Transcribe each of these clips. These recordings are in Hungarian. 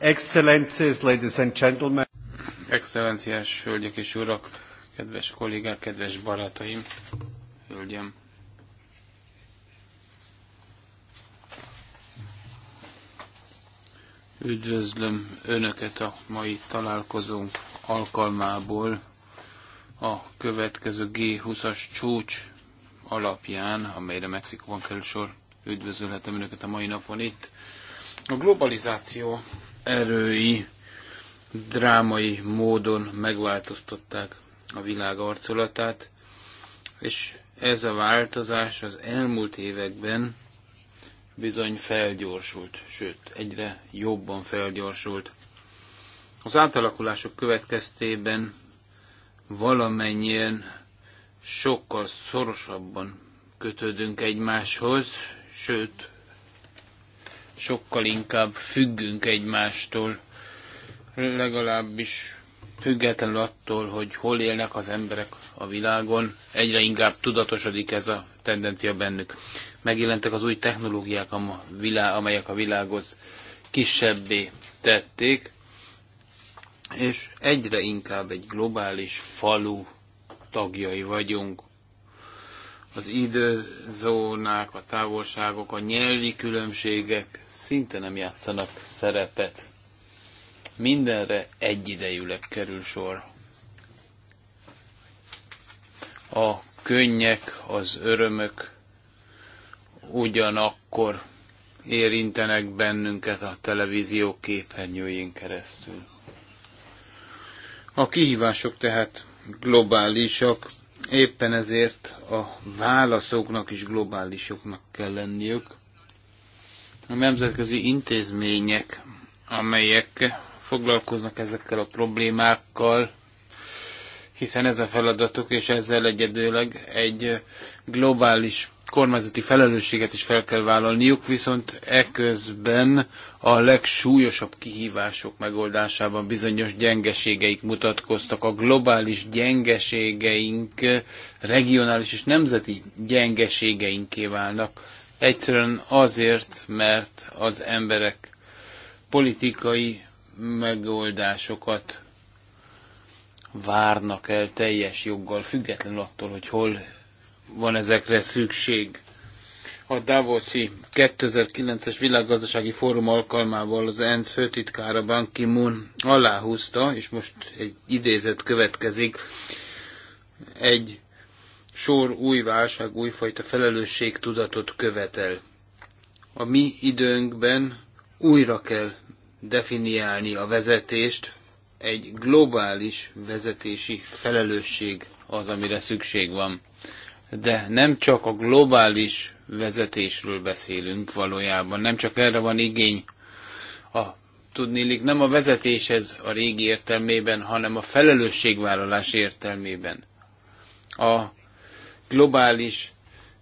Excellencies, ladies and gentlemen. Excellenciás hölgyek és urak, kedves kollégák, kedves barátaim, hölgyem. Üdvözlöm Önöket a mai találkozónk alkalmából a következő G20-as csúcs alapján, amelyre Mexikóban kerül sor. Üdvözölhetem Önöket a mai napon itt. A globalizáció erői drámai módon megváltoztatták a világ arculatát, és ez a változás az elmúlt években bizony felgyorsult, sőt, egyre jobban felgyorsult. Az átalakulások következtében valamennyien sokkal szorosabban kötődünk egymáshoz, sőt, sokkal inkább függünk egymástól, legalábbis függetlenül attól, hogy hol élnek az emberek a világon, egyre inkább tudatosodik ez a tendencia bennük. Megjelentek az új technológiák, amelyek a világot kisebbé tették, és egyre inkább egy globális falu tagjai vagyunk. Az időzónák, a távolságok, a nyelvi különbségek szinte nem játszanak szerepet. Mindenre egyidejűleg kerül sor. A könnyek, az örömök ugyanakkor érintenek bennünket a televízió képernyőjén keresztül. A kihívások tehát globálisak, éppen ezért a válaszoknak is globálisoknak kell lenniük a nemzetközi intézmények, amelyek foglalkoznak ezekkel a problémákkal, hiszen ez a feladatuk, és ezzel egyedőleg egy globális kormányzati felelősséget is fel kell vállalniuk, viszont eközben a legsúlyosabb kihívások megoldásában bizonyos gyengeségeik mutatkoztak. A globális gyengeségeink regionális és nemzeti gyengeségeinké válnak. Egyszerűen azért, mert az emberek politikai megoldásokat várnak el teljes joggal, független attól, hogy hol van ezekre szükség. A Davoszi 2009-es világgazdasági fórum alkalmával az ENSZ főtitkára Ban Ki-moon aláhúzta, és most egy idézet következik, egy sor új válság, újfajta felelősségtudatot követel. A mi időnkben újra kell definiálni a vezetést, egy globális vezetési felelősség az, amire szükség van. De nem csak a globális vezetésről beszélünk valójában, nem csak erre van igény. A tudnélik nem a vezetéshez a régi értelmében, hanem a felelősségvállalás értelmében. A globális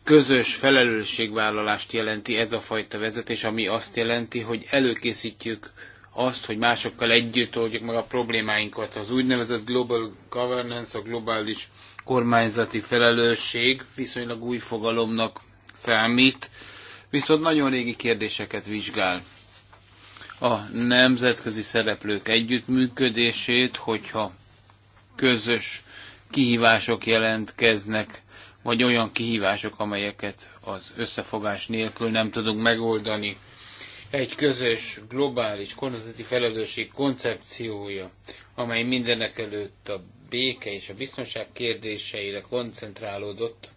közös felelősségvállalást jelenti ez a fajta vezetés, ami azt jelenti, hogy előkészítjük azt, hogy másokkal együtt oldjuk meg a problémáinkat. Az úgynevezett global governance, a globális kormányzati felelősség viszonylag új fogalomnak számít, viszont nagyon régi kérdéseket vizsgál. A nemzetközi szereplők együttműködését, hogyha közös kihívások jelentkeznek, vagy olyan kihívások, amelyeket az összefogás nélkül nem tudunk megoldani. Egy közös, globális, kormányzati felelősség koncepciója, amely mindenek előtt a béke és a biztonság kérdéseire koncentrálódott.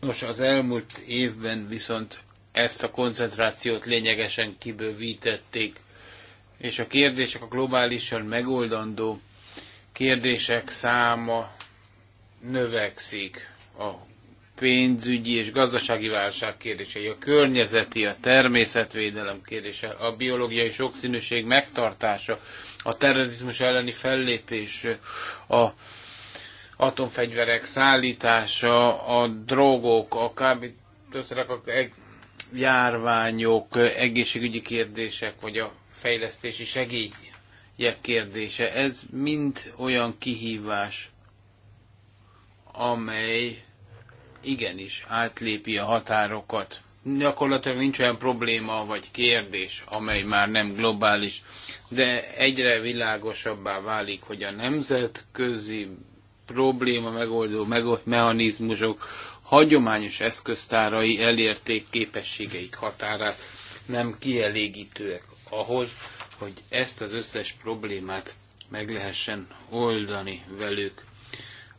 Nos, az elmúlt évben viszont ezt a koncentrációt lényegesen kibővítették, és a kérdések a globálisan megoldandó kérdések száma növekszik a pénzügyi és gazdasági válság kérdései, a környezeti, a természetvédelem kérdése, a biológiai sokszínűség megtartása, a terrorizmus elleni fellépés, a atomfegyverek szállítása, a drogok, a kábítószerek, a járványok, egészségügyi kérdések, vagy a fejlesztési segélyek kérdése. Ez mind olyan kihívás, amely igenis átlépi a határokat. Gyakorlatilag nincs olyan probléma vagy kérdés, amely már nem globális, de egyre világosabbá válik, hogy a nemzetközi probléma megoldó mechanizmusok hagyományos eszköztárai elérték képességeik határát, nem kielégítőek ahhoz, hogy ezt az összes problémát meg lehessen oldani velük.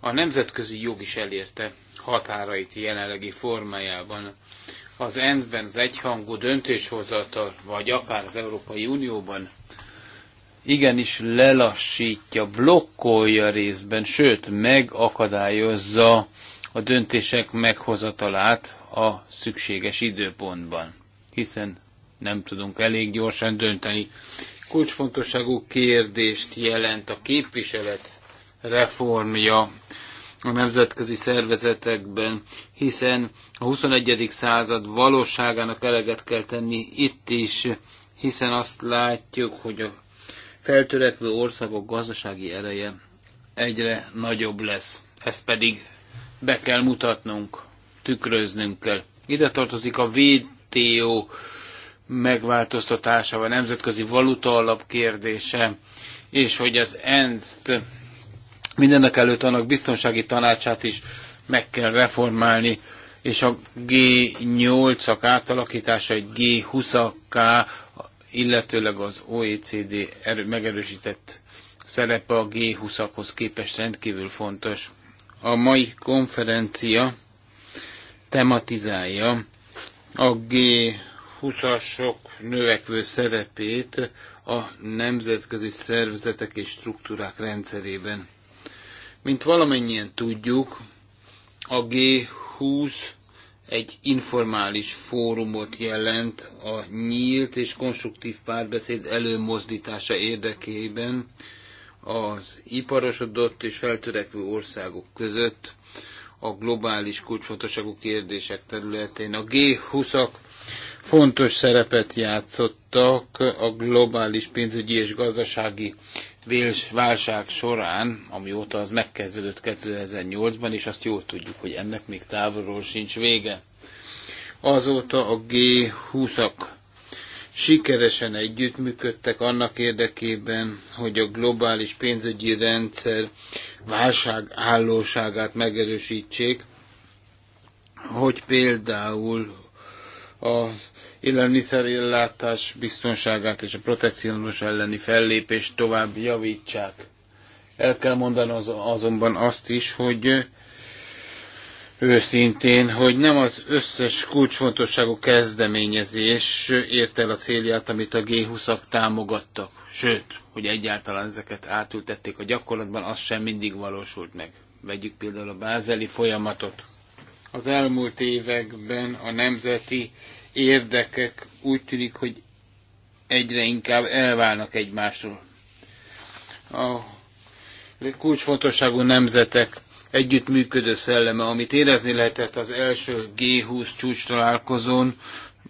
A nemzetközi jog is elérte határait jelenlegi formájában. Az ENSZ-ben az egyhangú döntéshozatal, vagy akár az Európai Unióban igenis lelassítja, blokkolja részben, sőt megakadályozza a döntések meghozatalát a szükséges időpontban, hiszen nem tudunk elég gyorsan dönteni. Kulcsfontosságú kérdést jelent a képviselet reformja a nemzetközi szervezetekben, hiszen a 21. század valóságának eleget kell tenni itt is, hiszen azt látjuk, hogy a feltörekvő országok gazdasági ereje egyre nagyobb lesz. Ezt pedig be kell mutatnunk, tükröznünk kell. Ide tartozik a VTO megváltoztatása, vagy nemzetközi valuta alap kérdése, és hogy az ENSZ-t Mindenek előtt annak biztonsági tanácsát is meg kell reformálni, és a G8-ak átalakítása egy g 20 ak illetőleg az OECD erő, megerősített szerepe a G20-akhoz képest rendkívül fontos. A mai konferencia tematizálja a G20-asok növekvő szerepét a nemzetközi szervezetek és struktúrák rendszerében. Mint valamennyien tudjuk, a G20 egy informális fórumot jelent a nyílt és konstruktív párbeszéd előmozdítása érdekében az iparosodott és feltörekvő országok között a globális kulcsfontosságú kérdések területén. A G20-ak fontos szerepet játszottak a globális pénzügyi és gazdasági válság során, amióta az megkezdődött 2008-ban, és azt jól tudjuk, hogy ennek még távolról sincs vége. Azóta a G20-ak sikeresen együttműködtek annak érdekében, hogy a globális pénzügyi rendszer válság állóságát megerősítsék, hogy például a élelmiszerellátás biztonságát és a protekcionizmus elleni fellépést tovább javítsák. El kell mondani az, azonban azt is, hogy őszintén, hogy nem az összes kulcsfontosságú kezdeményezés ért el a célját, amit a G20-ak támogattak. Sőt, hogy egyáltalán ezeket átültették a gyakorlatban, az sem mindig valósult meg. Vegyük például a bázeli folyamatot. Az elmúlt években a nemzeti érdekek úgy tűnik, hogy egyre inkább elválnak egymástól. A kulcsfontosságú nemzetek együttműködő szelleme, amit érezni lehetett az első G20 csúcs találkozón,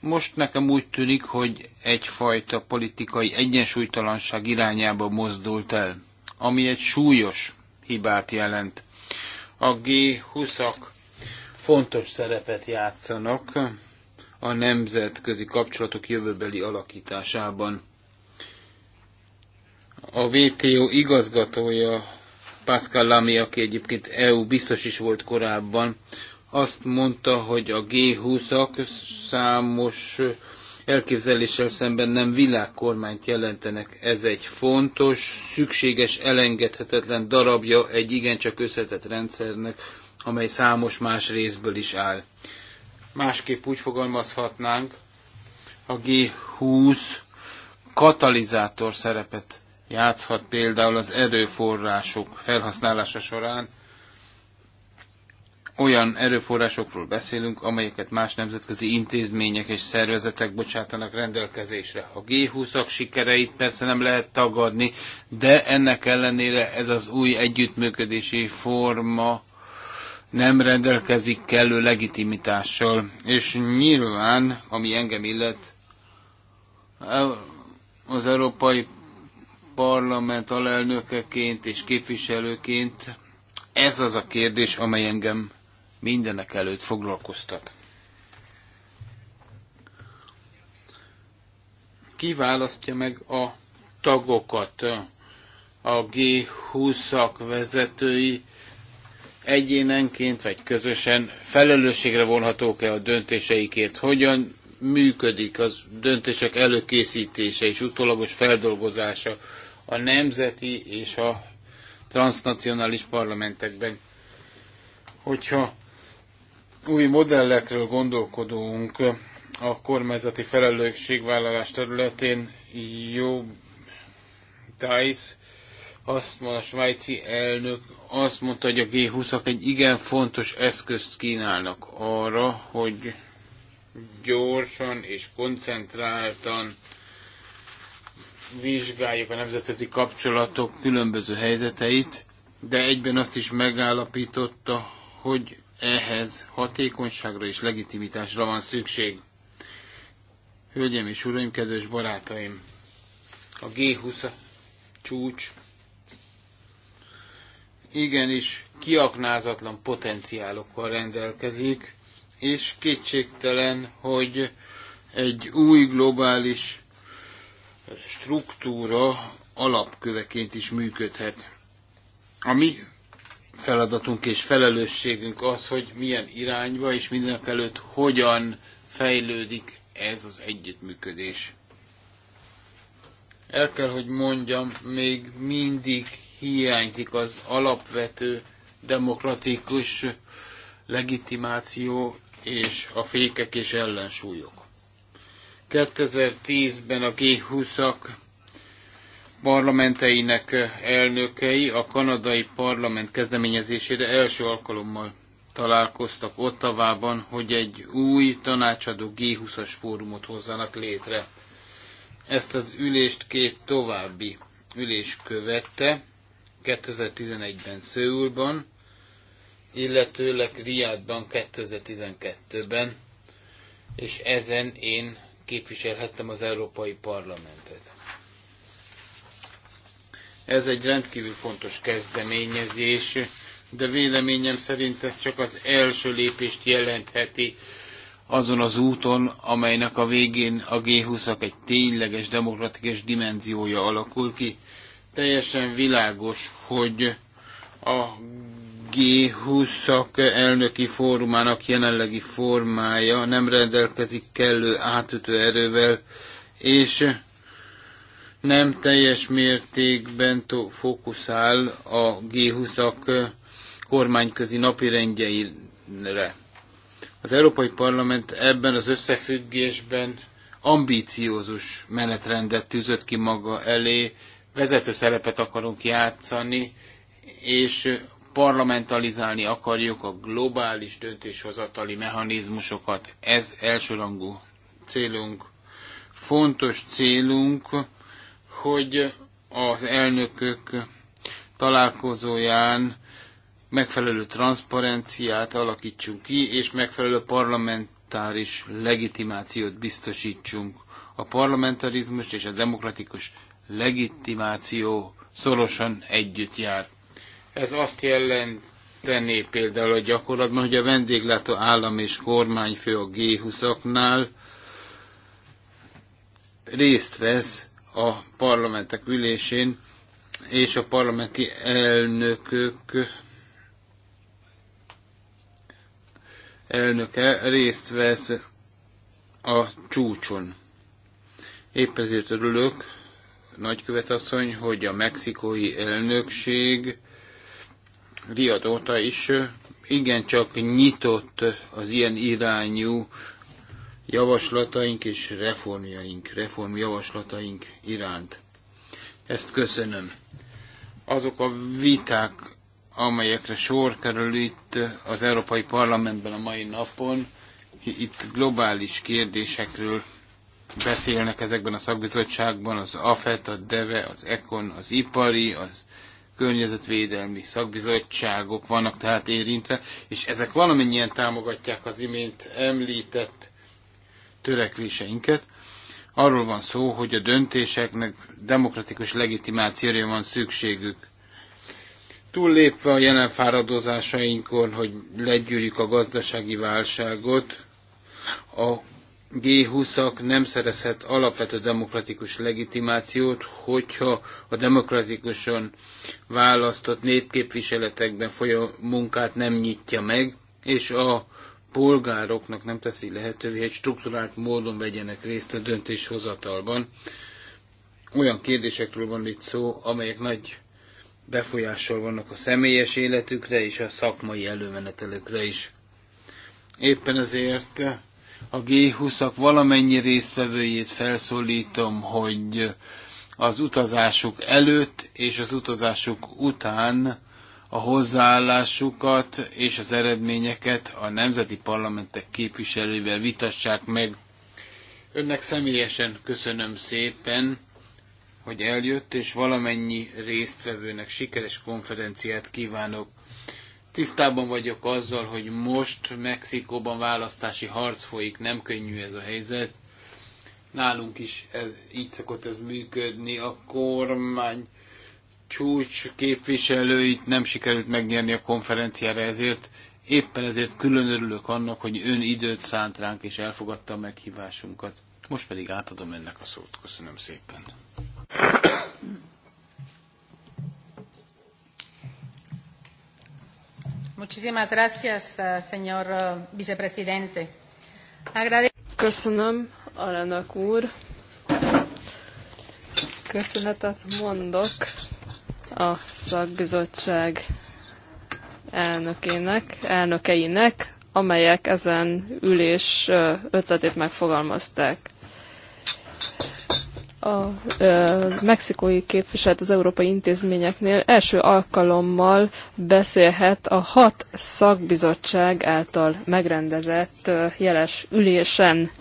most nekem úgy tűnik, hogy egyfajta politikai egyensúlytalanság irányába mozdult el, ami egy súlyos hibát jelent. A G20-ak fontos szerepet játszanak a nemzetközi kapcsolatok jövőbeli alakításában. A WTO igazgatója Pascal Lamy, aki egyébként EU biztos is volt korábban, azt mondta, hogy a G20-ak számos elképzeléssel szemben nem világkormányt jelentenek. Ez egy fontos, szükséges, elengedhetetlen darabja egy igencsak összetett rendszernek, amely számos más részből is áll. Másképp úgy fogalmazhatnánk, a G20 katalizátor szerepet játszhat például az erőforrások felhasználása során. Olyan erőforrásokról beszélünk, amelyeket más nemzetközi intézmények és szervezetek bocsátanak rendelkezésre. A G20-ak sikereit persze nem lehet tagadni, de ennek ellenére ez az új együttműködési forma nem rendelkezik kellő legitimitással. És nyilván, ami engem illet, az Európai Parlament alelnökeként és képviselőként ez az a kérdés, amely engem mindenek előtt foglalkoztat. Kiválasztja meg a tagokat, a G20-ak vezetői, egyénenként vagy közösen felelősségre vonhatók-e a döntéseikért, hogyan működik az döntések előkészítése és utólagos feldolgozása a nemzeti és a transnacionális parlamentekben. Hogyha új modellekről gondolkodunk a kormányzati felelősségvállalás területén, jó Dice azt mondja, a svájci elnök azt mondta, hogy a G20-ak egy igen fontos eszközt kínálnak arra, hogy gyorsan és koncentráltan vizsgáljuk a nemzetközi kapcsolatok különböző helyzeteit, de egyben azt is megállapította, hogy ehhez hatékonyságra és legitimitásra van szükség. Hölgyeim és uraim, kedves barátaim! A G20 csúcs igenis kiaknázatlan potenciálokkal rendelkezik, és kétségtelen, hogy egy új globális struktúra alapköveként is működhet. A mi feladatunk és felelősségünk az, hogy milyen irányba és mindenek előtt hogyan fejlődik ez az együttműködés. El kell, hogy mondjam, még mindig hiányzik az alapvető demokratikus legitimáció és a fékek és ellensúlyok. 2010-ben a G20-ak parlamenteinek elnökei a kanadai parlament kezdeményezésére első alkalommal találkoztak Ottavában, hogy egy új tanácsadó G20-as fórumot hozzanak létre. Ezt az ülést két további ülés követte, 2011-ben Szőulban, illetőleg Riadban 2012-ben, és ezen én képviselhettem az Európai Parlamentet. Ez egy rendkívül fontos kezdeményezés, de véleményem szerint ez csak az első lépést jelentheti azon az úton, amelynek a végén a G20-ak egy tényleges demokratikus dimenziója alakul ki. Teljesen világos, hogy a G20-ak elnöki fórumának jelenlegi formája nem rendelkezik kellő átütő erővel, és nem teljes mértékben fókuszál a G20-ak kormányközi napirendjeire. Az Európai Parlament ebben az összefüggésben ambíciózus menetrendet tűzött ki maga elé, vezető szerepet akarunk játszani, és parlamentalizálni akarjuk a globális döntéshozatali mechanizmusokat. Ez elsőrangú célunk, fontos célunk, hogy az elnökök találkozóján megfelelő transzparenciát alakítsunk ki, és megfelelő parlamentáris legitimációt biztosítsunk. A parlamentarizmus és a demokratikus legitimáció szorosan együtt jár. Ez azt jelenteni például a gyakorlatban, hogy a vendéglátó állam és kormányfő a G20-aknál részt vesz a parlamentek ülésén, és a parlamenti elnökök elnöke részt vesz a csúcson. Épp ezért örülök, nagykövetasszony, hogy a mexikói elnökség riadóta is igencsak nyitott az ilyen irányú javaslataink és reformjaink, reformjavaslataink iránt. Ezt köszönöm. Azok a viták, amelyekre sor kerül itt az Európai Parlamentben a mai napon, itt globális kérdésekről beszélnek ezekben a szakbizottságban, az AFET, a DEVE, az ECON, az IPARI, az környezetvédelmi szakbizottságok vannak tehát érintve, és ezek valamennyien támogatják az imént említett törekvéseinket. Arról van szó, hogy a döntéseknek demokratikus legitimációra van szükségük. Túllépve a jelen fáradozásainkon, hogy legyűrjük a gazdasági válságot, a g 20 nem szerezhet alapvető demokratikus legitimációt, hogyha a demokratikusan választott népképviseletekben folyó munkát nem nyitja meg, és a polgároknak nem teszi lehetővé, hogy struktúrált módon vegyenek részt a döntéshozatalban. Olyan kérdésekről van itt szó, amelyek nagy befolyással vannak a személyes életükre és a szakmai előmenetelükre is. Éppen ezért a G20-ak valamennyi résztvevőjét felszólítom, hogy az utazásuk előtt és az utazásuk után a hozzáállásukat és az eredményeket a nemzeti parlamentek képviselőivel vitassák meg. Önnek személyesen köszönöm szépen, hogy eljött, és valamennyi résztvevőnek sikeres konferenciát kívánok. Tisztában vagyok azzal, hogy most Mexikóban választási harc folyik, nem könnyű ez a helyzet. Nálunk is ez, így szokott ez működni. A kormány csúcs képviselőit nem sikerült megnyerni a konferenciára, ezért éppen ezért külön örülök annak, hogy ön időt szánt ránk és elfogadta a meghívásunkat. Most pedig átadom ennek a szót. Köszönöm szépen. Muchísimas gracias, eh, señor eh, vicepresidente. Köszönöm, alelnök úr. Köszönetet mondok a szakbizottság elnökének, elnökeinek, amelyek ezen ülés ötletét megfogalmazták a mexikói képviselet az európai intézményeknél első alkalommal beszélhet a hat szakbizottság által megrendezett jeles ülésen.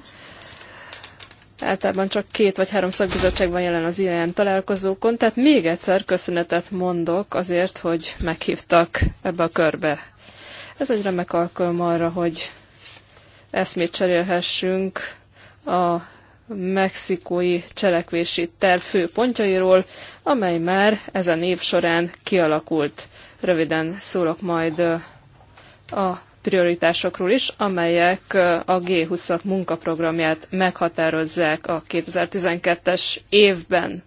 Általában csak két vagy három szakbizottság van jelen az ilyen találkozókon, tehát még egyszer köszönetet mondok azért, hogy meghívtak ebbe a körbe. Ez egy remek alkalom arra, hogy eszmét cserélhessünk a mexikói cselekvési terv fő pontjairól, amely már ezen év során kialakult. Röviden szólok majd a prioritásokról is, amelyek a g 20 munkaprogramját meghatározzák a 2012-es évben.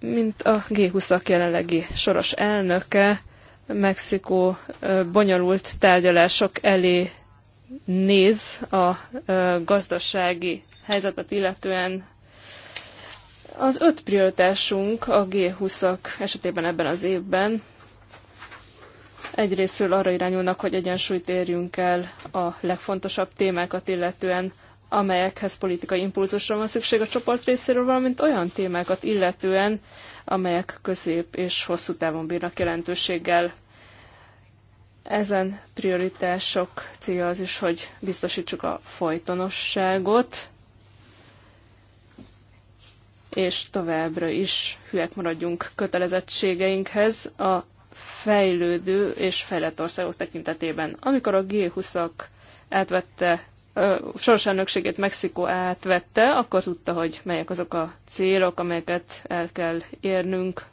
Mint a g 20 jelenlegi soros elnöke, Mexikó bonyolult tárgyalások elé néz a gazdasági helyzetet illetően. Az öt prioritásunk a G20-ak esetében ebben az évben egyrésztről arra irányulnak, hogy egyensúlyt érjünk el a legfontosabb témákat illetően, amelyekhez politikai impulzusra van szükség a csoport részéről, valamint olyan témákat illetően, amelyek közép és hosszú távon bírnak jelentőséggel. Ezen prioritások célja az is, hogy biztosítsuk a folytonosságot, és továbbra is hülyek maradjunk kötelezettségeinkhez a fejlődő és fejlett országok tekintetében. Amikor a G20-ak átvette, soros elnökségét Mexikó átvette, akkor tudta, hogy melyek azok a célok, amelyeket el kell érnünk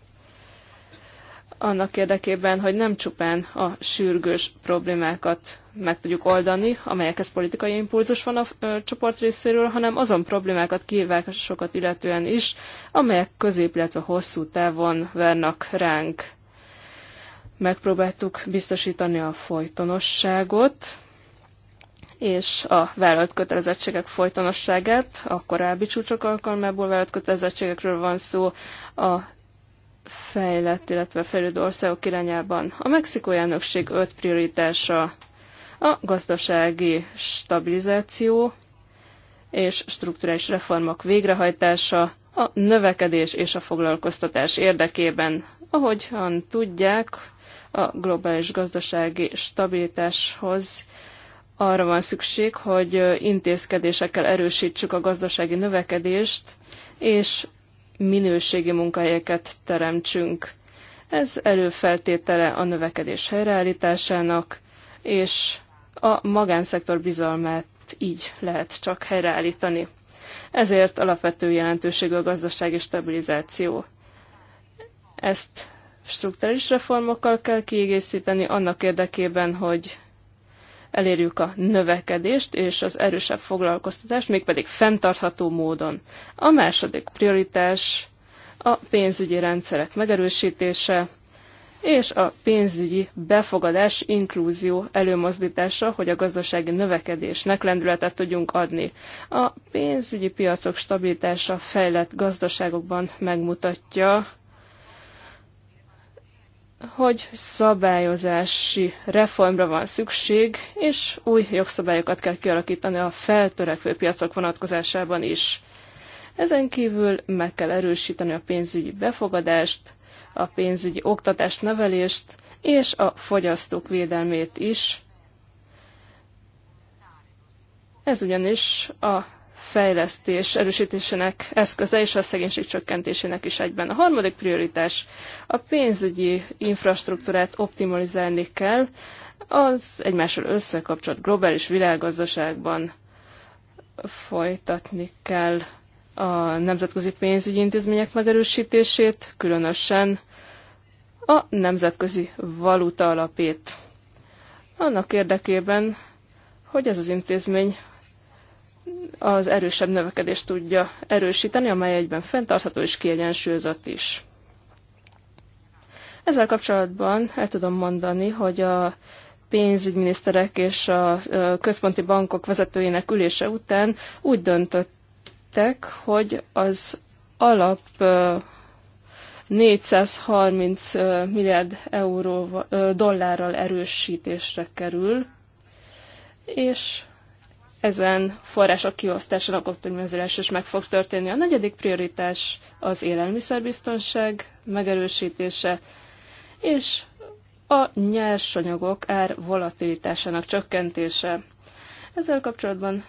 annak érdekében, hogy nem csupán a sürgős problémákat meg tudjuk oldani, amelyekhez politikai impulzus van a csoport részéről, hanem azon problémákat, kihívásokat illetően is, amelyek közép, illetve hosszú távon vernak ránk. Megpróbáltuk biztosítani a folytonosságot, és a vállalt kötelezettségek folytonosságát, a korábbi csúcsok alkalmából vállalt kötelezettségekről van szó, a fejlett, illetve fejlődő országok irányában. A mexikói elnökség öt prioritása a gazdasági stabilizáció és strukturális reformok végrehajtása a növekedés és a foglalkoztatás érdekében. Ahogyan tudják, a globális gazdasági stabilitáshoz arra van szükség, hogy intézkedésekkel erősítsük a gazdasági növekedést, és minőségi munkahelyeket teremtsünk. Ez előfeltétele a növekedés helyreállításának, és a magánszektor bizalmát így lehet csak helyreállítani. Ezért alapvető jelentőségű a gazdasági stabilizáció. Ezt strukturális reformokkal kell kiegészíteni annak érdekében, hogy elérjük a növekedést és az erősebb foglalkoztatást, mégpedig fenntartható módon. A második prioritás a pénzügyi rendszerek megerősítése és a pénzügyi befogadás, inklúzió előmozdítása, hogy a gazdasági növekedésnek lendületet tudjunk adni. A pénzügyi piacok stabilitása fejlett gazdaságokban megmutatja, hogy szabályozási reformra van szükség, és új jogszabályokat kell kialakítani a feltörekvő piacok vonatkozásában is. Ezen kívül meg kell erősíteni a pénzügyi befogadást, a pénzügyi oktatást, nevelést és a fogyasztók védelmét is. Ez ugyanis a fejlesztés erősítésének eszköze és a szegénység csökkentésének is egyben. A harmadik prioritás a pénzügyi infrastruktúrát optimalizálni kell az egymással összekapcsolt globális világgazdaságban folytatni kell a nemzetközi pénzügyi intézmények megerősítését, különösen a nemzetközi valuta alapét. Annak érdekében, hogy ez az intézmény az erősebb növekedést tudja erősíteni, amely egyben fenntartható és kiegyensúlyozott is. Ezzel kapcsolatban el tudom mondani, hogy a pénzügyminiszterek és a központi bankok vezetőinek ülése után úgy döntöttek, hogy az alap 430 milliárd euró, dollárral erősítésre kerül, és ezen források kiosztásának optimalizálása is meg fog történni. A negyedik prioritás az élelmiszerbiztonság megerősítése, és a nyersanyagok ár volatilitásának csökkentése. Ezzel kapcsolatban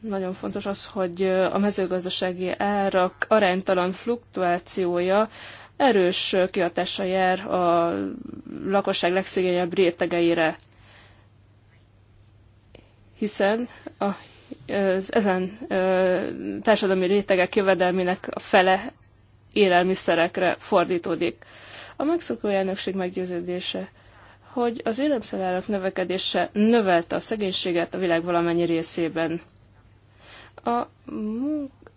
nagyon fontos az, hogy a mezőgazdasági árak aránytalan fluktuációja erős kihatása jár a lakosság legszegényebb rétegeire hiszen a, az ezen társadalmi rétegek jövedelmének a fele élelmiszerekre fordítódik. A mexikói elnökség meggyőződése, hogy az élelmiszerárak növekedése növelte a szegénységet a világ valamennyi részében. A,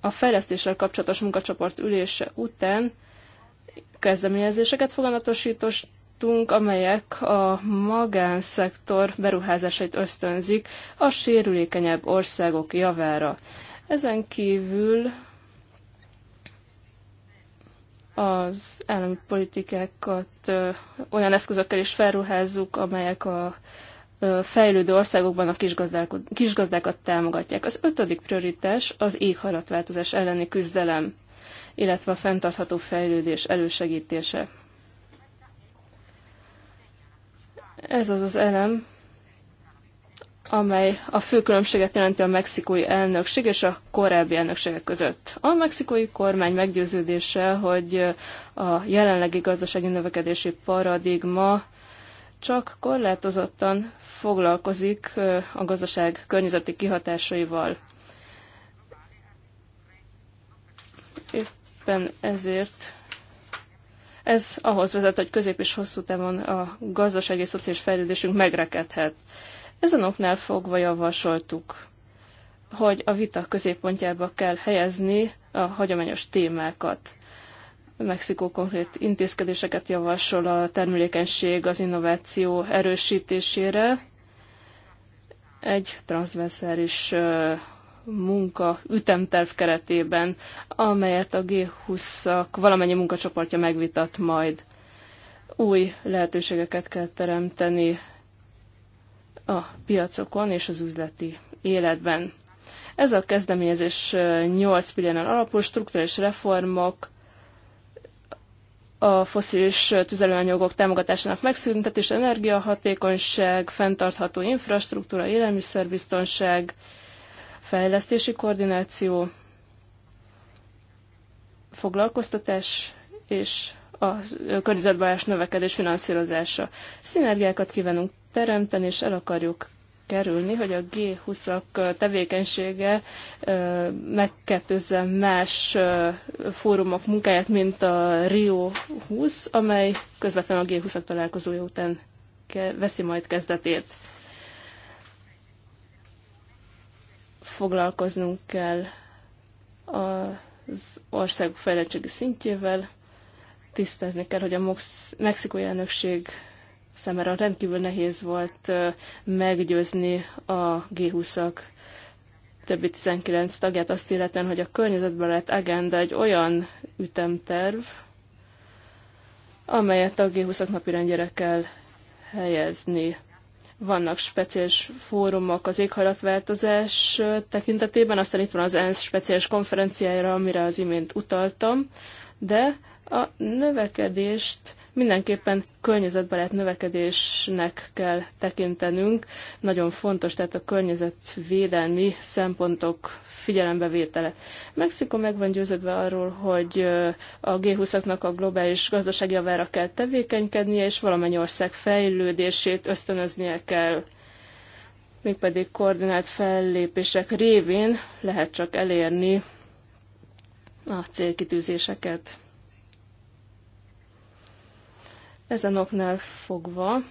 a fejlesztéssel kapcsolatos munkacsoport ülése után kezdeményezéseket foganatosított, láttunk, amelyek a magánszektor beruházásait ösztönzik a sérülékenyebb országok javára. Ezen kívül az állami politikákat olyan eszközökkel is felruházzuk, amelyek a fejlődő országokban a kisgazdákat támogatják. Az ötödik prioritás az éghajlatváltozás elleni küzdelem, illetve a fenntartható fejlődés elősegítése. Ez az az elem, amely a fő különbséget jelenti a mexikói elnökség és a korábbi elnökségek között. A mexikói kormány meggyőződése, hogy a jelenlegi gazdasági növekedési paradigma csak korlátozottan foglalkozik a gazdaság környezeti kihatásaival. Éppen ezért ez ahhoz vezet, hogy közép és hosszú távon a gazdasági és szociális fejlődésünk megrekedhet. Ezen oknál fogva javasoltuk, hogy a vita középpontjába kell helyezni a hagyományos témákat. Mexikó konkrét intézkedéseket javasol a termelékenység, az innováció erősítésére, egy transzveszális munka ütemterv keretében, amelyet a G20-ak valamennyi munkacsoportja megvitat majd. Új lehetőségeket kell teremteni a piacokon és az üzleti életben. Ez a kezdeményezés 8 pilléren alapul, strukturális reformok, a foszilis tüzelőanyagok támogatásának megszüntetés, energiahatékonyság, fenntartható infrastruktúra, élelmiszerbiztonság, biztonság, fejlesztési koordináció, foglalkoztatás és a környezetbajás növekedés finanszírozása. Szinergiákat kívánunk teremteni, és el akarjuk kerülni, hogy a G20-ak tevékenysége megkettőzze más fórumok munkáját, mint a Rio 20, amely közvetlenül a G20-ak találkozója után veszi majd kezdetét. foglalkoznunk kell az ország fejlettségi szintjével, tisztázni kell, hogy a mexikói elnökség számára rendkívül nehéz volt meggyőzni a G20-ak többi 19 tagját azt illetően, hogy a lett agenda egy olyan ütemterv, amelyet a G20-ak napirendjére kell helyezni. Vannak speciális fórumok az éghajlatváltozás tekintetében, aztán itt van az ENSZ speciális konferenciájára, amire az imént utaltam, de a növekedést Mindenképpen környezetbarát növekedésnek kell tekintenünk. Nagyon fontos tehát a környezetvédelmi szempontok figyelembevétele. Mexikó meg van győződve arról, hogy a G20-aknak a globális gazdasági javára kell tevékenykednie, és valamennyi ország fejlődését ösztönöznie kell mégpedig koordinált fellépések révén lehet csak elérni a célkitűzéseket. Ezen oknál fogva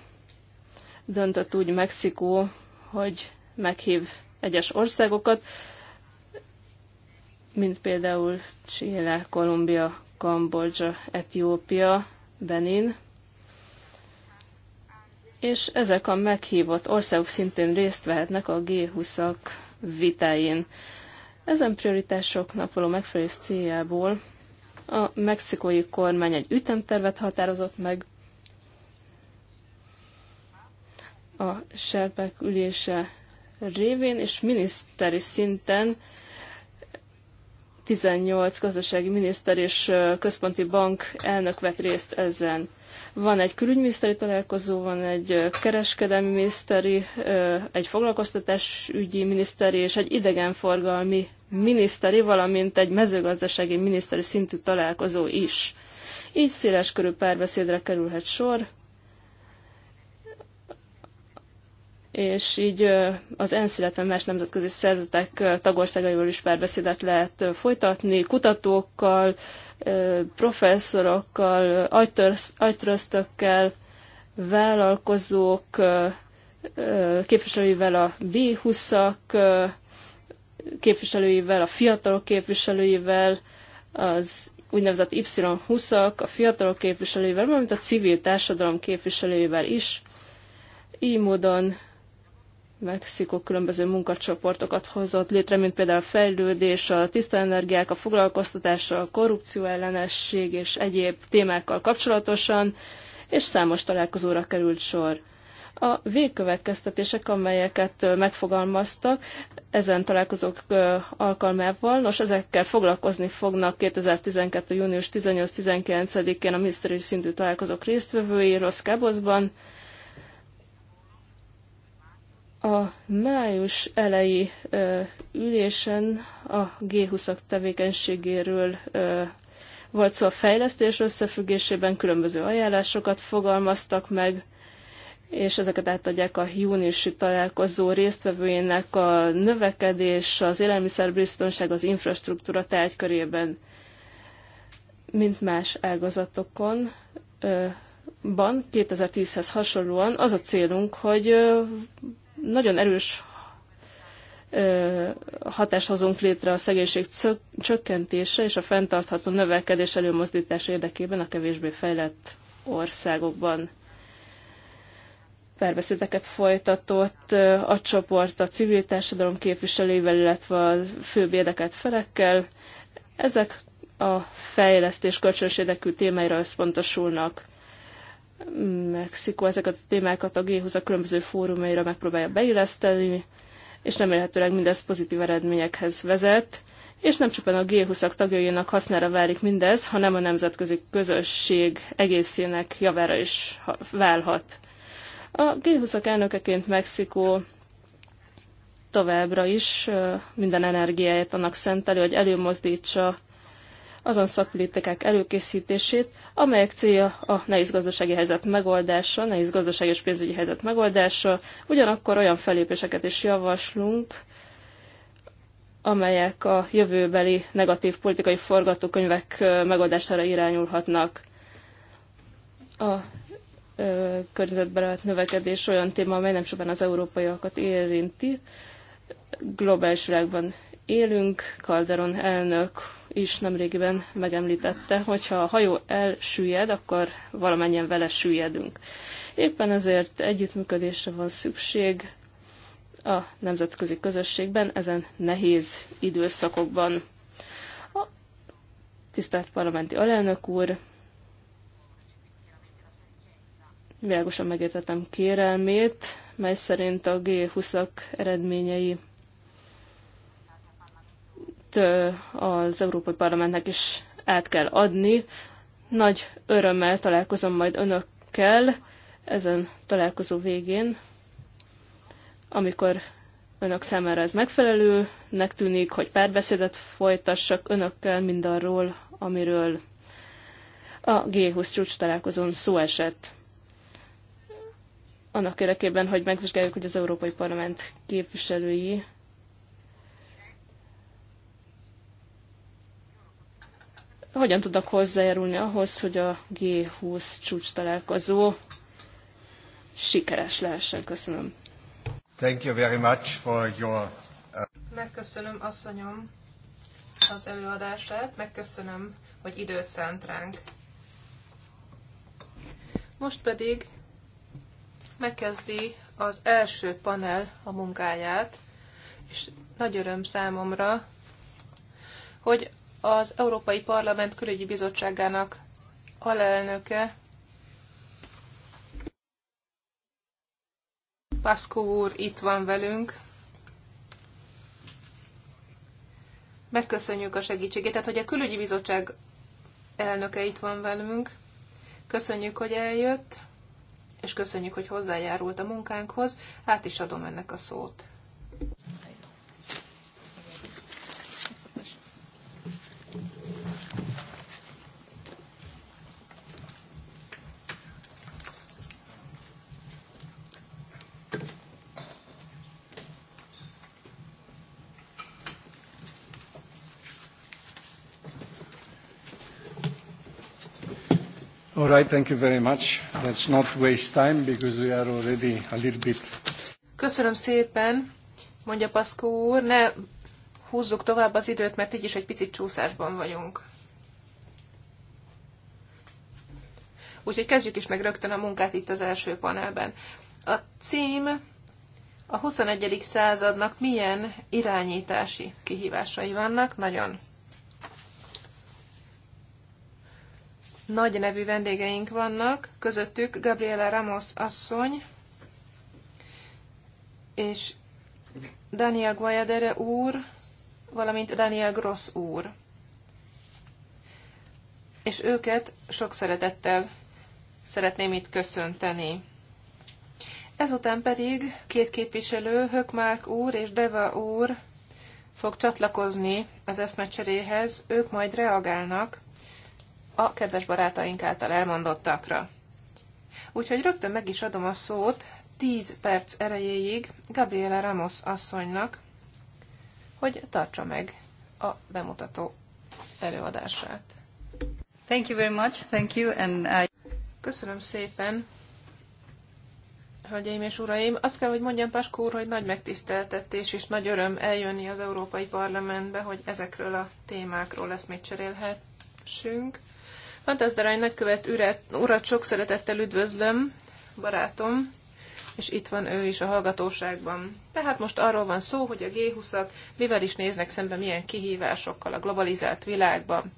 döntött úgy Mexikó, hogy meghív egyes országokat, mint például Chile, Kolumbia, Kambodzsa, Etiópia, Benin, és ezek a meghívott országok szintén részt vehetnek a G20-ak vitáin. Ezen prioritásoknak való megfelelés céljából a mexikói kormány egy ütemtervet határozott meg, a serpek ülése révén, és miniszteri szinten 18 gazdasági miniszter és központi bank elnök vett részt ezen. Van egy külügyminiszteri találkozó, van egy kereskedelmi miniszteri, egy foglalkoztatásügyi miniszteri és egy idegenforgalmi miniszteri, valamint egy mezőgazdasági miniszteri szintű találkozó is. Így széles körű párbeszédre kerülhet sor, és így az ENSZ, illetve más nemzetközi szervezetek tagországaival is párbeszédet lehet folytatni, kutatókkal, professzorokkal, agytröztökkel, vállalkozók, képviselőivel a B20-ak, képviselőivel, a fiatalok képviselőivel, az úgynevezett Y20-ak, a fiatalok képviselőivel, valamint a civil társadalom képviselőivel is. Így módon Mexikó különböző munkacsoportokat hozott létre, mint például a fejlődés, a tiszta energiák, a foglalkoztatás, a korrupció ellenesség és egyéb témákkal kapcsolatosan, és számos találkozóra került sor. A végkövetkeztetések, amelyeket megfogalmaztak ezen találkozók alkalmával, nos, ezekkel foglalkozni fognak 2012. június 18-19-én a miniszteri szintű találkozók résztvevői Roszkábozban, a május elejé ülésen a G20-ak tevékenységéről volt szó a fejlesztés összefüggésében, különböző ajánlásokat fogalmaztak meg, és ezeket átadják a júniusi találkozó résztvevőjének a növekedés, az élelmiszerbiztonság, az infrastruktúra tárgykörében, mint más ágazatokon. Ban 2010-hez hasonlóan az a célunk, hogy nagyon erős hatás hozunk létre a szegénység csökkentése és a fenntartható növekedés előmozdítás érdekében a kevésbé fejlett országokban. Párbeszédeket folytatott a csoport a civil társadalom képviselőivel, illetve a főbb érdekelt felekkel. Ezek a fejlesztés kölcsönös érdekű témáira összpontosulnak. Mexikó ezeket a témákat a G20 a különböző fórumaira megpróbálja beilleszteni, és remélhetőleg mindez pozitív eredményekhez vezet, és nem csupán a g 20 tagjainak hasznára válik mindez, hanem a nemzetközi közösség egészének javára is válhat. A g 20 elnökeként Mexikó továbbra is minden energiáját annak szenteli, hogy előmozdítsa azon szakpolitikák előkészítését, amelyek célja a nehéz gazdasági helyzet megoldása, nehéz gazdasági és pénzügyi helyzet megoldása, ugyanakkor olyan felépéseket is javaslunk, amelyek a jövőbeli negatív politikai forgatókönyvek megoldására irányulhatnak. A ö, környezetbarát növekedés olyan téma, amely nem csupán az európaiakat érinti, globális világban élünk. Calderon elnök is nemrégiben megemlítette, hogy ha a hajó elsüllyed, akkor valamennyien vele süllyedünk. Éppen ezért együttműködésre van szükség a nemzetközi közösségben ezen nehéz időszakokban. A tisztelt parlamenti alelnök úr, világosan megértettem kérelmét, mely szerint a G20-ak eredményei az Európai Parlamentnek is át kell adni. Nagy örömmel találkozom majd önökkel ezen találkozó végén, amikor önök számára ez megfelelőnek tűnik, hogy párbeszédet folytassak önökkel mindarról, amiről a G20 csúcs találkozón szó esett. Annak érdekében, hogy megvizsgáljuk, hogy az Európai Parlament képviselői hogyan tudnak hozzájárulni ahhoz, hogy a G20 csúcs találkozó sikeres lehessen. Köszönöm. Thank you very much for your... Uh, Megköszönöm, asszonyom, az előadását. Megköszönöm, hogy időt szánt ránk. Most pedig megkezdi az első panel a munkáját, és nagy öröm számomra, hogy az Európai Parlament Külügyi Bizottságának alelnöke, Paszkó úr itt van velünk. Megköszönjük a segítségét, tehát hogy a külügyi bizottság elnöke itt van velünk. Köszönjük, hogy eljött, és köszönjük, hogy hozzájárult a munkánkhoz. Át is adom ennek a szót. All right, thank you very much. Let's not waste time because we are already a little bit. Köszönöm szépen, mondja Paszkó úr, ne húzzuk tovább az időt, mert így is egy picit csúszásban vagyunk. Úgyhogy kezdjük is meg rögtön a munkát itt az első panelben. A cím a 21. századnak milyen irányítási kihívásai vannak, nagyon nagy nevű vendégeink vannak, közöttük Gabriela Ramos asszony, és Daniel Guayadere úr, valamint Daniel Gross úr. És őket sok szeretettel szeretném itt köszönteni. Ezután pedig két képviselő, Hökmárk úr és Deva úr fog csatlakozni az eszmecseréhez, ők majd reagálnak a kedves barátaink által elmondottakra. Úgyhogy rögtön meg is adom a szót 10 perc erejéig Gabriela Ramos asszonynak, hogy tartsa meg a bemutató előadását. Thank you very much. Thank you and I... Köszönöm szépen. Hölgyeim és uraim, azt kell, hogy mondjam Páskó úr, hogy nagy megtiszteltetés és nagy öröm eljönni az Európai Parlamentbe, hogy ezekről a témákról eszmét cserélhetünk. Fantász Darány nagykövet üret, urat sok szeretettel üdvözlöm, barátom, és itt van ő is a hallgatóságban. Tehát most arról van szó, hogy a G20-ak mivel is néznek szembe milyen kihívásokkal a globalizált világban.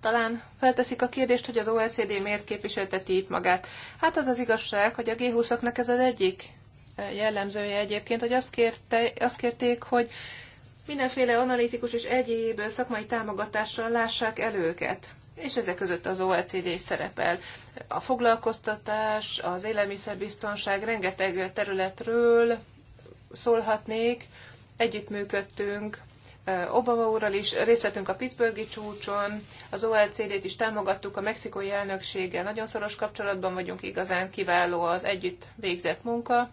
Talán felteszik a kérdést, hogy az OECD miért képviselteti itt magát. Hát az az igazság, hogy a G20-aknak ez az egyik jellemzője egyébként, hogy azt, kérte, azt kérték, hogy mindenféle analitikus és egyéb szakmai támogatással lássák el őket és ezek között az OECD is szerepel. A foglalkoztatás, az élelmiszerbiztonság, rengeteg területről szólhatnék, együttműködtünk, Obama úrral is részt vettünk a Pittsburghi csúcson, az OECD-t is támogattuk, a mexikói elnökséggel nagyon szoros kapcsolatban vagyunk, igazán kiváló az együtt végzett munka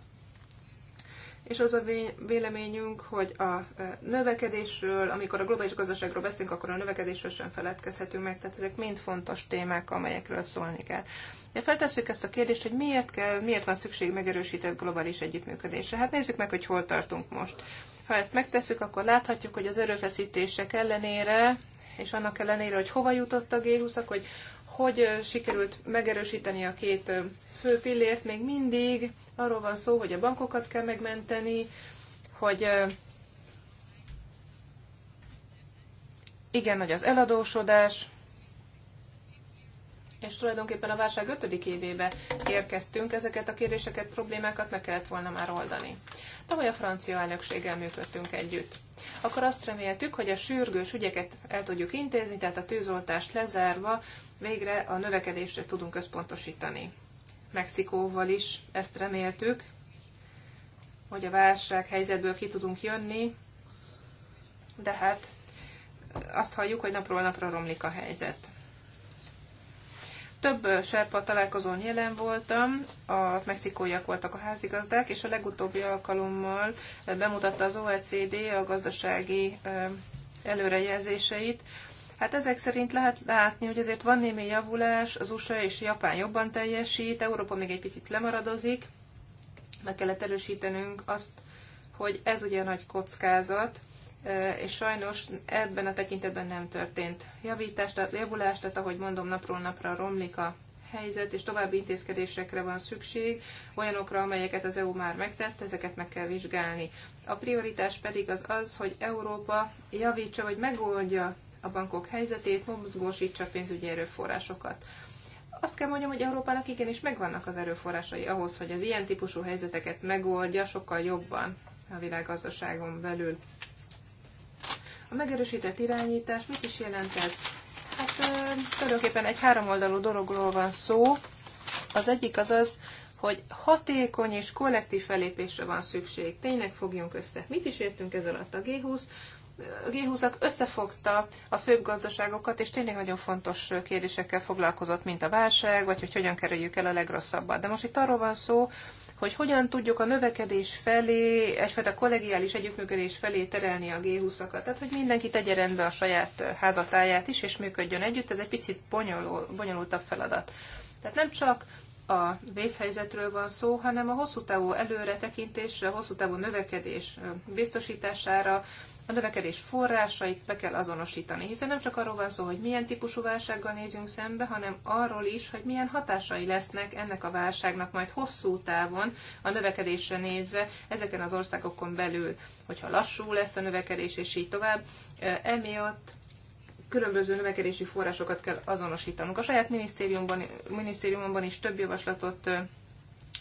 és az a véleményünk, hogy a növekedésről, amikor a globális gazdaságról beszélünk, akkor a növekedésről sem feledkezhetünk meg, tehát ezek mind fontos témák, amelyekről szólni kell. De feltesszük ezt a kérdést, hogy miért, kell, miért van szükség megerősített globális együttműködésre. Hát nézzük meg, hogy hol tartunk most. Ha ezt megtesszük, akkor láthatjuk, hogy az erőfeszítések ellenére, és annak ellenére, hogy hova jutott a G20, hogy hogy sikerült megerősíteni a két fő pillért, még mindig arról van szó, hogy a bankokat kell megmenteni, hogy igen nagy az eladósodás, és tulajdonképpen a válság ötödik évébe érkeztünk, ezeket a kérdéseket, problémákat meg kellett volna már oldani. Tavaly a francia elnökséggel működtünk együtt. Akkor azt reméltük, hogy a sürgős ügyeket el tudjuk intézni, tehát a tűzoltást lezárva végre a növekedésre tudunk összpontosítani. Mexikóval is ezt reméltük, hogy a válság helyzetből ki tudunk jönni, de hát azt halljuk, hogy napról napra romlik a helyzet. Több serpa találkozón jelen voltam, a mexikóiak voltak a házigazdák, és a legutóbbi alkalommal bemutatta az OECD a gazdasági előrejelzéseit Hát ezek szerint lehet látni, hogy azért van némi javulás, az USA és Japán jobban teljesít, Európa még egy picit lemaradozik, meg kellett erősítenünk azt, hogy ez ugye a nagy kockázat, e, és sajnos ebben a tekintetben nem történt javítás, tehát javulás, tehát ahogy mondom, napról napra romlik a helyzet, és további intézkedésekre van szükség, olyanokra, amelyeket az EU már megtett, ezeket meg kell vizsgálni. A prioritás pedig az az, hogy Európa javítsa, vagy megoldja a bankok helyzetét, mozgósítsa pénzügyi erőforrásokat. Azt kell mondjam, hogy Európának igenis megvannak az erőforrásai ahhoz, hogy az ilyen típusú helyzeteket megoldja sokkal jobban a világgazdaságon belül. A megerősített irányítás mit is jelent ez? Hát tulajdonképpen egy háromoldalú dologról van szó. Az egyik az az, hogy hatékony és kollektív felépésre van szükség. Tényleg fogjunk össze. Mit is értünk ez alatt a G20? g 20 összefogta a főbb gazdaságokat, és tényleg nagyon fontos kérdésekkel foglalkozott, mint a válság, vagy hogy hogyan kerüljük el a legrosszabbat. De most itt arról van szó, hogy hogyan tudjuk a növekedés felé, egyfajta kollegiális együttműködés felé terelni a G20-akat. Tehát, hogy mindenki tegye rendbe a saját házatáját is, és működjön együtt, ez egy picit bonyolul, bonyolultabb feladat. Tehát nem csak a vészhelyzetről van szó, hanem a hosszú távú előretekintésre, a hosszú távú növekedés biztosítására, a növekedés forrásait be kell azonosítani, hiszen nem csak arról van szó, hogy milyen típusú válsággal nézünk szembe, hanem arról is, hogy milyen hatásai lesznek ennek a válságnak majd hosszú távon a növekedésre nézve ezeken az országokon belül, hogyha lassú lesz a növekedés, és így tovább. Emiatt különböző növekedési forrásokat kell azonosítanunk. A saját minisztériumban, minisztériumban is több javaslatot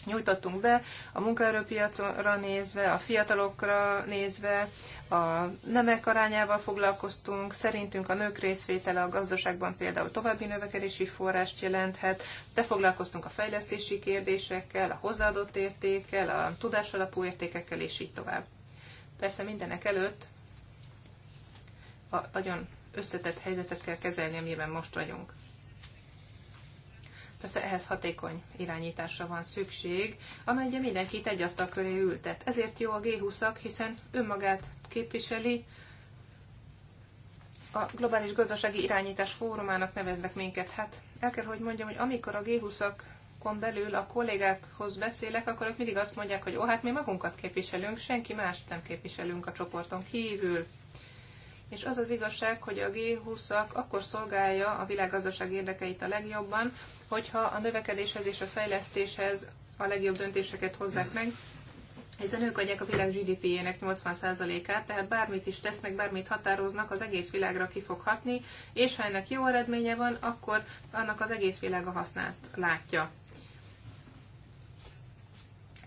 nyújtottunk be a munkaerőpiacra nézve, a fiatalokra nézve, a nemek arányával foglalkoztunk, szerintünk a nők részvétele a gazdaságban például további növekedési forrást jelenthet, de foglalkoztunk a fejlesztési kérdésekkel, a hozzáadott értékkel, a tudásalapú értékekkel, és így tovább. Persze mindenek előtt a nagyon összetett helyzetet kell kezelni, amiben most vagyunk. Persze ehhez hatékony irányításra van szükség, amely ugye mindenkit egy asztal köré ültet. Ezért jó a G20-ak, hiszen önmagát képviseli, a Globális Gazdasági Irányítás Fórumának neveznek minket. Hát el kell, hogy mondjam, hogy amikor a G20-akon belül a kollégákhoz beszélek, akkor ők mindig azt mondják, hogy ó, hát mi magunkat képviselünk, senki más nem képviselünk a csoporton kívül és az az igazság, hogy a G20-ak akkor szolgálja a világgazdaság érdekeit a legjobban, hogyha a növekedéshez és a fejlesztéshez a legjobb döntéseket hozzák meg, hiszen ők adják a világ GDP-jének 80%-át, tehát bármit is tesznek, bármit határoznak, az egész világra ki fog hatni, és ha ennek jó eredménye van, akkor annak az egész világ a hasznát látja.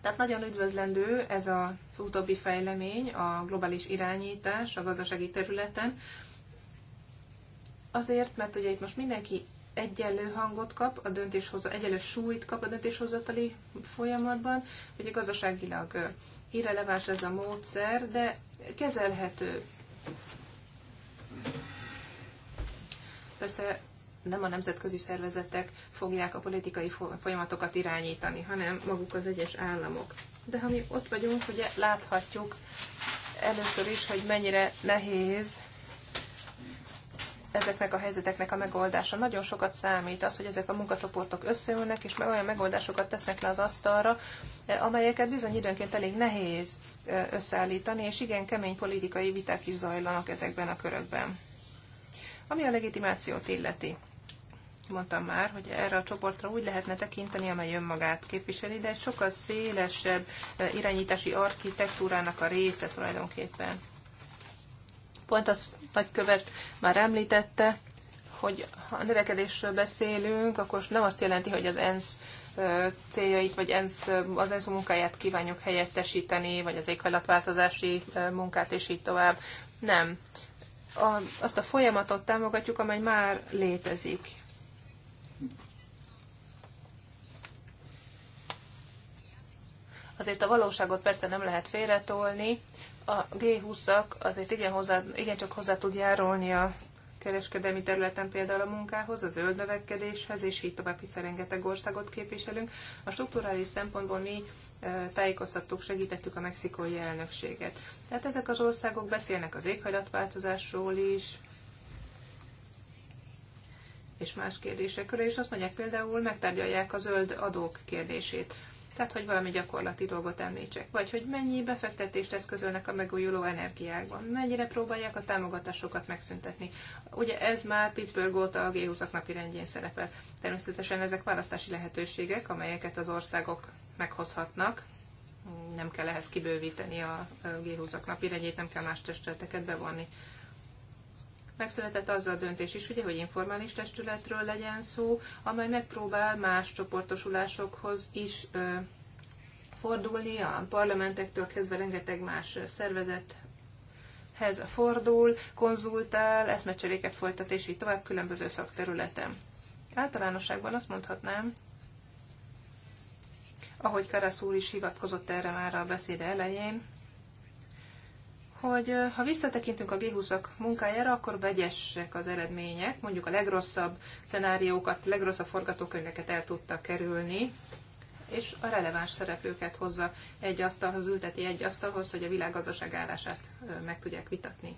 Tehát nagyon üdvözlendő ez az utóbbi fejlemény, a globális irányítás a gazdasági területen, azért, mert ugye itt most mindenki egyenlő hangot kap, a döntéshozó, egyenlő súlyt kap a döntéshozatali folyamatban, ugye gazdaságilag irreleváns ez a módszer, de kezelhető. Persze nem a nemzetközi szervezetek fogják a politikai folyamatokat irányítani, hanem maguk az egyes államok. De ha mi ott vagyunk, ugye láthatjuk először is, hogy mennyire nehéz ezeknek a helyzeteknek a megoldása. Nagyon sokat számít az, hogy ezek a munkacsoportok összeülnek, és meg olyan megoldásokat tesznek le az asztalra, amelyeket bizony időnként elég nehéz összeállítani, és igen kemény politikai viták is zajlanak ezekben a körökben. Ami a legitimációt illeti mondtam már, hogy erre a csoportra úgy lehetne tekinteni, amely önmagát képviseli, de egy sokkal szélesebb eh, irányítási architektúrának a része tulajdonképpen. Pont az nagykövet már említette, hogy ha a növekedésről beszélünk, akkor nem azt jelenti, hogy az ENSZ eh, céljait, vagy ENSZ, eh, az ENSZ munkáját kívánjuk helyettesíteni, vagy az éghajlatváltozási munkát, és így tovább. Nem. A, azt a folyamatot támogatjuk, amely már létezik Azért a valóságot persze nem lehet félretolni. A G20-ak azért igen hozzá, igencsak hozzá tud járulni a kereskedelmi területen például a munkához, az zöld növekedéshez, és így tovább, hiszen rengeteg országot képviselünk. A strukturális szempontból mi e, tájékoztattuk, segítettük a mexikói elnökséget. Tehát ezek az országok beszélnek az éghajlatváltozásról is, és más kérdésekről, és azt mondják például, megtárgyalják a zöld adók kérdését. Tehát, hogy valami gyakorlati dolgot említsek, vagy hogy mennyi befektetést eszközölnek a megújuló energiákban, mennyire próbálják a támogatásokat megszüntetni. Ugye ez már Pittsburgh óta a G20-ak napi rendjén szerepel. Természetesen ezek választási lehetőségek, amelyeket az országok meghozhatnak, nem kell ehhez kibővíteni a G20-ak napirendjét, nem kell más testületeket bevonni megszületett az a döntés is, ugye, hogy informális testületről legyen szó, amely megpróbál más csoportosulásokhoz is ö, fordulni, a parlamentektől kezdve rengeteg más szervezet hez fordul, konzultál, eszmecseréket folytat, és így tovább különböző szakterületen. Általánosságban azt mondhatnám, ahogy Karasz úr is hivatkozott erre már a beszéde elején, hogy ha visszatekintünk a G20-ak munkájára, akkor vegyesek az eredmények, mondjuk a legrosszabb szenáriókat, legrosszabb forgatókönyveket el tudta kerülni, és a releváns szereplőket hozza egy asztalhoz, ülteti egy asztalhoz, hogy a világgazdaság állását meg tudják vitatni.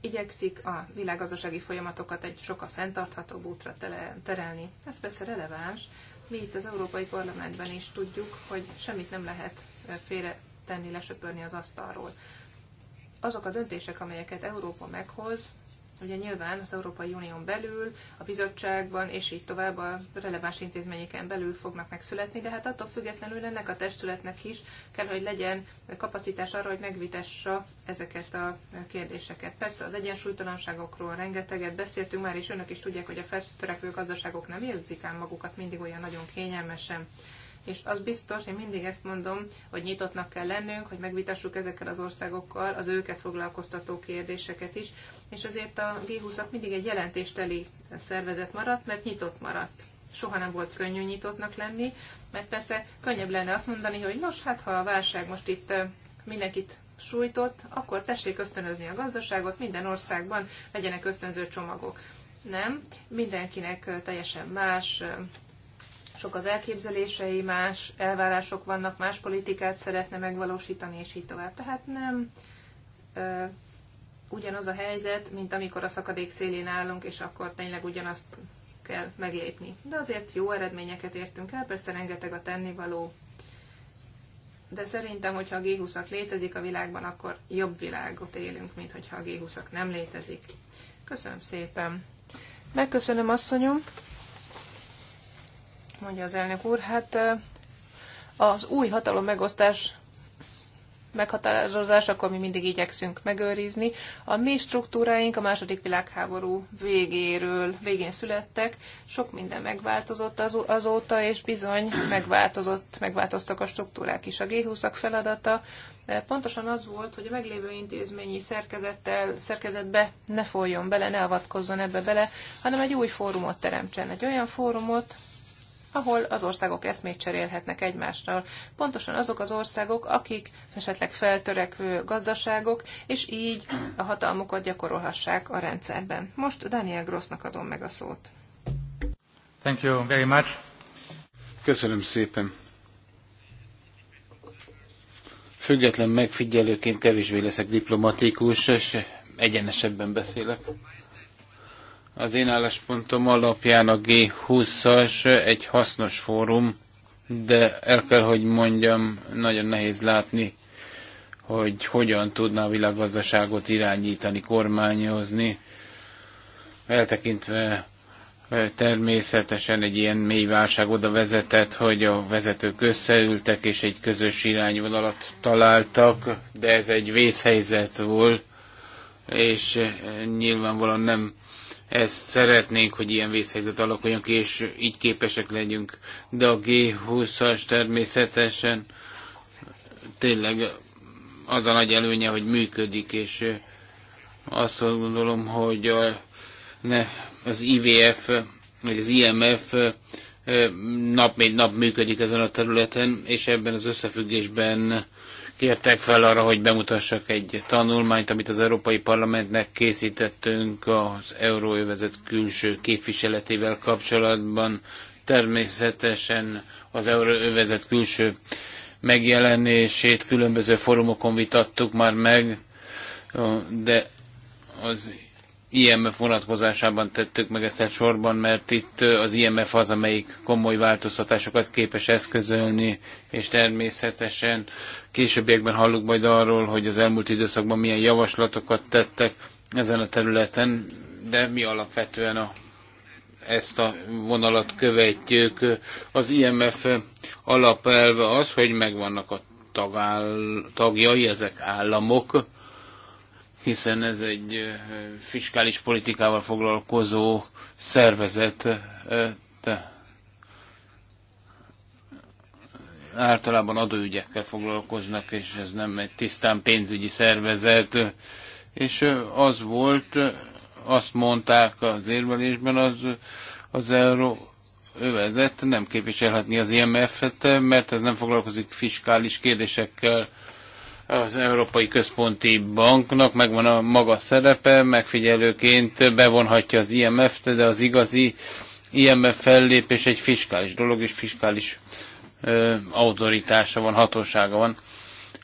Igyekszik a világgazdasági folyamatokat egy sokkal fenntarthatóbb útra terelni. Ez persze releváns. Mi itt az Európai Parlamentben is tudjuk, hogy semmit nem lehet félre tenni, lesöpörni az asztalról. Azok a döntések, amelyeket Európa meghoz, ugye nyilván az Európai Unión belül, a bizottságban és így tovább a releváns intézményeken belül fognak megszületni, de hát attól függetlenül ennek a testületnek is kell, hogy legyen kapacitás arra, hogy megvitassa ezeket a kérdéseket. Persze az egyensúlytalanságokról rengeteget beszéltünk már, és önök is tudják, hogy a feltörekvő gazdaságok nem érzik ám magukat mindig olyan nagyon kényelmesen és az biztos, én mindig ezt mondom, hogy nyitottnak kell lennünk, hogy megvitassuk ezekkel az országokkal az őket foglalkoztató kérdéseket is, és azért a g 20 mindig egy jelentésteli szervezet maradt, mert nyitott maradt. Soha nem volt könnyű nyitottnak lenni, mert persze könnyebb lenne azt mondani, hogy nos, hát ha a válság most itt mindenkit sújtott, akkor tessék ösztönözni a gazdaságot, minden országban legyenek ösztönző csomagok. Nem, mindenkinek teljesen más sok az elképzelései, más elvárások vannak, más politikát szeretne megvalósítani, és így tovább. Tehát nem ö, ugyanaz a helyzet, mint amikor a szakadék szélén állunk, és akkor tényleg ugyanazt kell meglépni. De azért jó eredményeket értünk el, persze rengeteg a tennivaló, de szerintem, hogyha a g 20 létezik a világban, akkor jobb világot élünk, mint hogyha a g 20 nem létezik. Köszönöm szépen. Megköszönöm, asszonyom mondja az elnök úr. Hát az új hatalom megosztás meghatározás, akkor mi mindig igyekszünk megőrizni. A mi struktúráink a második világháború végéről, végén születtek, sok minden megváltozott az, azóta, és bizony megváltozott, megváltoztak a struktúrák is. A g 20 feladata pontosan az volt, hogy a meglévő intézményi szerkezettel, szerkezetbe ne folyjon bele, ne avatkozzon ebbe bele, hanem egy új fórumot teremtsen. Egy olyan fórumot, ahol az országok eszmét cserélhetnek egymással. Pontosan azok az országok, akik esetleg feltörekvő gazdaságok, és így a hatalmukat gyakorolhassák a rendszerben. Most Daniel Grossnak adom meg a szót. Thank you very much. Köszönöm szépen. Független megfigyelőként kevésbé leszek diplomatikus, és egyenesebben beszélek. Az én álláspontom alapján a G20-as egy hasznos fórum, de el kell, hogy mondjam, nagyon nehéz látni, hogy hogyan tudná a világgazdaságot irányítani, kormányozni, eltekintve természetesen egy ilyen mély válság oda vezetett, hogy a vezetők összeültek és egy közös irányvonalat találtak, de ez egy vészhelyzet volt, és nyilvánvalóan nem ezt szeretnénk, hogy ilyen vészhelyzet alakuljon ki, és így képesek legyünk. De a G20-as természetesen tényleg az a nagy előnye, hogy működik, és azt gondolom, hogy a, ne, az IVF, vagy az IMF nap mint nap működik ezen a területen, és ebben az összefüggésben kértek fel arra, hogy bemutassak egy tanulmányt, amit az Európai Parlamentnek készítettünk az Euróövezet külső képviseletével kapcsolatban. Természetesen az Euróövezet külső megjelenését különböző fórumokon vitattuk már meg, de az IMF vonatkozásában tettük meg ezt a sorban, mert itt az IMF az, amelyik komoly változtatásokat képes eszközölni, és természetesen későbbiekben hallunk majd arról, hogy az elmúlt időszakban milyen javaslatokat tettek ezen a területen, de mi alapvetően a ezt a vonalat követjük. Az IMF alapelve az, hogy megvannak a tagáll, tagjai, ezek államok, hiszen ez egy fiskális politikával foglalkozó szervezet, de általában adóügyekkel foglalkoznak, és ez nem egy tisztán pénzügyi szervezet. És az volt, azt mondták az érvelésben, az, az euró övezet nem képviselhetni az IMF-et, mert ez nem foglalkozik fiskális kérdésekkel az Európai Központi Banknak megvan a maga szerepe, megfigyelőként bevonhatja az IMF-t, de az igazi IMF fellépés egy fiskális dolog, és fiskális ö, autoritása van, hatósága van.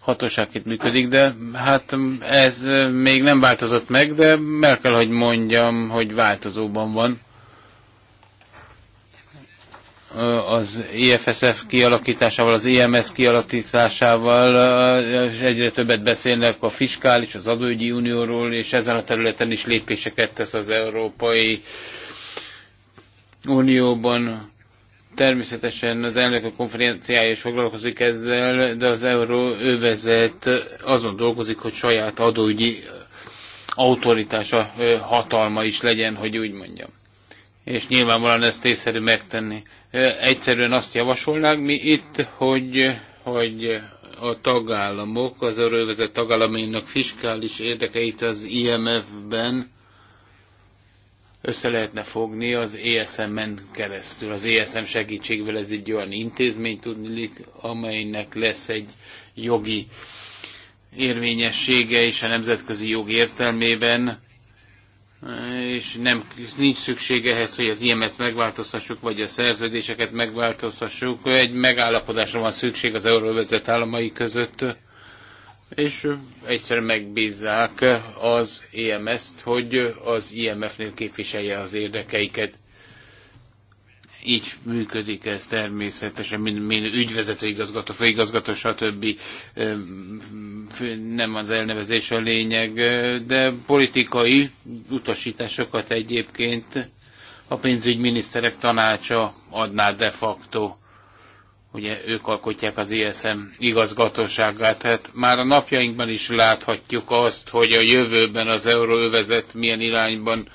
Hatóságként működik, de hát ez még nem változott meg, de meg kell, hogy mondjam, hogy változóban van az IFSF kialakításával, az IMS kialakításával, és egyre többet beszélnek a fiskális, az adóügyi unióról, és ezen a területen is lépéseket tesz az Európai Unióban. Természetesen az elnök konferenciája is foglalkozik ezzel, de az euró övezet azon dolgozik, hogy saját adóügyi autoritása, hatalma is legyen, hogy úgy mondjam. És nyilvánvalóan ezt észszerű megtenni. Egyszerűen azt javasolnánk mi itt, hogy, hogy a tagállamok, az örövezet tagállamainak fiskális érdekeit az IMF-ben össze lehetne fogni az ESM-en keresztül. Az ESM segítségével ez egy olyan intézmény tudnilik, amelynek lesz egy jogi érvényessége, és a nemzetközi jog értelmében és nem, nincs szükség ehhez, hogy az IMS-t megváltoztassuk, vagy a szerződéseket megváltoztassuk. Egy megállapodásra van szükség az euróvezet államai között, és egyszer megbízzák az EMS-t, hogy az IMF-nél képviselje az érdekeiket így működik ez természetesen, mint, mint ügyvezető igazgató, főigazgató, stb. Nem az elnevezés a lényeg, de politikai utasításokat egyébként a pénzügyminiszterek tanácsa adná de facto. Ugye ők alkotják az ISM igazgatóságát, hát már a napjainkban is láthatjuk azt, hogy a jövőben az euróövezet milyen irányban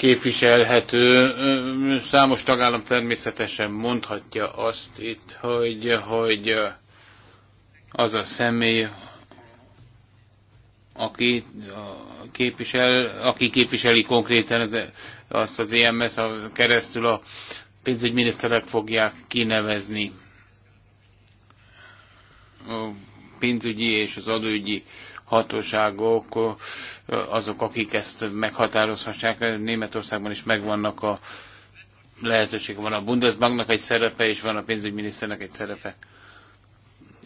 képviselhető. Számos tagállam természetesen mondhatja azt itt, hogy, hogy az a személy, aki képvisel, aki képviseli konkrétan azt az EMS -a keresztül a pénzügyminiszterek fogják kinevezni a pénzügyi és az adóügyi hatóságok azok, akik ezt meghatározhassák. Németországban is megvannak a lehetőség. Van a Bundesbanknak egy szerepe, és van a pénzügyminiszternek egy szerepe.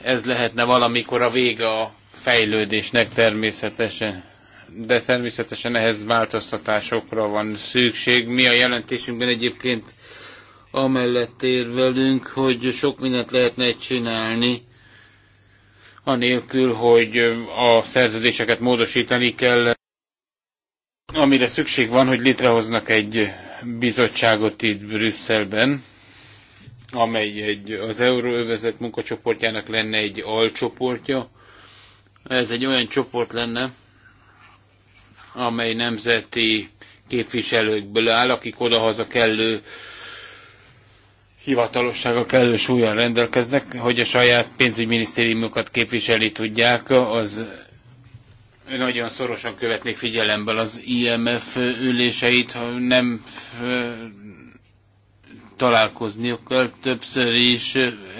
Ez lehetne valamikor a vége a fejlődésnek természetesen de természetesen ehhez változtatásokra van szükség. Mi a jelentésünkben egyébként amellett érvelünk, hogy sok mindent lehetne csinálni, anélkül, hogy a szerződéseket módosítani kell, amire szükség van, hogy létrehoznak egy bizottságot itt Brüsszelben, amely egy, az Euróövezet munkacsoportjának lenne egy alcsoportja. Ez egy olyan csoport lenne, amely nemzeti képviselőkből áll, akik odahaza kellő hivatalossága kellő súlyan rendelkeznek, hogy a saját pénzügyminisztériumokat képviselni tudják, az nagyon szorosan követnék figyelemből az IMF üléseit, ha nem találkozniuk kell többször is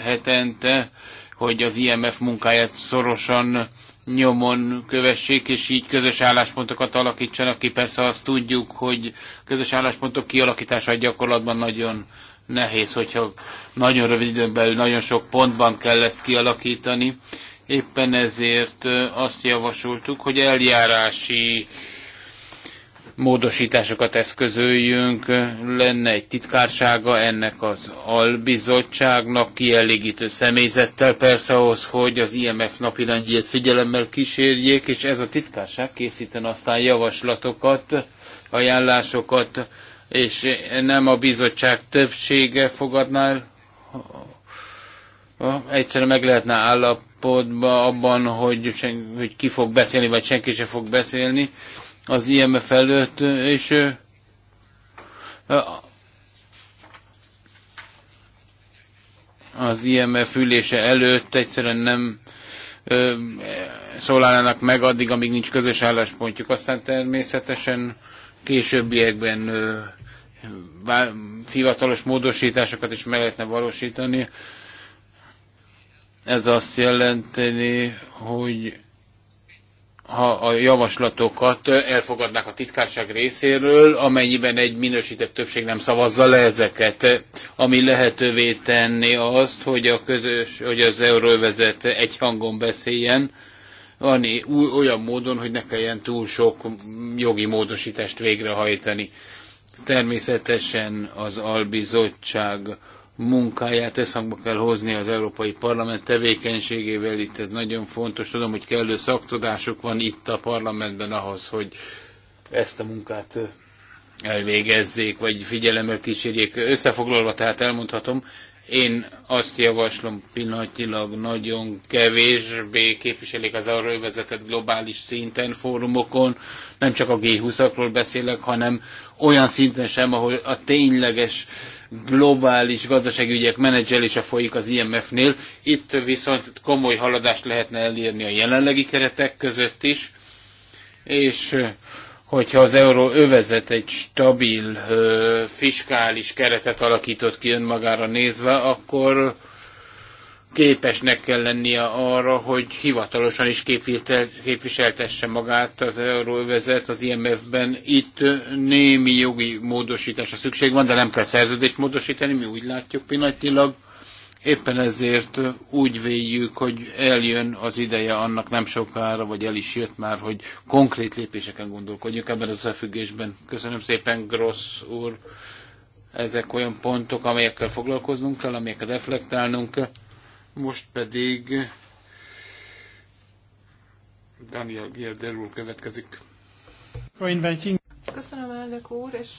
hetente, hogy az IMF munkáját szorosan nyomon kövessék, és így közös álláspontokat alakítsanak ki. Persze azt tudjuk, hogy közös álláspontok kialakítása gyakorlatban nagyon nehéz, hogyha nagyon rövid időn belül nagyon sok pontban kell ezt kialakítani. Éppen ezért azt javasoltuk, hogy eljárási módosításokat eszközöljünk. Lenne egy titkársága ennek az albizottságnak, kielégítő személyzettel persze ahhoz, hogy az IMF napirendjét figyelemmel kísérjék, és ez a titkárság készíten aztán javaslatokat, ajánlásokat, és nem a bizottság többsége fogadná el, egyszerűen meg lehetne állapodba abban, hogy, sen, hogy ki fog beszélni, vagy senki se fog beszélni az IMF előtt, és az IMF ülése előtt egyszerűen nem szólálnának meg addig, amíg nincs közös álláspontjuk. Aztán természetesen későbbiekben hivatalos módosításokat is meg lehetne valósítani. Ez azt jelenteni, hogy ha a javaslatokat elfogadnák a titkárság részéről, amennyiben egy minősített többség nem szavazza le ezeket, ami lehetővé tenni azt, hogy, a közös, hogy az euróvezet egy hangon beszéljen, olyan módon, hogy ne kelljen túl sok jogi módosítást végrehajtani. Természetesen az albizottság munkáját összhangba kell hozni az Európai Parlament tevékenységével. Itt ez nagyon fontos. Tudom, hogy kellő szaktudásuk van itt a parlamentben ahhoz, hogy ezt a munkát elvégezzék, vagy figyelemmel kísérjék. Összefoglalva tehát elmondhatom, én azt javaslom pillanatilag nagyon kevésbé képviselik az arra vezetett globális szinten fórumokon. Nem csak a G20-akról beszélek, hanem olyan szinten sem, ahol a tényleges globális gazdaságügyek menedzselése folyik az IMF-nél. Itt viszont komoly haladást lehetne elérni a jelenlegi keretek között is, és hogyha az euró övezet egy stabil fiskális keretet alakított ki önmagára nézve, akkor képesnek kell lennie arra, hogy hivatalosan is képviseltesse magát az euróvezet az IMF-ben. Itt némi jogi módosításra szükség van, de nem kell szerződést módosítani, mi úgy látjuk pillanatilag. Éppen ezért úgy véljük, hogy eljön az ideje annak nem sokára, vagy el is jött már, hogy konkrét lépéseken gondolkodjunk ebben az összefüggésben. Köszönöm szépen, Grossz úr! Ezek olyan pontok, amelyekkel foglalkoznunk kell, amelyekkel reflektálnunk kell most pedig Daniel Gierder úr következik. Köszönöm, elnök úr, és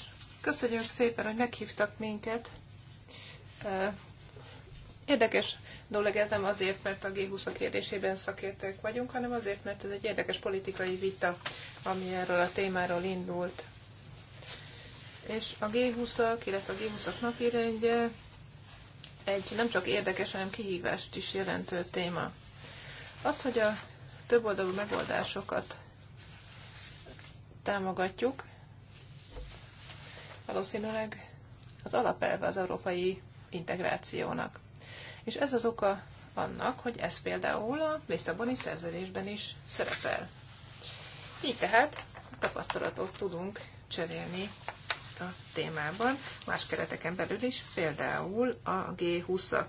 köszönjük szépen, hogy meghívtak minket. Érdekes dolog ez nem azért, mert a G20 kérdésében szakértők vagyunk, hanem azért, mert ez egy érdekes politikai vita, ami erről a témáról indult. És a G20-ak, illetve a G20-ak napirendje egy nem csak érdekes, hanem kihívást is jelentő téma. Az, hogy a többoldalú megoldásokat támogatjuk, valószínűleg az alapelve az európai integrációnak. És ez az oka annak, hogy ez például a Lisszaboni szerződésben is szerepel. Így tehát tapasztalatot tudunk cserélni a témában, más kereteken belül is, például a G20-ak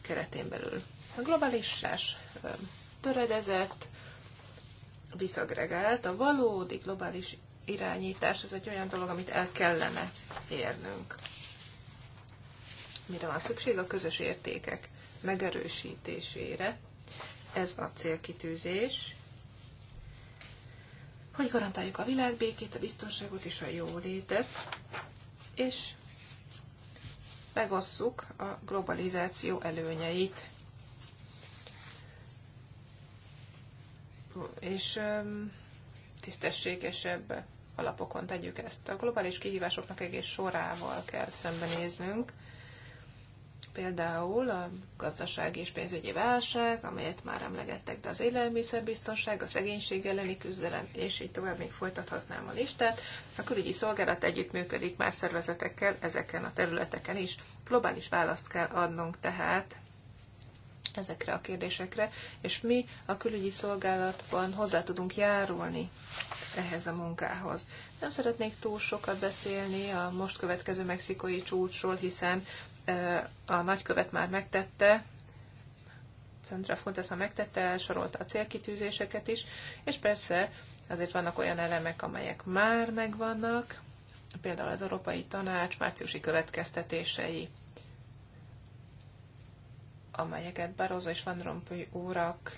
keretén belül. A globalizás töredezett, visszagregált, a valódi globális irányítás, ez egy olyan dolog, amit el kellene érnünk. Mire van szükség? A közös értékek megerősítésére. Ez a célkitűzés, hogy garantáljuk a békét, a biztonságot és a jólétet, és megosszuk a globalizáció előnyeit. És tisztességesebb alapokon tegyük ezt. A globális kihívásoknak egész sorával kell szembenéznünk, például a gazdasági és pénzügyi válság, amelyet már emlegettek, de az élelmiszerbiztonság, a szegénység elleni küzdelem, és így tovább még folytathatnám a listát. A külügyi szolgálat együttműködik más szervezetekkel ezeken a területeken is. Globális választ kell adnunk tehát ezekre a kérdésekre, és mi a külügyi szolgálatban hozzá tudunk járulni ehhez a munkához. Nem szeretnék túl sokat beszélni a most következő mexikói csúcsról, hiszen a nagykövet már megtette, Szentra Fontesza megtette, elsorolta a célkitűzéseket is, és persze azért vannak olyan elemek, amelyek már megvannak, például az Európai Tanács márciusi következtetései, amelyeket Barozo és Van Rompuy úrak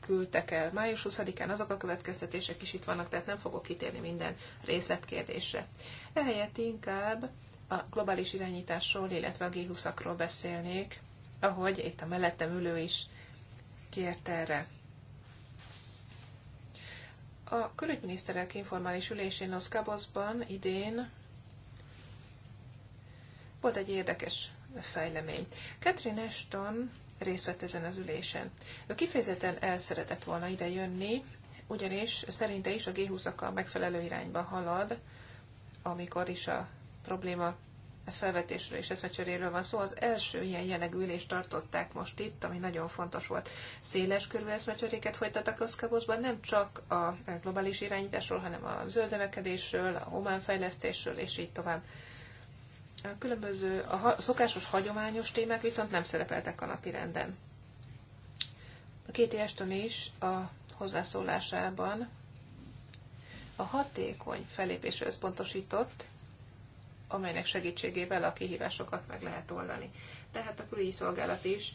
küldtek el május 20-án, azok a következtetések is itt vannak, tehát nem fogok kitérni minden részletkérdésre. Ehelyett inkább a globális irányításról, illetve a G20-akról beszélnék, ahogy itt a mellettem ülő is kért erre. A külügyminiszterek informális ülésén az Cabosban idén volt egy érdekes fejlemény. Catherine Ashton részt vett ezen az ülésen. Ő kifejezetten el szeretett volna ide jönni, ugyanis szerinte is a G20-akkal megfelelő irányba halad, amikor is a probléma e felvetésről és eszmecseréről van szó. Az első ilyen jellegű ülést tartották most itt, ami nagyon fontos volt. Széles körű eszmecseréket folytattak Los Cabosban, nem csak a globális irányításról, hanem a zöldemekedésről, a humánfejlesztésről és így tovább. A különböző, a szokásos hagyományos témák viszont nem szerepeltek a napi renden. A két Ashton is a hozzászólásában a hatékony felépésre összpontosított, amelynek segítségével a kihívásokat meg lehet oldani. Tehát a külügyi szolgálat is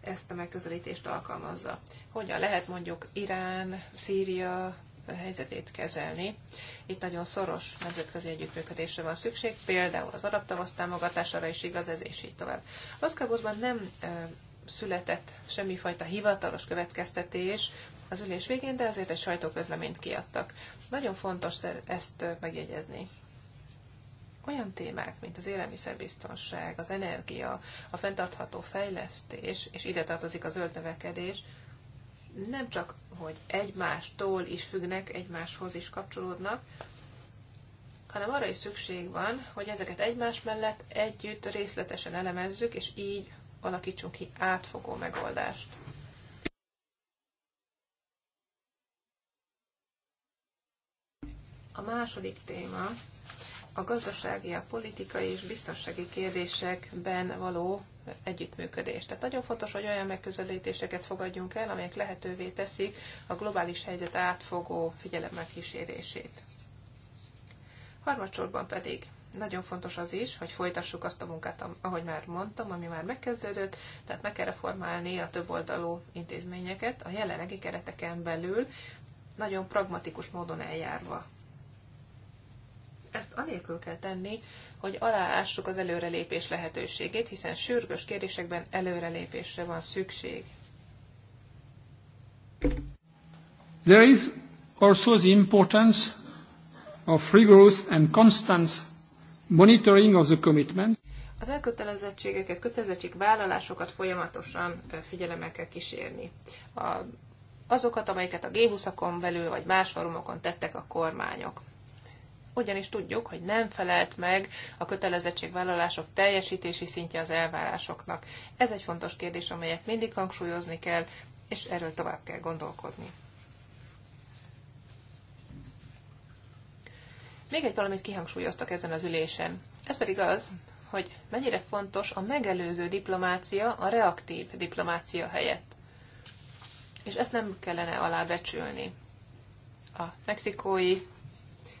ezt a megközelítést alkalmazza. Hogyan lehet mondjuk Irán, Szíria helyzetét kezelni? Itt nagyon szoros nemzetközi együttműködésre van szükség, például az arab tavasz támogatására is igaz ez, és így tovább. Oszkábozban nem született semmifajta hivatalos következtetés az ülés végén, de azért egy sajtóközleményt kiadtak. Nagyon fontos ezt megjegyezni olyan témák, mint az élelmiszerbiztonság, az energia, a fenntartható fejlesztés, és ide tartozik a zöld növekedés, nem csak, hogy egymástól is függnek, egymáshoz is kapcsolódnak, hanem arra is szükség van, hogy ezeket egymás mellett együtt részletesen elemezzük, és így alakítsunk ki átfogó megoldást. A második téma a gazdasági, a politikai és biztonsági kérdésekben való együttműködés. Tehát nagyon fontos, hogy olyan megközelítéseket fogadjunk el, amelyek lehetővé teszik a globális helyzet átfogó figyelemmel kísérését. Harmadsorban pedig nagyon fontos az is, hogy folytassuk azt a munkát, ahogy már mondtam, ami már megkezdődött, tehát meg kell reformálni a többoldalú intézményeket a jelenlegi kereteken belül, nagyon pragmatikus módon eljárva ezt anélkül kell tenni, hogy aláássuk az előrelépés lehetőségét, hiszen sürgős kérdésekben előrelépésre van szükség. There is also the importance of rigorous and constant monitoring of the commitment. Az elkötelezettségeket, vállalásokat folyamatosan figyelemmel kell kísérni. A, azokat, amelyeket a G20-akon belül vagy más forumokon tettek a kormányok ugyanis tudjuk, hogy nem felelt meg a kötelezettségvállalások teljesítési szintje az elvárásoknak. Ez egy fontos kérdés, amelyet mindig hangsúlyozni kell, és erről tovább kell gondolkodni. Még egy valamit kihangsúlyoztak ezen az ülésen. Ez pedig az, hogy mennyire fontos a megelőző diplomácia a reaktív diplomácia helyett. És ezt nem kellene alábecsülni. A mexikói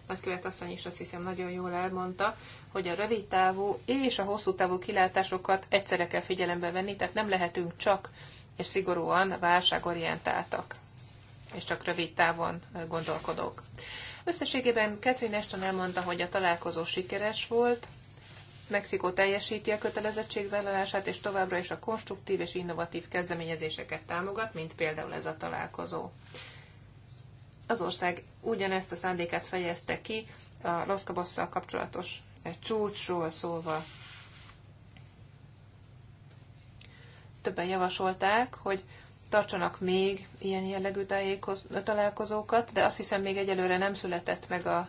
nagykövet asszony is azt hiszem nagyon jól elmondta, hogy a rövid távú és a hosszú távú kilátásokat egyszerre kell figyelembe venni, tehát nem lehetünk csak és szigorúan válságorientáltak, és csak rövid távon gondolkodók. Összességében Catherine Ashton elmondta, hogy a találkozó sikeres volt, Mexikó teljesíti a kötelezettségvállalását, és továbbra is a konstruktív és innovatív kezdeményezéseket támogat, mint például ez a találkozó. Az ország ugyanezt a szándékát fejezte ki a Los kapcsolatos csúcsról szólva. Többen javasolták, hogy tartsanak még ilyen jellegű találkozókat, de azt hiszem még egyelőre nem született meg a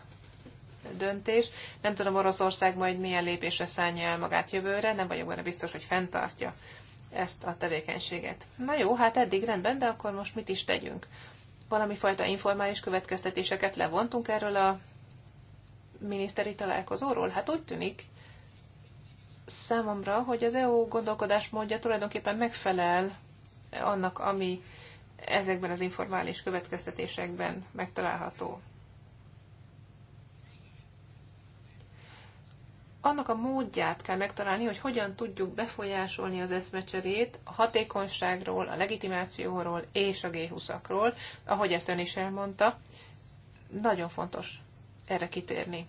döntés. Nem tudom, Oroszország majd milyen lépésre szállja el magát jövőre, nem vagyok benne biztos, hogy fenntartja ezt a tevékenységet. Na jó, hát eddig rendben, de akkor most mit is tegyünk? valami fajta informális következtetéseket levontunk erről a miniszteri találkozóról? Hát úgy tűnik számomra, hogy az EU gondolkodásmódja tulajdonképpen megfelel annak, ami ezekben az informális következtetésekben megtalálható. annak a módját kell megtalálni, hogy hogyan tudjuk befolyásolni az eszmecserét a hatékonyságról, a legitimációról és a G20-akról, ahogy ezt ön is elmondta. Nagyon fontos erre kitérni.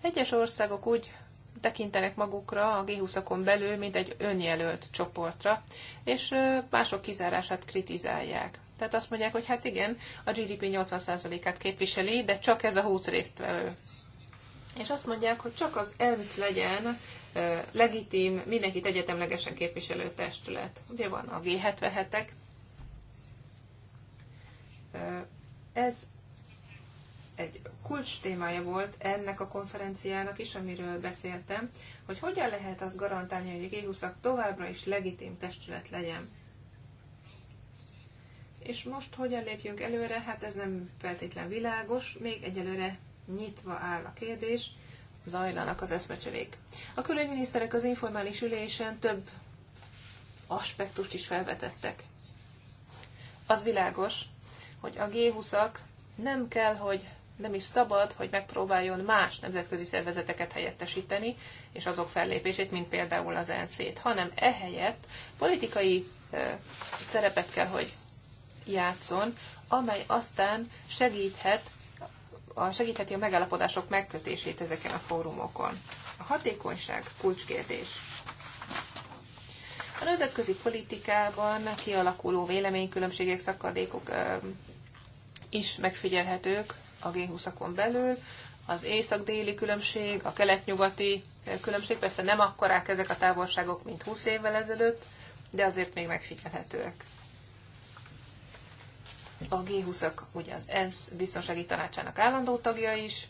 Egyes országok úgy tekintenek magukra a G20-akon belül, mint egy önjelölt csoportra, és mások kizárását kritizálják. Tehát azt mondják, hogy hát igen, a GDP 80%-át képviseli, de csak ez a 20 résztvevő és azt mondják, hogy csak az ENSZ legyen legitim, mindenkit egyetemlegesen képviselő testület. Ugye van a G77-ek. Ez egy kulcs témája volt ennek a konferenciának is, amiről beszéltem, hogy hogyan lehet azt garantálni, hogy a G20-ak továbbra is legitim testület legyen. És most hogyan lépjünk előre? Hát ez nem feltétlen világos, még egyelőre nyitva áll a kérdés, zajlanak az eszmecserék. A külügyminiszterek az informális ülésen több aspektust is felvetettek. Az világos, hogy a G20-ak nem kell, hogy nem is szabad, hogy megpróbáljon más nemzetközi szervezeteket helyettesíteni, és azok fellépését, mint például az ENSZ-ét, hanem ehelyett politikai szerepet kell, hogy játszon, amely aztán segíthet a, segítheti a megállapodások megkötését ezeken a fórumokon. A hatékonyság kulcskérdés. A nemzetközi politikában kialakuló véleménykülönbségek, szakadékok is megfigyelhetők a g 20 belül. Az észak-déli különbség, a kelet-nyugati különbség, persze nem akkorák ezek a távolságok, mint 20 évvel ezelőtt, de azért még megfigyelhetőek. A g 20 ugye az ENSZ biztonsági tanácsának állandó tagja is,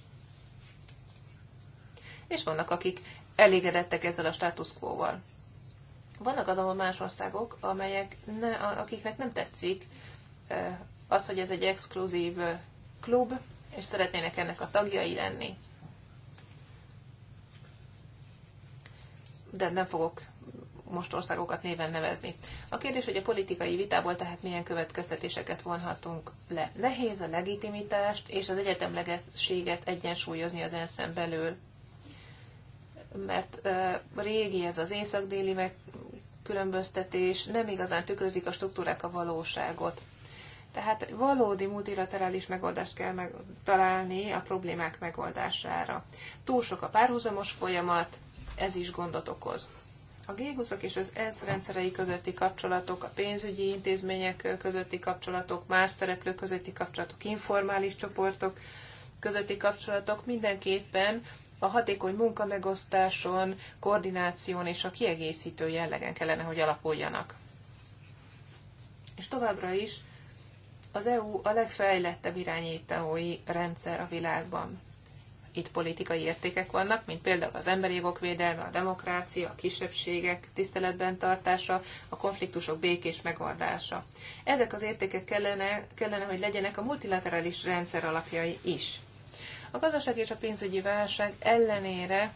és vannak, akik elégedettek ezzel a státuszkóval. Vannak azonban más országok, amelyek ne, akiknek nem tetszik az, hogy ez egy exkluzív klub, és szeretnének ennek a tagjai lenni. De nem fogok most országokat néven nevezni. A kérdés, hogy a politikai vitából tehát milyen következtetéseket vonhatunk le. Nehéz a legitimitást és az egyetemlegességet egyensúlyozni az ensz belül, mert régi ez az észak-déli megkülönböztetés, nem igazán tükrözik a struktúrák a valóságot. Tehát valódi multilaterális megoldást kell találni a problémák megoldására. Túl sok a párhuzamos folyamat, ez is gondot okoz. A g és az ENSZ rendszerei közötti kapcsolatok, a pénzügyi intézmények közötti kapcsolatok, más szereplők közötti kapcsolatok, informális csoportok közötti kapcsolatok mindenképpen a hatékony munkamegosztáson, koordináción és a kiegészítő jellegen kellene, hogy alapuljanak. És továbbra is az EU a legfejlettebb irányítói rendszer a világban itt politikai értékek vannak, mint például az emberi jogok védelme, a demokrácia, a kisebbségek tiszteletben tartása, a konfliktusok békés megoldása. Ezek az értékek kellene, kellene hogy legyenek a multilaterális rendszer alapjai is. A gazdaság és a pénzügyi válság ellenére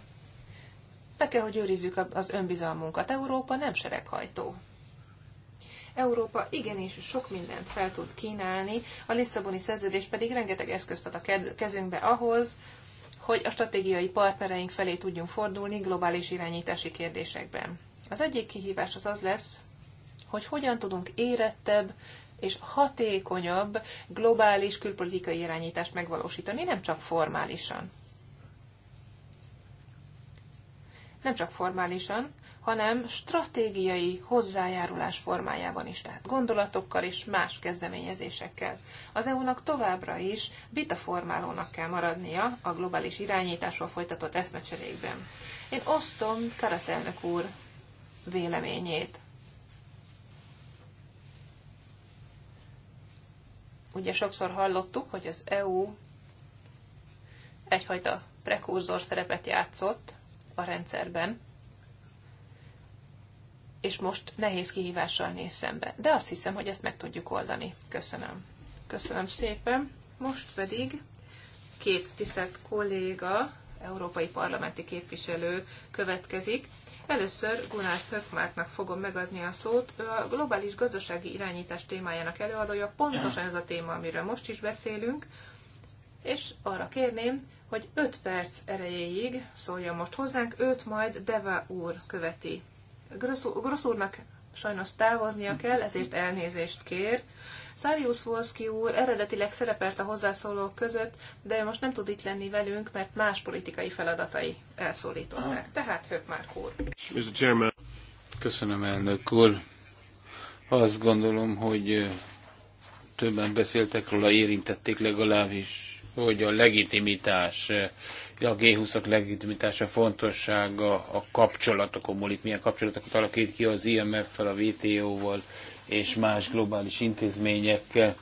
be kell, hogy őrizzük az önbizalmunkat. Európa nem sereghajtó. Európa igenis sok mindent fel tud kínálni, a Lisszaboni szerződés pedig rengeteg eszközt ad a kezünkbe ahhoz, hogy a stratégiai partnereink felé tudjunk fordulni globális irányítási kérdésekben. Az egyik kihívás az az lesz, hogy hogyan tudunk érettebb és hatékonyabb globális külpolitikai irányítást megvalósítani, nem csak formálisan. Nem csak formálisan, hanem stratégiai hozzájárulás formájában is, tehát gondolatokkal és más kezdeményezésekkel. Az EU-nak továbbra is vitaformálónak kell maradnia a globális irányításról folytatott eszmecserékben. Én osztom Karasz elnök úr véleményét. Ugye sokszor hallottuk, hogy az EU egyfajta prekurzor szerepet játszott a rendszerben, és most nehéz kihívással néz szembe. De azt hiszem, hogy ezt meg tudjuk oldani. Köszönöm. Köszönöm szépen. Most pedig két tisztelt kolléga, európai parlamenti képviselő következik. Először Gunnar Höckmarknak fogom megadni a szót. Ő a globális gazdasági irányítás témájának előadója, pontosan ez a téma, amiről most is beszélünk, és arra kérném, hogy 5 perc erejéig szóljon most hozzánk, őt majd Deva úr követi Grossz úrnak sajnos távoznia kell, ezért elnézést kér. Szárius Volszki úr eredetileg szerepelt a hozzászólók között, de ő most nem tud itt lenni velünk, mert más politikai feladatai elszólították. Tehát már úr. Mr. Chairman. Köszönöm, elnök úr. Azt gondolom, hogy többen beszéltek róla, érintették legalábbis, hogy a legitimitás a G20-ak legitimitása fontossága a kapcsolatokon múlik, milyen kapcsolatokat alakít ki az IMF-fel, a WTO-val és más globális intézményekkel.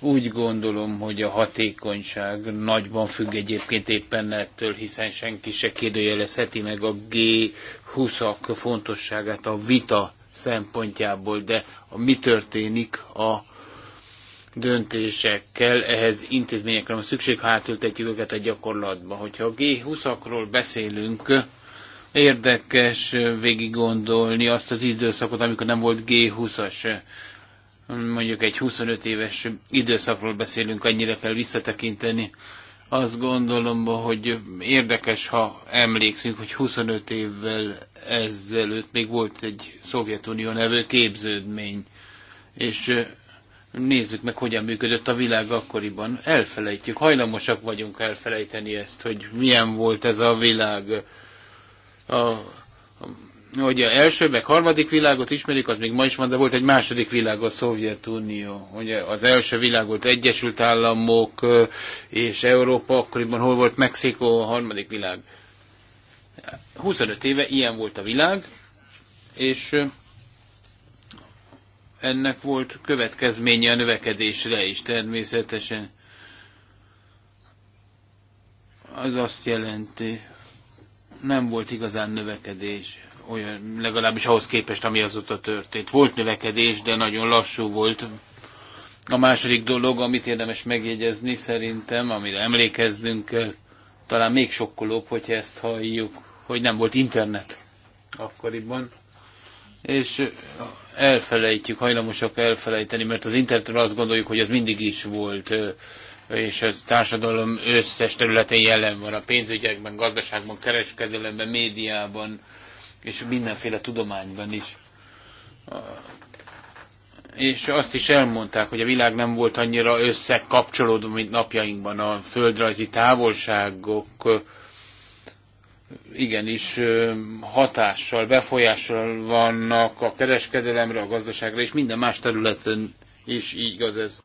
Úgy gondolom, hogy a hatékonyság nagyban függ egyébként éppen ettől, hiszen senki se kérdőjelezheti meg a G20-ak fontosságát a vita szempontjából, de mi történik a döntésekkel, ehhez intézményekre van szükség, ha átültetjük őket a gyakorlatba. Hogyha a G20-akról beszélünk, érdekes végig gondolni azt az időszakot, amikor nem volt G20-as, mondjuk egy 25 éves időszakról beszélünk, annyira kell visszatekinteni. Azt gondolom, hogy érdekes, ha emlékszünk, hogy 25 évvel ezelőtt még volt egy Szovjetunió nevű képződmény, és nézzük meg, hogyan működött a világ akkoriban. Elfelejtjük, hajlamosak vagyunk elfelejteni ezt, hogy milyen volt ez a világ. A, a, hogy a első, meg harmadik világot ismerik, az még ma is van, de volt egy második világ, a Szovjetunió. Ugye az első világ volt Egyesült Államok és Európa, akkoriban hol volt Mexikó, a harmadik világ. 25 éve ilyen volt a világ, és ennek volt következménye a növekedésre is természetesen. Az azt jelenti, nem volt igazán növekedés, olyan, legalábbis ahhoz képest, ami azóta történt. Volt növekedés, de nagyon lassú volt. A második dolog, amit érdemes megjegyezni szerintem, amire emlékeznünk kell, talán még sokkolóbb, hogyha ezt halljuk, hogy nem volt internet akkoriban. És elfelejtjük, hajlamosak elfelejteni, mert az internetről azt gondoljuk, hogy ez mindig is volt, és a társadalom összes területén jelen van, a pénzügyekben, gazdaságban, kereskedelemben, médiában, és mindenféle tudományban is. És azt is elmondták, hogy a világ nem volt annyira összekapcsolódó, mint napjainkban a földrajzi távolságok, igenis hatással, befolyással vannak a kereskedelemre, a gazdaságra, és minden más területen is így igaz ez.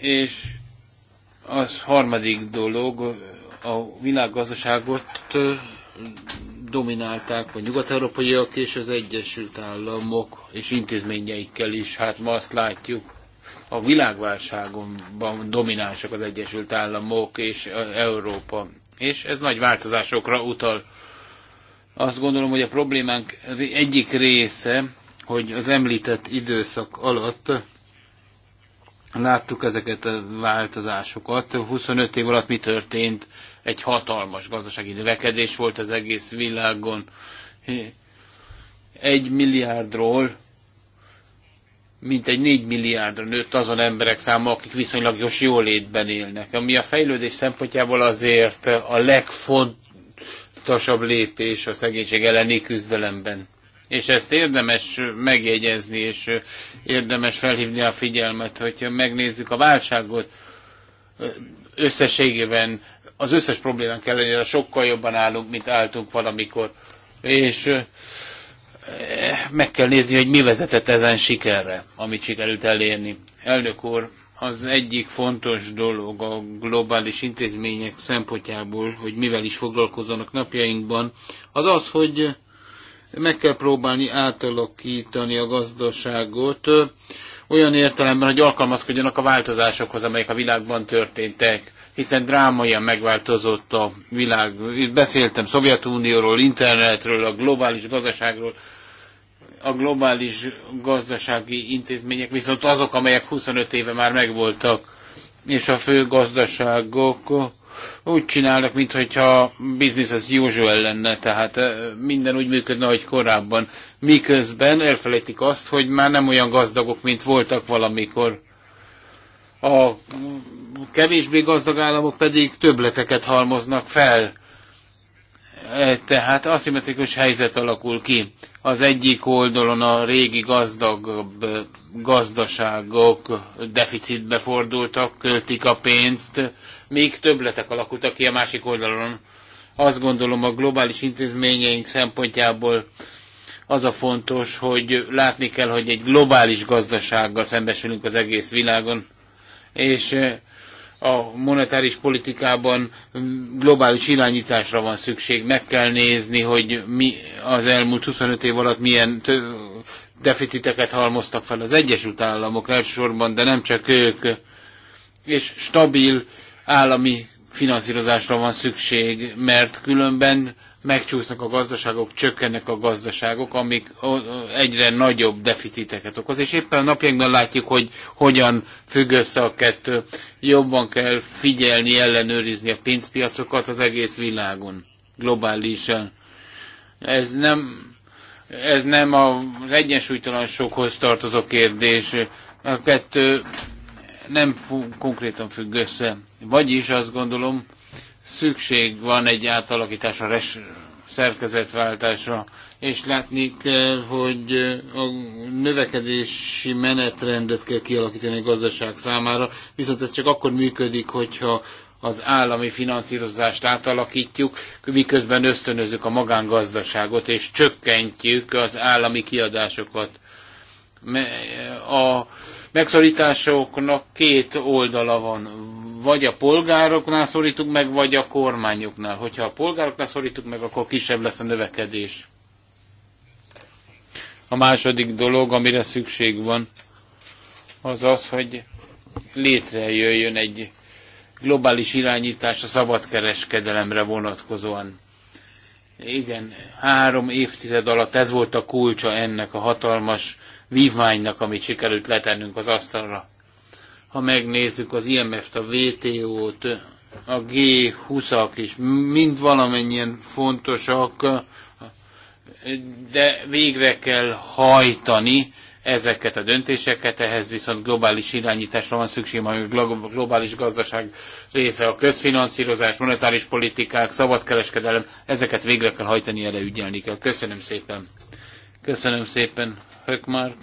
És az harmadik dolog, a világgazdaságot dominálták a nyugat-európaiak és az Egyesült Államok és intézményeikkel is. Hát ma azt látjuk, a világválságonban dominánsak az Egyesült Államok és Európa, és ez nagy változásokra utal. Azt gondolom, hogy a problémánk egyik része, hogy az említett időszak alatt láttuk ezeket a változásokat. 25 év alatt mi történt? Egy hatalmas gazdasági növekedés volt az egész világon. Egy milliárdról mintegy 4 milliárdra nőtt azon emberek száma, akik viszonylag jós jólétben élnek, ami a fejlődés szempontjából azért a legfontosabb lépés a szegénység elleni küzdelemben. És ezt érdemes megjegyezni, és érdemes felhívni a figyelmet, hogyha megnézzük a válságot összességében, az összes problémánk kellene sokkal jobban állunk, mint álltunk valamikor. És meg kell nézni, hogy mi vezetett ezen sikerre, amit sikerült elérni. Elnök úr, az egyik fontos dolog a globális intézmények szempontjából, hogy mivel is foglalkozzanak napjainkban, az az, hogy meg kell próbálni átalakítani a gazdaságot olyan értelemben, hogy alkalmazkodjanak a változásokhoz, amelyek a világban történtek hiszen drámaian megváltozott a világ. Itt beszéltem Szovjetunióról, internetről, a globális gazdaságról, a globális gazdasági intézmények, viszont azok, amelyek 25 éve már megvoltak, és a fő gazdaságok úgy csinálnak, mintha business az usual lenne, tehát eh, minden úgy működne, ahogy korábban. Miközben elfelejtik azt, hogy már nem olyan gazdagok, mint voltak valamikor. A kevésbé gazdag államok pedig töbleteket halmoznak fel E, tehát aszimetrikus helyzet alakul ki. Az egyik oldalon a régi gazdagabb gazdaságok deficitbe fordultak, költik a pénzt, míg többletek alakultak ki a másik oldalon. Azt gondolom a globális intézményeink szempontjából az a fontos, hogy látni kell, hogy egy globális gazdasággal szembesülünk az egész világon, és a monetáris politikában globális irányításra van szükség. Meg kell nézni, hogy mi az elmúlt 25 év alatt milyen deficiteket halmoztak fel az Egyesült Államok elsősorban, de nem csak ők. És stabil állami finanszírozásra van szükség, mert különben megcsúsznak a gazdaságok, csökkennek a gazdaságok, amik egyre nagyobb deficiteket okoz. És éppen a napjainkban látjuk, hogy hogyan függ össze a kettő. Jobban kell figyelni, ellenőrizni a pénzpiacokat az egész világon, globálisan. Ez nem, ez nem az sokhoz tartozó kérdés. A kettő nem konkrétan függ össze. Vagyis azt gondolom, szükség van egy átalakításra, szerkezetváltásra, és látni kell, hogy a növekedési menetrendet kell kialakítani a gazdaság számára, viszont ez csak akkor működik, hogyha az állami finanszírozást átalakítjuk, miközben ösztönözzük a magángazdaságot, és csökkentjük az állami kiadásokat. A megszorításoknak két oldala van. Vagy a polgároknál szorítunk meg, vagy a kormányoknál. Hogyha a polgároknál szorítunk meg, akkor kisebb lesz a növekedés. A második dolog, amire szükség van, az az, hogy létrejöjjön egy globális irányítás a szabadkereskedelemre vonatkozóan. Igen, három évtized alatt ez volt a kulcsa ennek a hatalmas vívmánynak, amit sikerült letennünk az asztalra. Ha megnézzük az IMF-t, a WTO-t, a G20-ak is, mind valamennyien fontosak, de végre kell hajtani ezeket a döntéseket, ehhez viszont globális irányításra van szükség, ami a globális gazdaság része, a közfinanszírozás, monetáris politikák, szabadkereskedelem, ezeket végre kell hajtani, erre ügyelni kell. Köszönöm szépen! Köszönöm szépen, Hökmark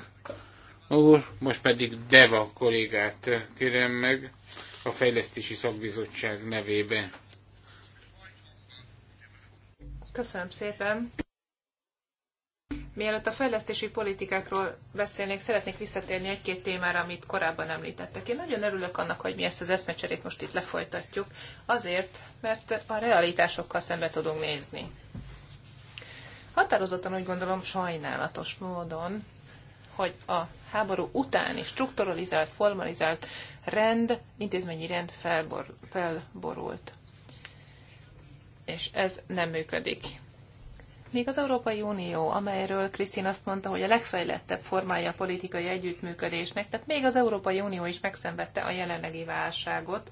úr. Most pedig Deva kollégát kérem meg a Fejlesztési Szakbizottság nevébe. Köszönöm szépen. Mielőtt a fejlesztési politikákról beszélnék, szeretnék visszatérni egy-két témára, amit korábban említettek. Én nagyon örülök annak, hogy mi ezt az eszmecserét most itt lefolytatjuk, azért, mert a realitásokkal szembe tudunk nézni. Határozottan úgy gondolom sajnálatos módon, hogy a háború utáni strukturalizált, formalizált rend, intézményi rend felbor, felborult. És ez nem működik. Még az Európai Unió, amelyről Krisztin azt mondta, hogy a legfejlettebb formája a politikai együttműködésnek, tehát még az Európai Unió is megszenvedte a jelenlegi válságot,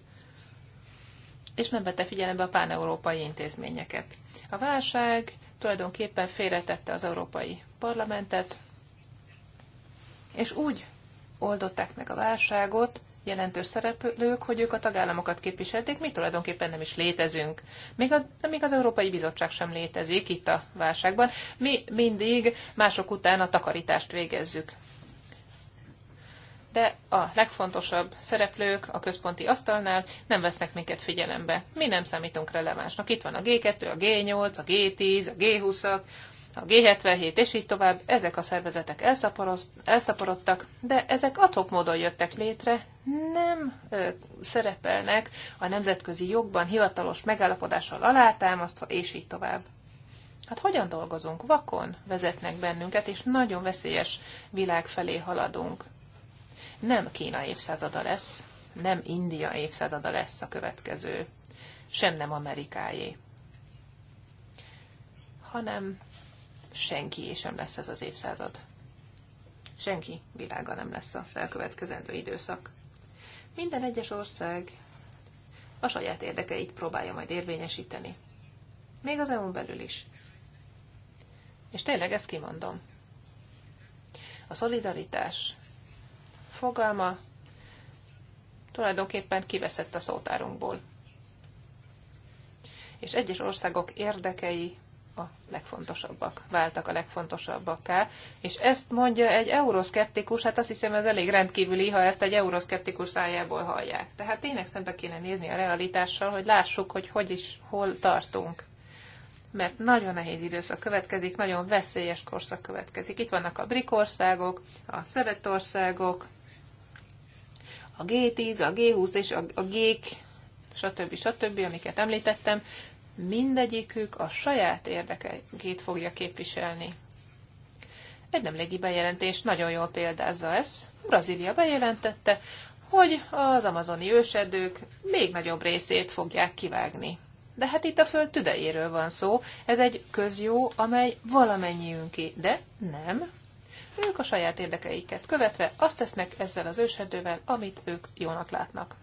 és nem vette figyelembe a páneurópai intézményeket. A válság tulajdonképpen félretette az Európai Parlamentet, és úgy oldották meg a válságot, jelentős szereplők, hogy ők a tagállamokat képviselték, mi tulajdonképpen nem is létezünk. Még, a, még az Európai Bizottság sem létezik itt a válságban. Mi mindig mások után a takarítást végezzük de a legfontosabb szereplők a központi asztalnál nem vesznek minket figyelembe. Mi nem számítunk relevánsnak. Itt van a G2, a G8, a G10, a G20-ak, a G77 és így tovább, ezek a szervezetek elszaporodtak, de ezek adhok módon jöttek létre, nem ö, szerepelnek a nemzetközi jogban hivatalos megállapodással alátámasztva, és így tovább. Hát hogyan dolgozunk? Vakon vezetnek bennünket, és nagyon veszélyes világ felé haladunk nem Kína évszázada lesz, nem India évszázada lesz a következő, sem nem Amerikáé, hanem senki sem lesz ez az évszázad. Senki világa nem lesz az elkövetkezendő időszak. Minden egyes ország a saját érdekeit próbálja majd érvényesíteni. Még az EU-n belül is. És tényleg ezt kimondom. A szolidaritás fogalma tulajdonképpen kiveszett a szótárunkból. És egyes országok érdekei a legfontosabbak, váltak a legfontosabbaká. És ezt mondja egy euroszkeptikus, hát azt hiszem ez elég rendkívüli, ha ezt egy euroszkeptikus szájából hallják. Tehát tényleg szembe kéne nézni a realitással, hogy lássuk, hogy hogy is, hol tartunk. Mert nagyon nehéz időszak következik, nagyon veszélyes korszak következik. Itt vannak a brik országok, a országok a G10, a G20 és a, a g stb. stb., amiket említettem, mindegyikük a saját érdekeit fogja képviselni. Egy nemrégi bejelentés nagyon jól példázza ezt. Brazília bejelentette, hogy az amazoni ősedők még nagyobb részét fogják kivágni. De hát itt a föld tüdejéről van szó, ez egy közjó, amely valamennyiünké, de nem, ők a saját érdekeiket követve azt tesznek ezzel az őserdővel, amit ők jónak látnak.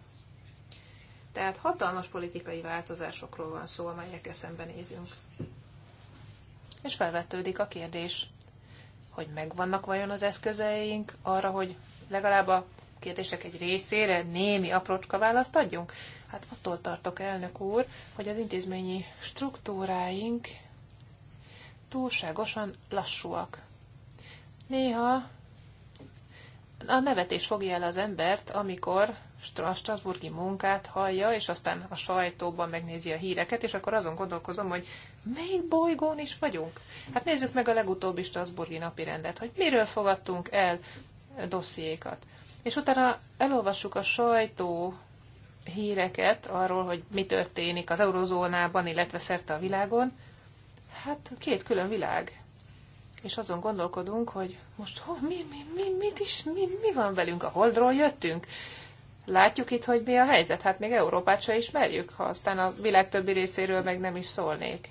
Tehát hatalmas politikai változásokról van szó, eszembe nézünk. És felvetődik a kérdés, hogy megvannak vajon az eszközeink arra, hogy legalább a kérdések egy részére némi aprócska választ adjunk? Hát attól tartok, elnök úr, hogy az intézményi struktúráink túlságosan lassúak. Néha a nevetés fogja el az embert, amikor a Strasburgi munkát hallja, és aztán a sajtóban megnézi a híreket, és akkor azon gondolkozom, hogy melyik bolygón is vagyunk. Hát nézzük meg a legutóbbi Strasburgi napi rendet, hogy miről fogadtunk el dossziékat. És utána elolvassuk a sajtó híreket arról, hogy mi történik az eurozónában, illetve szerte a világon. Hát két külön világ és azon gondolkodunk, hogy most ho, mi, mi, mi, mit is, mi, mi van velünk, a holdról jöttünk. Látjuk itt, hogy mi a helyzet, hát még Európát se ismerjük, ha aztán a világ többi részéről meg nem is szólnék.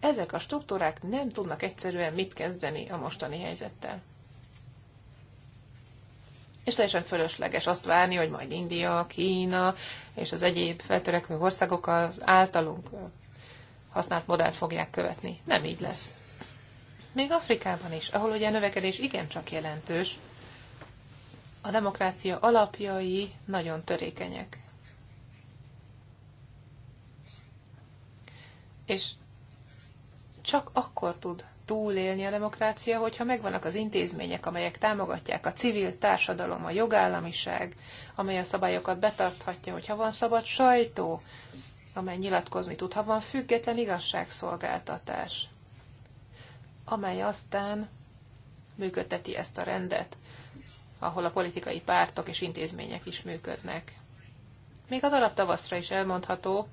Ezek a struktúrák nem tudnak egyszerűen mit kezdeni a mostani helyzettel. És teljesen fölösleges azt várni, hogy majd India, Kína és az egyéb feltörekvő országok az általunk használt modellt fogják követni. Nem így lesz még Afrikában is, ahol ugye a növekedés igencsak jelentős, a demokrácia alapjai nagyon törékenyek. És csak akkor tud túlélni a demokrácia, hogyha megvannak az intézmények, amelyek támogatják a civil társadalom, a jogállamiság, amely a szabályokat betarthatja, hogyha van szabad sajtó, amely nyilatkozni tud, ha van független igazságszolgáltatás amely aztán működteti ezt a rendet, ahol a politikai pártok és intézmények is működnek. Még az alaptavaszra is elmondható,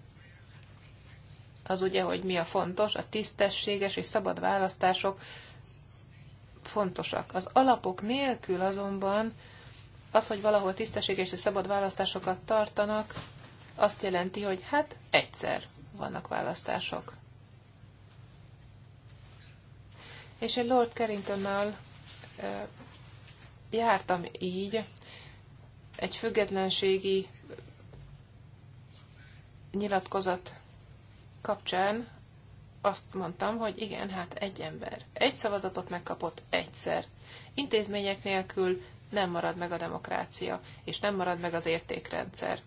az ugye, hogy mi a fontos, a tisztességes és szabad választások fontosak. Az alapok nélkül azonban az, hogy valahol tisztességes és szabad választásokat tartanak, azt jelenti, hogy hát egyszer vannak választások. és egy Lord Carringtonnal jártam így egy függetlenségi nyilatkozat kapcsán azt mondtam, hogy igen, hát egy ember. Egy szavazatot megkapott egyszer. Intézmények nélkül nem marad meg a demokrácia, és nem marad meg az értékrendszer.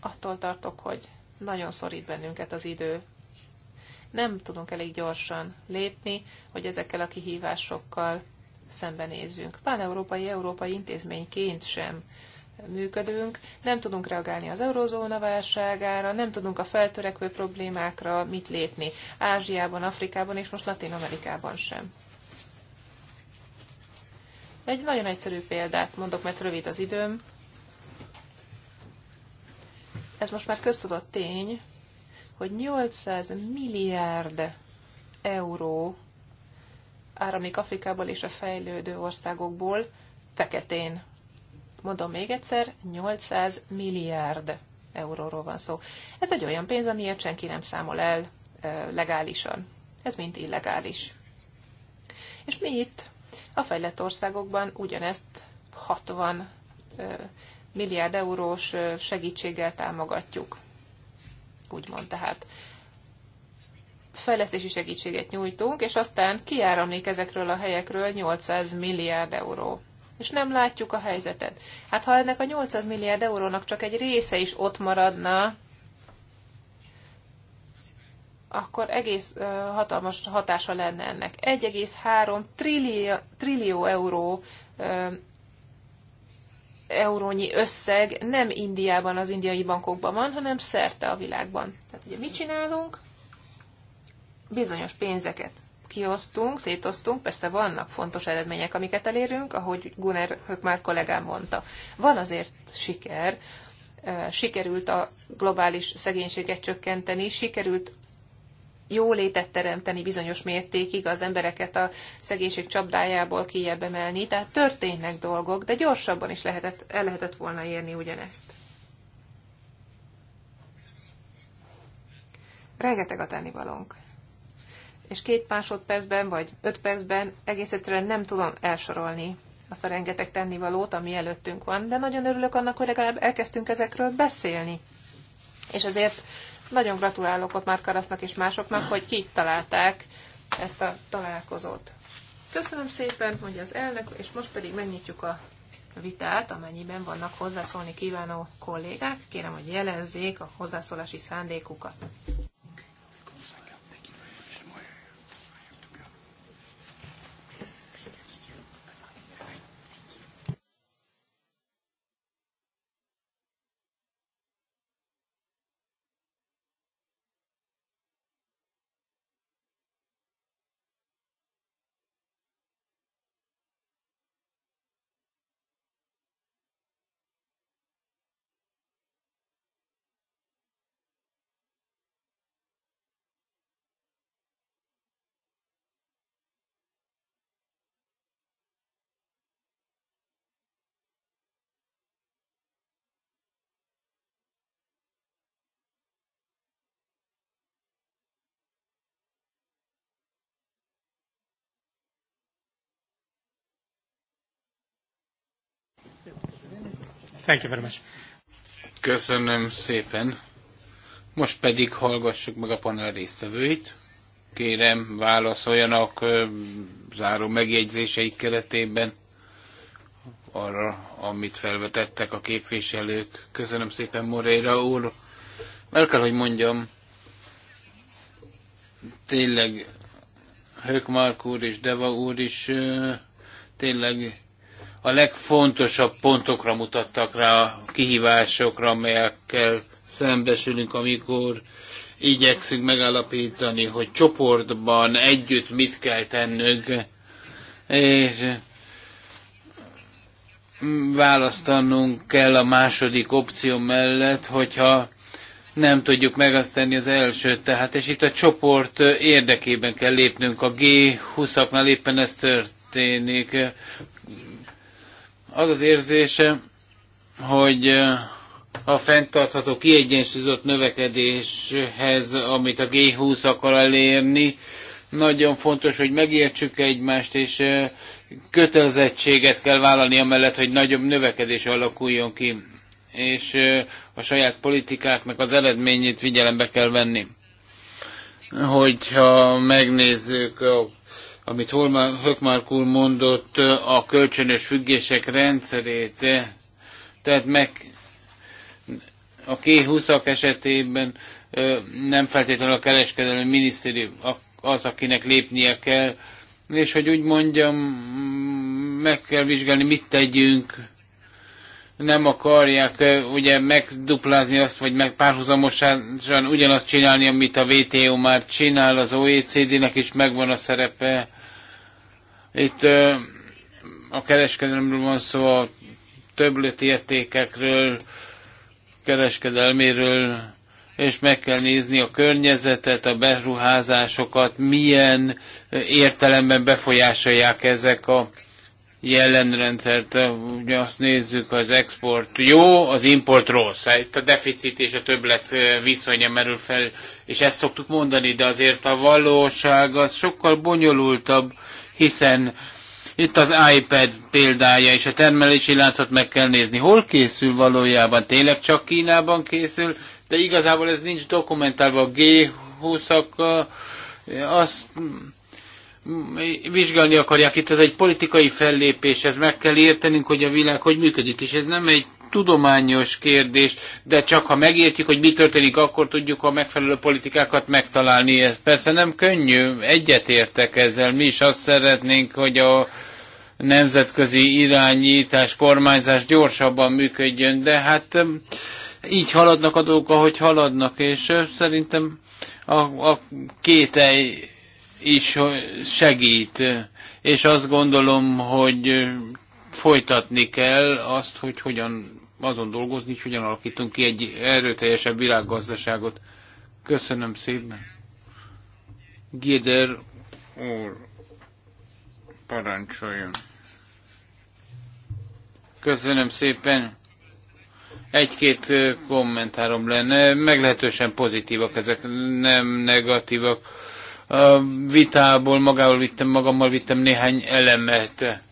Attól tartok, hogy nagyon szorít bennünket az idő, nem tudunk elég gyorsan lépni, hogy ezekkel a kihívásokkal szembenézzünk. Pán-európai, európai intézményként sem működünk, nem tudunk reagálni az eurozóna válságára, nem tudunk a feltörekvő problémákra mit lépni. Ázsiában, Afrikában és most Latin Amerikában sem. Egy nagyon egyszerű példát mondok, mert rövid az időm. Ez most már köztudott tény, hogy 800 milliárd euró áramlik Afrikából és a fejlődő országokból feketén. Mondom még egyszer, 800 milliárd euróról van szó. Ez egy olyan pénz, amiért senki nem számol el legálisan. Ez mind illegális. És mi itt a fejlett országokban ugyanezt 60 milliárd eurós segítséggel támogatjuk úgymond. Tehát fejlesztési segítséget nyújtunk, és aztán kiáramlik ezekről a helyekről 800 milliárd euró. És nem látjuk a helyzetet. Hát ha ennek a 800 milliárd eurónak csak egy része is ott maradna, akkor egész uh, hatalmas hatása lenne ennek. 1,3 trillió, trillió euró uh, eurónyi összeg nem Indiában, az indiai bankokban van, hanem szerte a világban. Tehát ugye mit csinálunk? Bizonyos pénzeket kiosztunk, szétosztunk, persze vannak fontos eredmények, amiket elérünk, ahogy Gunnar már kollégám mondta. Van azért siker, sikerült a globális szegénységet csökkenteni, sikerült jólétet teremteni bizonyos mértékig, az embereket a szegénység csapdájából kijebb emelni. Tehát történnek dolgok, de gyorsabban is lehetett, el lehetett volna érni ugyanezt. Rengeteg a tennivalónk. És két másodpercben, vagy öt percben egész egyszerűen nem tudom elsorolni azt a rengeteg tennivalót, ami előttünk van, de nagyon örülök annak, hogy legalább elkezdtünk ezekről beszélni. És azért nagyon gratulálok ott már Karasznak és másoknak, hogy ki találták ezt a találkozót. Köszönöm szépen, hogy az elnök, és most pedig megnyitjuk a vitát, amennyiben vannak hozzászólni kívánó kollégák. Kérem, hogy jelezzék a hozzászólási szándékukat. Thank you very much. Köszönöm szépen. Most pedig hallgassuk meg a panel résztvevőit. Kérem, válaszoljanak záró megjegyzéseik keretében arra, amit felvetettek a képviselők. Köszönöm szépen, Moreira úr. El kell, hogy mondjam, tényleg Hökmark úr és Deva úr is tényleg a legfontosabb pontokra mutattak rá, a kihívásokra, amelyekkel szembesülünk, amikor igyekszünk megállapítani, hogy csoportban együtt mit kell tennünk, és választanunk kell a második opció mellett, hogyha nem tudjuk megazteni az elsőt, tehát és itt a csoport érdekében kell lépnünk. A G20-aknál éppen ez történik. Az az érzése, hogy a fenntartható kiegyensúlyozott növekedéshez, amit a G20 akar elérni, nagyon fontos, hogy megértsük egymást, és kötelezettséget kell vállalni amellett, hogy nagyobb növekedés alakuljon ki, és a saját politikáknak az eredményét figyelembe kell venni. Hogyha megnézzük a amit Hökmark úr mondott, a kölcsönös függések rendszerét, tehát meg a k 20 esetében nem feltétlenül a kereskedelmi minisztérium az, akinek lépnie kell, és hogy úgy mondjam, meg kell vizsgálni, mit tegyünk, nem akarják ugye megduplázni azt, vagy meg párhuzamosan ugyanazt csinálni, amit a WTO már csinál, az OECD-nek is megvan a szerepe, itt a kereskedelemről van szó, a többletértékekről, kereskedelméről, és meg kell nézni a környezetet, a beruházásokat, milyen értelemben befolyásolják ezek a jelenrendszert. Ugye azt nézzük, az export jó, az import rossz. Itt a deficit és a többlet viszonya merül fel, és ezt szoktuk mondani, de azért a valóság az sokkal bonyolultabb hiszen itt az iPad példája és a termelési láncot meg kell nézni. Hol készül valójában? Tényleg csak Kínában készül? De igazából ez nincs dokumentálva. A G20-ak azt vizsgálni akarják. Itt ez egy politikai fellépés, ez meg kell értenünk, hogy a világ hogy működik, és ez nem egy tudományos kérdés, de csak ha megértjük, hogy mi történik, akkor tudjuk a megfelelő politikákat megtalálni. Ez persze nem könnyű, egyetértek ezzel. Mi is azt szeretnénk, hogy a nemzetközi irányítás, kormányzás gyorsabban működjön, de hát um, így haladnak a dolgok, ahogy haladnak, és uh, szerintem a, a kételj is uh, segít, és azt gondolom, hogy uh, folytatni kell azt, hogy hogyan azon dolgozni, hogy hogyan alakítunk ki egy erőteljesebb világgazdaságot. Köszönöm szépen. Géder úr, parancsoljon. Köszönöm szépen. Egy-két kommentárom lenne, meglehetősen pozitívak ezek, nem negatívak. A vitából magával vittem, magammal vittem néhány elemet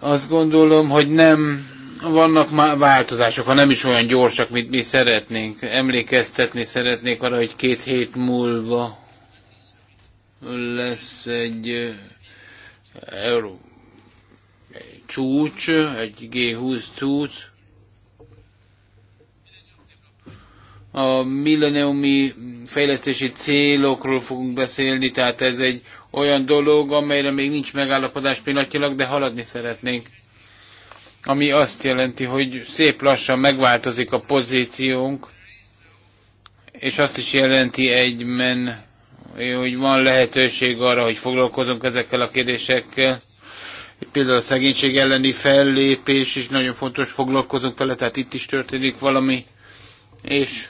azt gondolom, hogy nem vannak már változások, ha nem is olyan gyorsak, mint mi szeretnénk. Emlékeztetni szeretnék arra, hogy két hét múlva lesz egy euró csúcs, egy G20 csúcs, a milleniumi fejlesztési célokról fogunk beszélni, tehát ez egy olyan dolog, amelyre még nincs megállapodás pillanatilag, de haladni szeretnénk. Ami azt jelenti, hogy szép lassan megváltozik a pozíciónk, és azt is jelenti men, hogy van lehetőség arra, hogy foglalkozunk ezekkel a kérdésekkel. Például a szegénység elleni fellépés is nagyon fontos, foglalkozunk vele, tehát itt is történik valami, és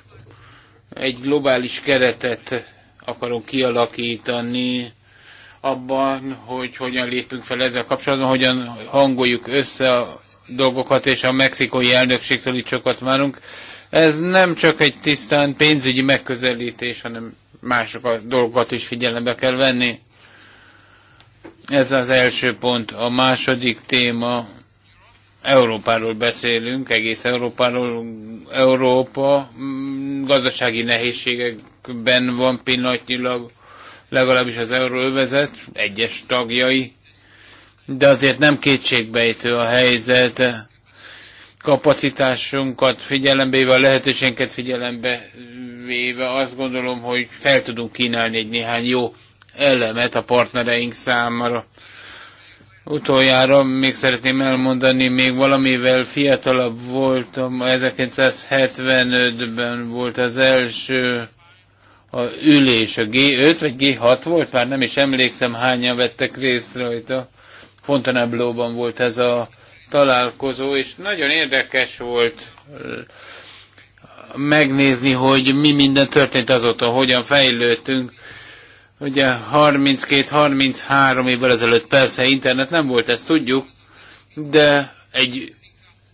egy globális keretet akarunk kialakítani abban, hogy hogyan lépünk fel ezzel kapcsolatban, hogyan hangoljuk össze a dolgokat, és a mexikói elnökségtől itt sokat várunk. Ez nem csak egy tisztán pénzügyi megközelítés, hanem mások a dolgokat is figyelembe kell venni. Ez az első pont. A második téma Európáról beszélünk, egész Európáról. Európa mm, gazdasági nehézségekben van pillanatnyilag, legalábbis az euróövezet egyes tagjai, de azért nem kétségbejtő a helyzet. Kapacitásunkat figyelembe véve, a lehetőségeket figyelembe véve azt gondolom, hogy fel tudunk kínálni egy néhány jó elemet a partnereink számára Utoljára még szeretném elmondani, még valamivel fiatalabb voltam, 1975-ben volt az első a ülés, a G5 vagy G6 volt, már nem is emlékszem hányan vettek részt rajta. Fontanablóban volt ez a találkozó, és nagyon érdekes volt megnézni, hogy mi minden történt azóta, hogyan fejlődtünk, Ugye 32-33 évvel ezelőtt persze internet nem volt, ezt tudjuk, de egy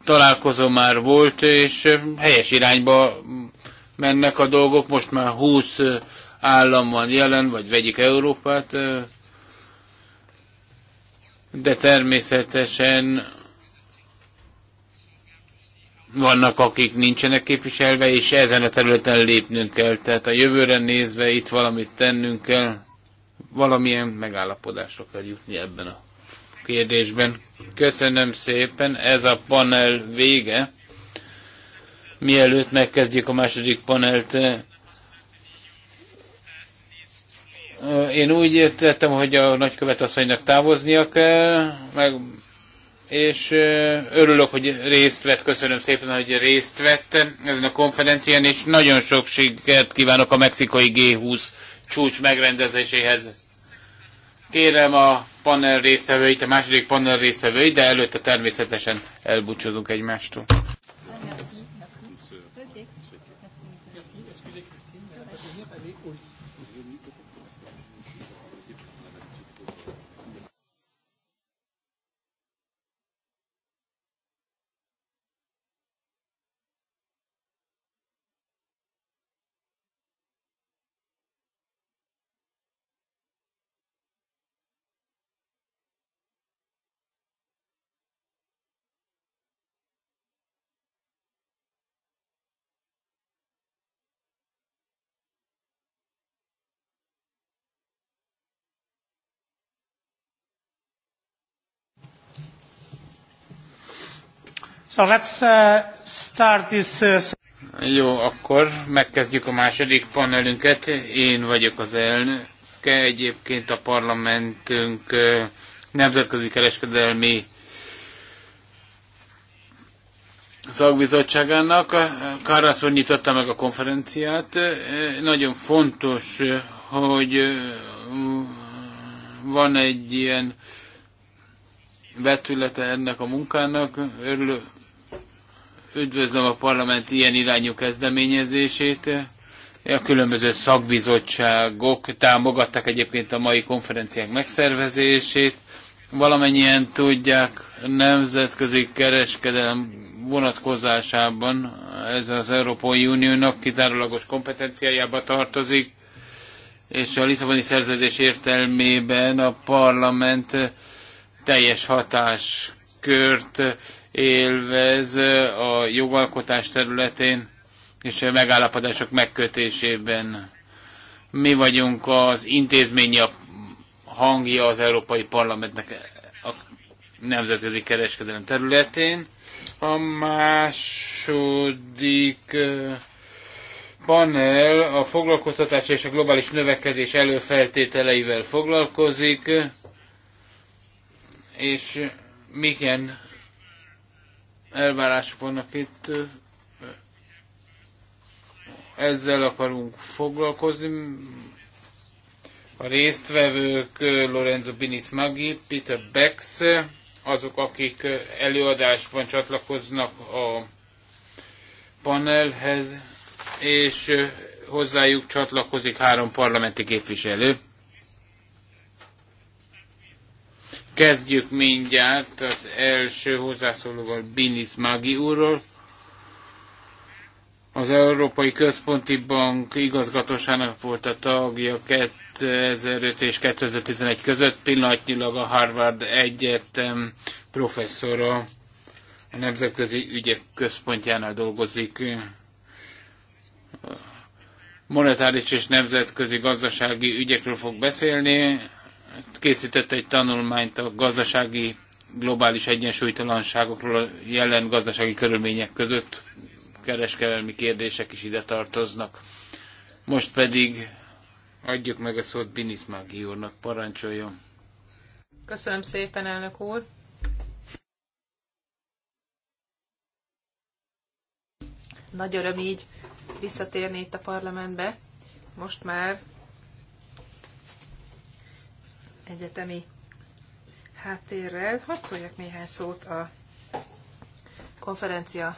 találkozó már volt, és helyes irányba mennek a dolgok. Most már 20 állam van jelen, vagy vegyik Európát, de természetesen vannak, akik nincsenek képviselve, és ezen a területen lépnünk kell. Tehát a jövőre nézve itt valamit tennünk kell, valamilyen megállapodásra kell jutni ebben a kérdésben. Köszönöm szépen, ez a panel vége. Mielőtt megkezdjük a második panelt, eh, eh, én úgy értettem, hogy a nagykövet asszonynak távoznia kell, meg és örülök, hogy részt vett, köszönöm szépen, hogy részt vett ezen a konferencián, és nagyon sok sikert kívánok a mexikai G20 csúcs megrendezéséhez. Kérem a panel résztvevőit, a második panel résztvevőit, de előtte természetesen elbúcsúzunk egymástól. So let's uh, start this. Uh... Jó, akkor megkezdjük a második panelünket. Én vagyok az elnök. egyébként a parlamentünk nemzetközi kereskedelmi szakbizottságának. Karaszor nyitotta meg a konferenciát. Nagyon fontos, hogy van egy ilyen vetülete ennek a munkának. Örülök, Üdvözlöm a parlament ilyen irányú kezdeményezését. A különböző szakbizottságok támogatták egyébként a mai konferenciák megszervezését. Valamennyien tudják, nemzetközi kereskedelem vonatkozásában ez az Európai Uniónak kizárólagos kompetenciájába tartozik, és a Lisszaboni szerződés értelmében a parlament teljes hatáskört élvez a jogalkotás területén és a megállapodások megkötésében. Mi vagyunk az intézményi hangja az Európai Parlamentnek a nemzetközi kereskedelem területén. A második panel a foglalkoztatás és a globális növekedés előfeltételeivel foglalkozik, és Miken elvárások vannak itt, ezzel akarunk foglalkozni. A résztvevők Lorenzo Binis Maggi, Peter Bex, azok, akik előadásban csatlakoznak a panelhez, és hozzájuk csatlakozik három parlamenti képviselő. Kezdjük mindjárt az első hozzászólóval, Binis Magi úrról. Az Európai Központi Bank igazgatósának volt a tagja 2005 és 2011 között, pillanatnyilag a Harvard Egyetem professzora a Nemzetközi Ügyek Központjánál dolgozik. Monetáris és nemzetközi gazdasági ügyekről fog beszélni készített egy tanulmányt a gazdasági globális egyensúlytalanságokról a jelen gazdasági körülmények között. Kereskedelmi kérdések is ide tartoznak. Most pedig adjuk meg a szót Binis Mági úrnak, parancsoljon. Köszönöm szépen, elnök úr. Nagy öröm így visszatérni itt a parlamentbe. Most már egyetemi háttérrel. Hadd szóljak néhány szót a konferencia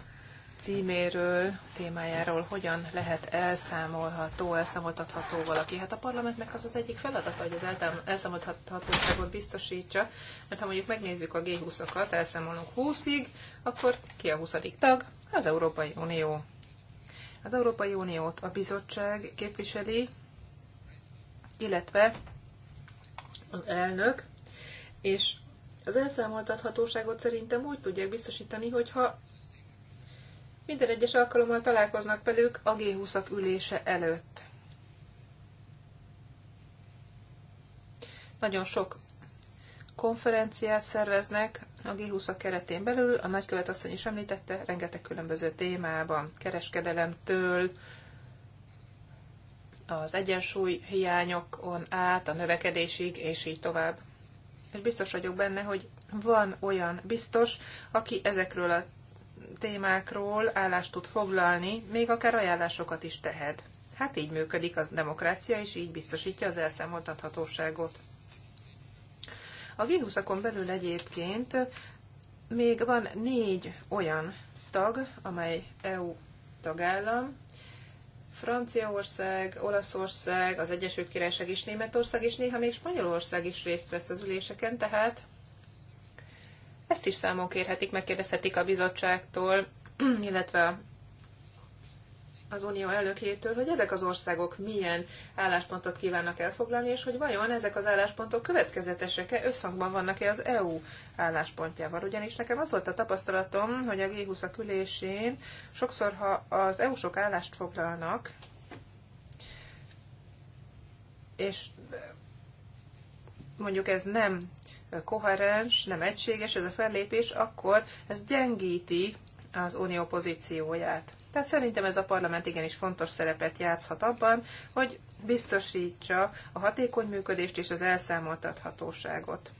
címéről, témájáról, hogyan lehet elszámolható, elszámoltatható valaki. Hát a parlamentnek az az egyik feladata, hogy az elszámolthatóságot biztosítsa, mert ha mondjuk megnézzük a g 20 okat elszámolunk 20-ig, akkor ki a 20. tag? Az Európai Unió. Az Európai Uniót a bizottság képviseli, illetve az elnök, és az elszámoltathatóságot szerintem úgy tudják biztosítani, hogyha minden egyes alkalommal találkoznak velük a g 20 ülése előtt. Nagyon sok konferenciát szerveznek a g 20 keretén belül, a nagykövet asszony is említette, rengeteg különböző témában, kereskedelemtől, az egyensúly hiányokon át, a növekedésig, és így tovább. És biztos vagyok benne, hogy van olyan biztos, aki ezekről a témákról állást tud foglalni, még akár ajánlásokat is tehet. Hát így működik a demokrácia, és így biztosítja az elszámoltathatóságot. A g belül egyébként még van négy olyan tag, amely EU tagállam, Franciaország, Olaszország, az Egyesült Királyság és Németország, és néha még Spanyolország is részt vesz az üléseken, tehát ezt is számon kérhetik, megkérdezhetik a bizottságtól, illetve a az unió elnökétől, hogy ezek az országok milyen álláspontot kívánnak elfoglalni, és hogy vajon ezek az álláspontok következetesek-e, összhangban vannak-e az EU álláspontjával. Ugyanis nekem az volt a tapasztalatom, hogy a G20 a ülésén sokszor, ha az EU-sok állást foglalnak, és mondjuk ez nem koherens, nem egységes ez a fellépés, akkor ez gyengíti az unió pozícióját. Tehát szerintem ez a parlament igenis fontos szerepet játszhat abban, hogy biztosítsa a hatékony működést és az elszámoltathatóságot.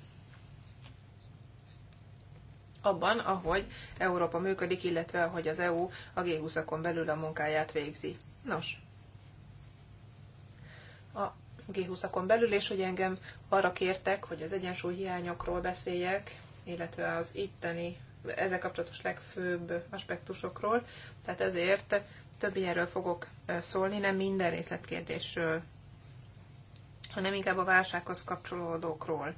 Abban, ahogy Európa működik, illetve ahogy az EU a G20-akon belül a munkáját végzi. Nos, a G20-akon belül, és hogy engem arra kértek, hogy az egyensúlyhiányokról beszéljek, illetve az itteni ezzel kapcsolatos legfőbb aspektusokról, tehát ezért több ilyenről fogok szólni, nem minden részletkérdésről, hanem inkább a válsághoz kapcsolódókról.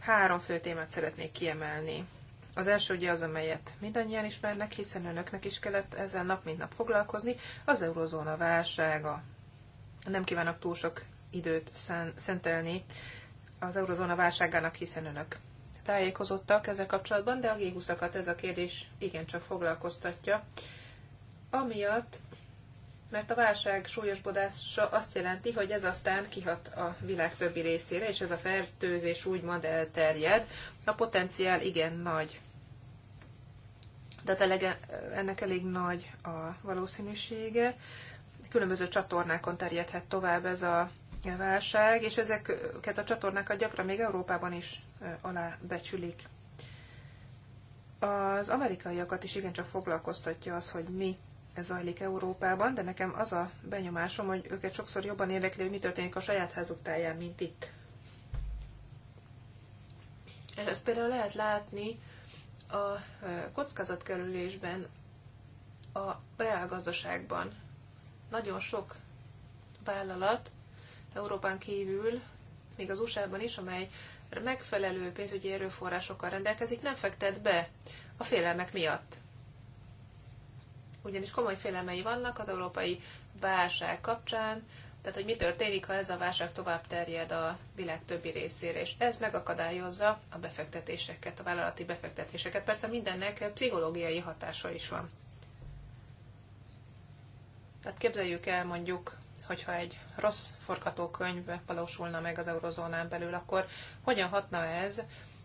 Három fő témát szeretnék kiemelni. Az első ugye az, amelyet mindannyian ismernek, hiszen önöknek is kellett ezzel nap mint nap foglalkozni, az eurozóna válsága. Nem kívánok túl sok időt szentelni az eurozóna válságának, hiszen önök tájékozottak ezzel kapcsolatban, de a gégusztakat ez a kérdés igencsak foglalkoztatja. Amiatt, mert a válság súlyosbodása azt jelenti, hogy ez aztán kihat a világ többi részére, és ez a fertőzés úgymond elterjed. A potenciál igen nagy. Tehát elege, ennek elég nagy a valószínűsége. Különböző csatornákon terjedhet tovább ez a válság, és ezeket a csatornákat gyakran még Európában is alábecsülik. Az amerikaiakat is igencsak foglalkoztatja az, hogy mi zajlik Európában, de nekem az a benyomásom, hogy őket sokszor jobban érdekli, hogy mi történik a saját házuk táján, mint itt. És ezt például lehet látni a kockázatkerülésben, a reálgazdaságban. Nagyon sok vállalat Európán kívül, még az USA-ban is, amely megfelelő pénzügyi erőforrásokkal rendelkezik, nem fektet be a félelmek miatt. Ugyanis komoly félelmei vannak az európai válság kapcsán, tehát hogy mi történik, ha ez a válság tovább terjed a világ többi részére, és ez megakadályozza a befektetéseket, a vállalati befektetéseket. Persze mindennek pszichológiai hatása is van. Tehát képzeljük el mondjuk hogyha egy rossz forgatókönyv valósulna meg az eurozónán belül, akkor hogyan hatna ez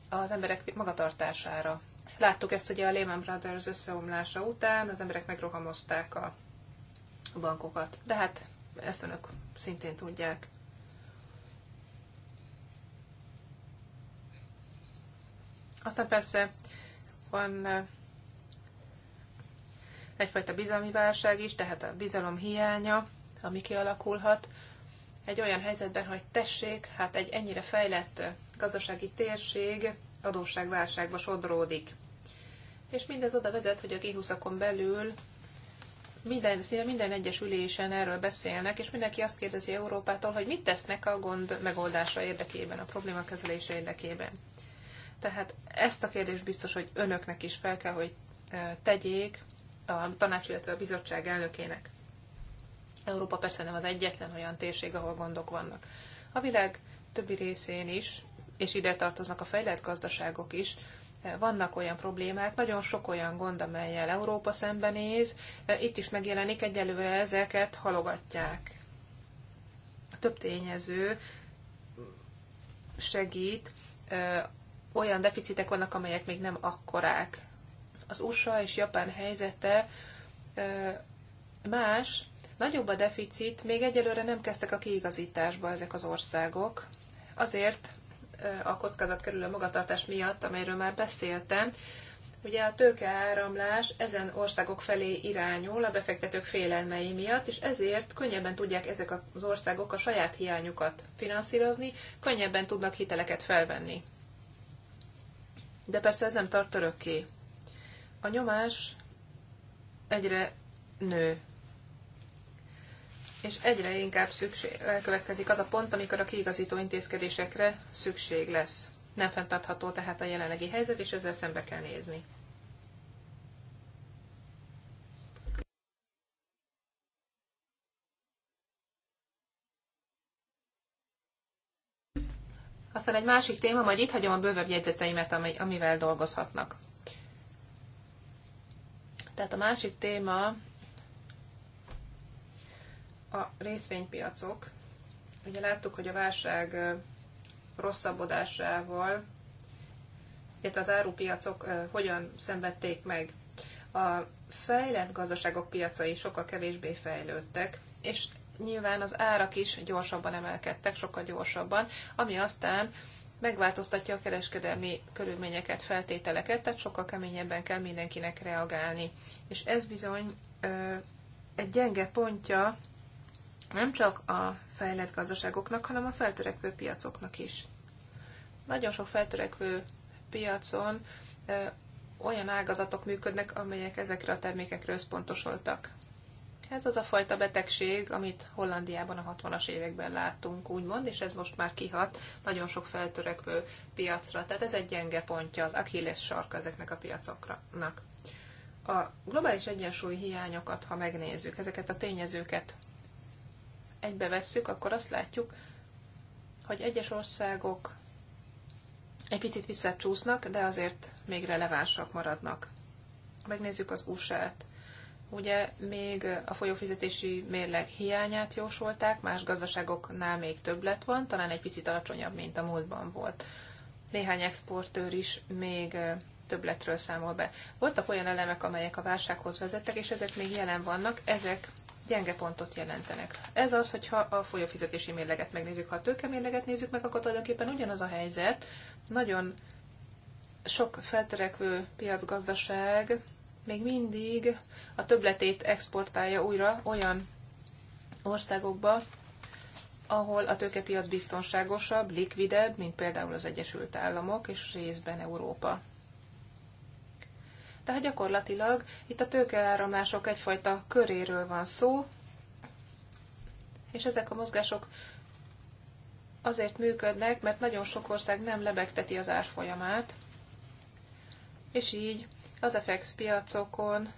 az emberek magatartására? Láttuk ezt ugye a Lehman Brothers összeomlása után, az emberek megrohamozták a bankokat. De hát ezt önök szintén tudják. Aztán persze van eh, egyfajta bizalmi válság is, tehát a bizalom hiánya, ami kialakulhat, egy olyan helyzetben, hogy tessék, hát egy ennyire fejlett gazdasági térség adósságválságba sodródik. És mindez oda vezet, hogy a g 20 belül minden, szinte minden egyes ülésen erről beszélnek, és mindenki azt kérdezi Európától, hogy mit tesznek a gond megoldása érdekében, a probléma kezelése érdekében. Tehát ezt a kérdést biztos, hogy önöknek is fel kell, hogy eh, tegyék a tanács, illetve a bizottság elnökének. Európa persze nem az egyetlen olyan térség, ahol gondok vannak. A világ többi részén is, és ide tartoznak a fejlett gazdaságok is, vannak olyan problémák, nagyon sok olyan gond, amelyel Európa szembenéz, itt is megjelenik, egyelőre ezeket halogatják. A több tényező segít, olyan deficitek vannak, amelyek még nem akkorák. Az USA és Japán helyzete más, nagyobb a deficit, még egyelőre nem kezdtek a kiigazításba ezek az országok. Azért a kerülő magatartás miatt, amelyről már beszéltem, Ugye a tőkeáramlás ezen országok felé irányul a befektetők félelmei miatt, és ezért könnyebben tudják ezek az országok a saját hiányukat finanszírozni, könnyebben tudnak hiteleket felvenni. De persze ez nem tart örökké. A nyomás egyre nő és egyre inkább szükség, elkövetkezik az a pont, amikor a kiigazító intézkedésekre szükség lesz. Nem fenntartható tehát a jelenlegi helyzet, és ezzel szembe kell nézni. Aztán egy másik téma, majd itt hagyom a bővebb jegyzeteimet, amivel dolgozhatnak. Tehát a másik téma a részvénypiacok. Ugye láttuk, hogy a válság rosszabbodásával, illetve az árupiacok hogyan szenvedték meg. A fejlett gazdaságok piacai sokkal kevésbé fejlődtek, és nyilván az árak is gyorsabban emelkedtek, sokkal gyorsabban, ami aztán megváltoztatja a kereskedelmi körülményeket, feltételeket, tehát sokkal keményebben kell mindenkinek reagálni. És ez bizony ö, egy gyenge pontja nem csak a fejlett gazdaságoknak, hanem a feltörekvő piacoknak is. Nagyon sok feltörekvő piacon olyan ágazatok működnek, amelyek ezekre a termékekre összpontosoltak. Ez az a fajta betegség, amit Hollandiában a 60-as években láttunk, úgymond, és ez most már kihat nagyon sok feltörekvő piacra. Tehát ez egy gyenge pontja, az Achilles sarka ezeknek a piacoknak. A globális egyensúly hiányokat, ha megnézzük, ezeket a tényezőket egybe vesszük, akkor azt látjuk, hogy egyes országok egy picit visszacsúsznak, de azért még relevánsak maradnak. Megnézzük az USA-t. Ugye még a folyófizetési mérleg hiányát jósolták, más gazdaságoknál még többlet van, talán egy picit alacsonyabb, mint a múltban volt. Néhány exportőr is még többletről számol be. Voltak olyan elemek, amelyek a válsághoz vezettek, és ezek még jelen vannak, ezek gyenge pontot jelentenek. Ez az, hogyha a folyófizetési mérleget megnézzük, ha a mérleget nézzük meg, akkor tulajdonképpen ugyanaz a helyzet. Nagyon sok feltörekvő piacgazdaság még mindig a töbletét exportálja újra olyan országokba, ahol a tőkepiac biztonságosabb, likvidebb, mint például az Egyesült Államok és részben Európa. Tehát gyakorlatilag itt a tőkeáramlások egyfajta köréről van szó, és ezek a mozgások azért működnek, mert nagyon sok ország nem lebegteti az árfolyamát, és így az FX piacokon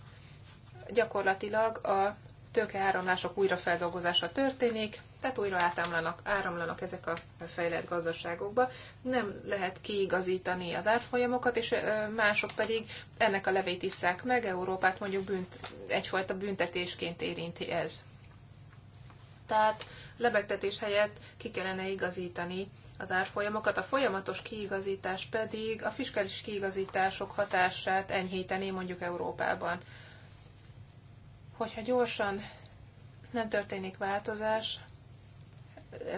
gyakorlatilag a tőkeáramlások újrafeldolgozása történik, tehát újra átámlanak, áramlanak ezek a fejlett gazdaságokba. Nem lehet kiigazítani az árfolyamokat, és mások pedig ennek a levét isszák meg, Európát mondjuk bűnt, egyfajta büntetésként érinti ez. Tehát lebegtetés helyett ki kellene igazítani az árfolyamokat, a folyamatos kiigazítás pedig a fiskális kiigazítások hatását enyhíteni mondjuk Európában. Hogyha gyorsan nem történik változás,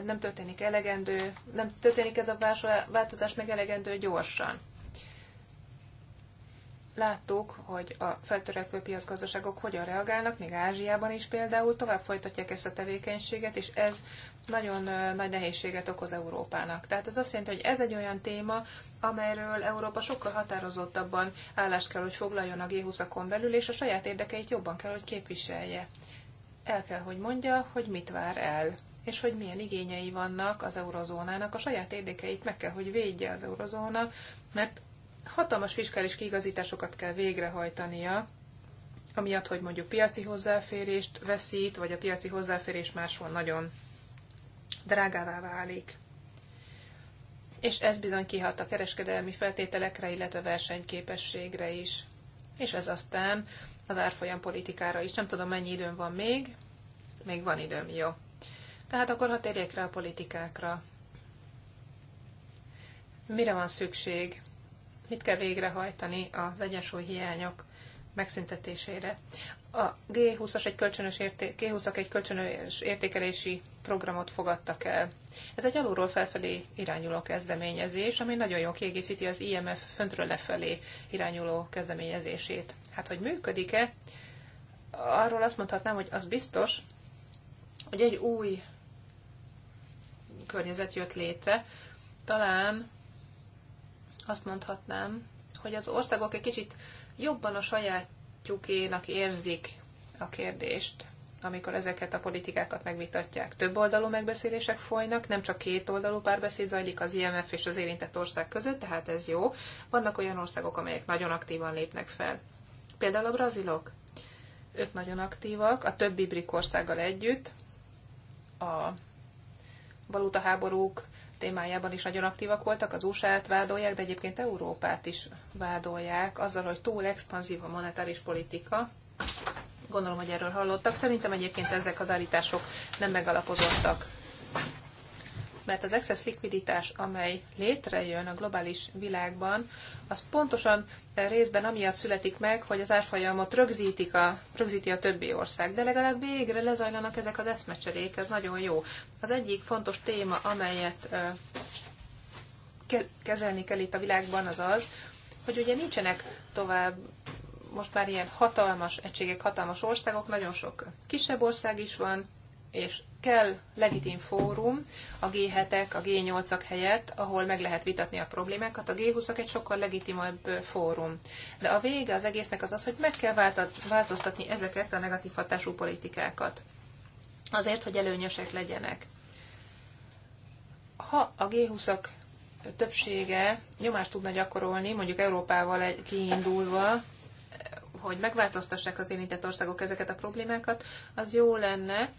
nem történik elegendő, nem történik ez a változás meg elegendő gyorsan. Láttuk, hogy a feltörekvő piacgazdaságok hogyan reagálnak, még Ázsiában is például tovább folytatják ezt a tevékenységet, és ez nagyon nagy nehézséget okoz Európának. Tehát ez azt jelenti, hogy ez egy olyan téma, amelyről Európa sokkal határozottabban állást kell, hogy foglaljon a g 20 belül, és a saját érdekeit jobban kell, hogy képviselje. El kell, hogy mondja, hogy mit vár el és hogy milyen igényei vannak az eurozónának. A saját érdekeit meg kell, hogy védje az eurozóna, mert hatalmas fiskális kiigazításokat kell végrehajtania, amiatt, hogy mondjuk piaci hozzáférést veszít, vagy a piaci hozzáférés máshol nagyon drágává válik. És ez bizony kihat a kereskedelmi feltételekre, illetve versenyképességre is. És ez aztán az árfolyam politikára is. Nem tudom, mennyi időm van még. Még van időm, jó. Tehát akkor ha térjek rá a politikákra. Mire van szükség? Mit kell végrehajtani az egyensúly hiányok megszüntetésére? A G20-as egy kölcsönös érté- G20-ak egy kölcsönös értékelési programot fogadtak el. Ez egy alulról felfelé irányuló kezdeményezés, ami nagyon jól kiegészíti az IMF föntről lefelé irányuló kezdeményezését. Hát, hogy működik-e? Arról azt mondhatnám, hogy az biztos, hogy egy új környezet jött létre. Talán azt mondhatnám, hogy az országok egy kicsit jobban a sajátjukénak érzik a kérdést, amikor ezeket a politikákat megvitatják. Több oldalú megbeszélések folynak, nem csak két oldalú párbeszéd zajlik az IMF és az érintett ország között, tehát ez jó. Vannak olyan országok, amelyek nagyon aktívan lépnek fel. Például a brazilok. Ők nagyon aktívak, a többi brik országgal együtt, a valutaháborúk témájában is nagyon aktívak voltak, az USA-t vádolják, de egyébként Európát is vádolják azzal, hogy túl expanzív a monetáris politika. Gondolom, hogy erről hallottak. Szerintem egyébként ezek az állítások nem megalapozottak mert az excess likviditás, amely létrejön a globális világban, az pontosan eh, részben amiatt születik meg, hogy az árfolyamot rögzítik a, rögzíti a többi ország, de legalább végre lezajlanak ezek az eszmecserék, ez nagyon jó. Az egyik fontos téma, amelyet eh, kezelni kell itt a világban, az az, hogy ugye nincsenek tovább most már ilyen hatalmas egységek, hatalmas országok, nagyon sok kisebb ország is van, és kell legitim fórum a G7-ek, a G8-ak helyett, ahol meg lehet vitatni a problémákat. A G20-ak egy sokkal legitimabb fórum. De a vége az egésznek az az, hogy meg kell változtatni ezeket a negatív hatású politikákat. Azért, hogy előnyösek legyenek. Ha a G20-ak többsége nyomást tudna gyakorolni, mondjuk Európával egy, kiindulva, hogy megváltoztassák az érintett országok ezeket a problémákat, az jó lenne,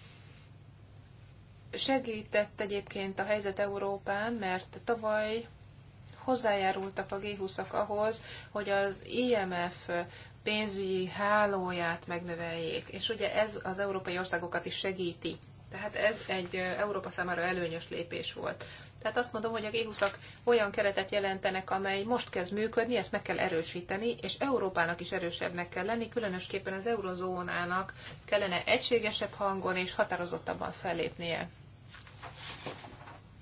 segített egyébként a helyzet Európán, mert tavaly hozzájárultak a G20-ak ahhoz, hogy az IMF pénzügyi hálóját megnöveljék. És ugye ez az európai országokat is segíti. Tehát ez egy Európa számára előnyös lépés volt. Tehát azt mondom, hogy a G20-ak olyan keretet jelentenek, amely most kezd működni, ezt meg kell erősíteni, és Európának is erősebbnek kell lenni, különösképpen az eurozónának kellene egységesebb hangon és határozottabban fellépnie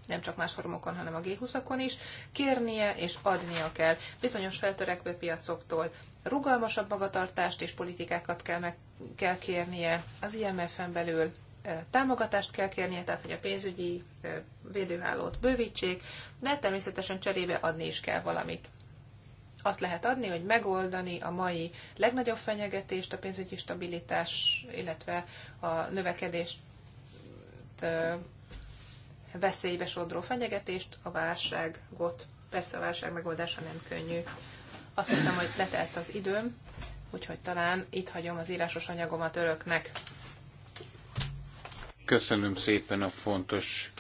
nem csak más formokon, hanem a G20-akon is, kérnie és adnia kell. Bizonyos feltörekvő piacoktól rugalmasabb magatartást és politikákat kell, meg, kell kérnie az IMF-en belül, támogatást kell kérnie, tehát hogy a pénzügyi védőhálót bővítsék, de természetesen cserébe adni is kell valamit. Azt lehet adni, hogy megoldani a mai legnagyobb fenyegetést, a pénzügyi stabilitás, illetve a növekedést veszélybe sodró fenyegetést, a válságot. Persze a válság megoldása nem könnyű. Azt hiszem, hogy letelt az időm, úgyhogy talán itt hagyom az írásos anyagomat öröknek. Köszönöm szépen a fontos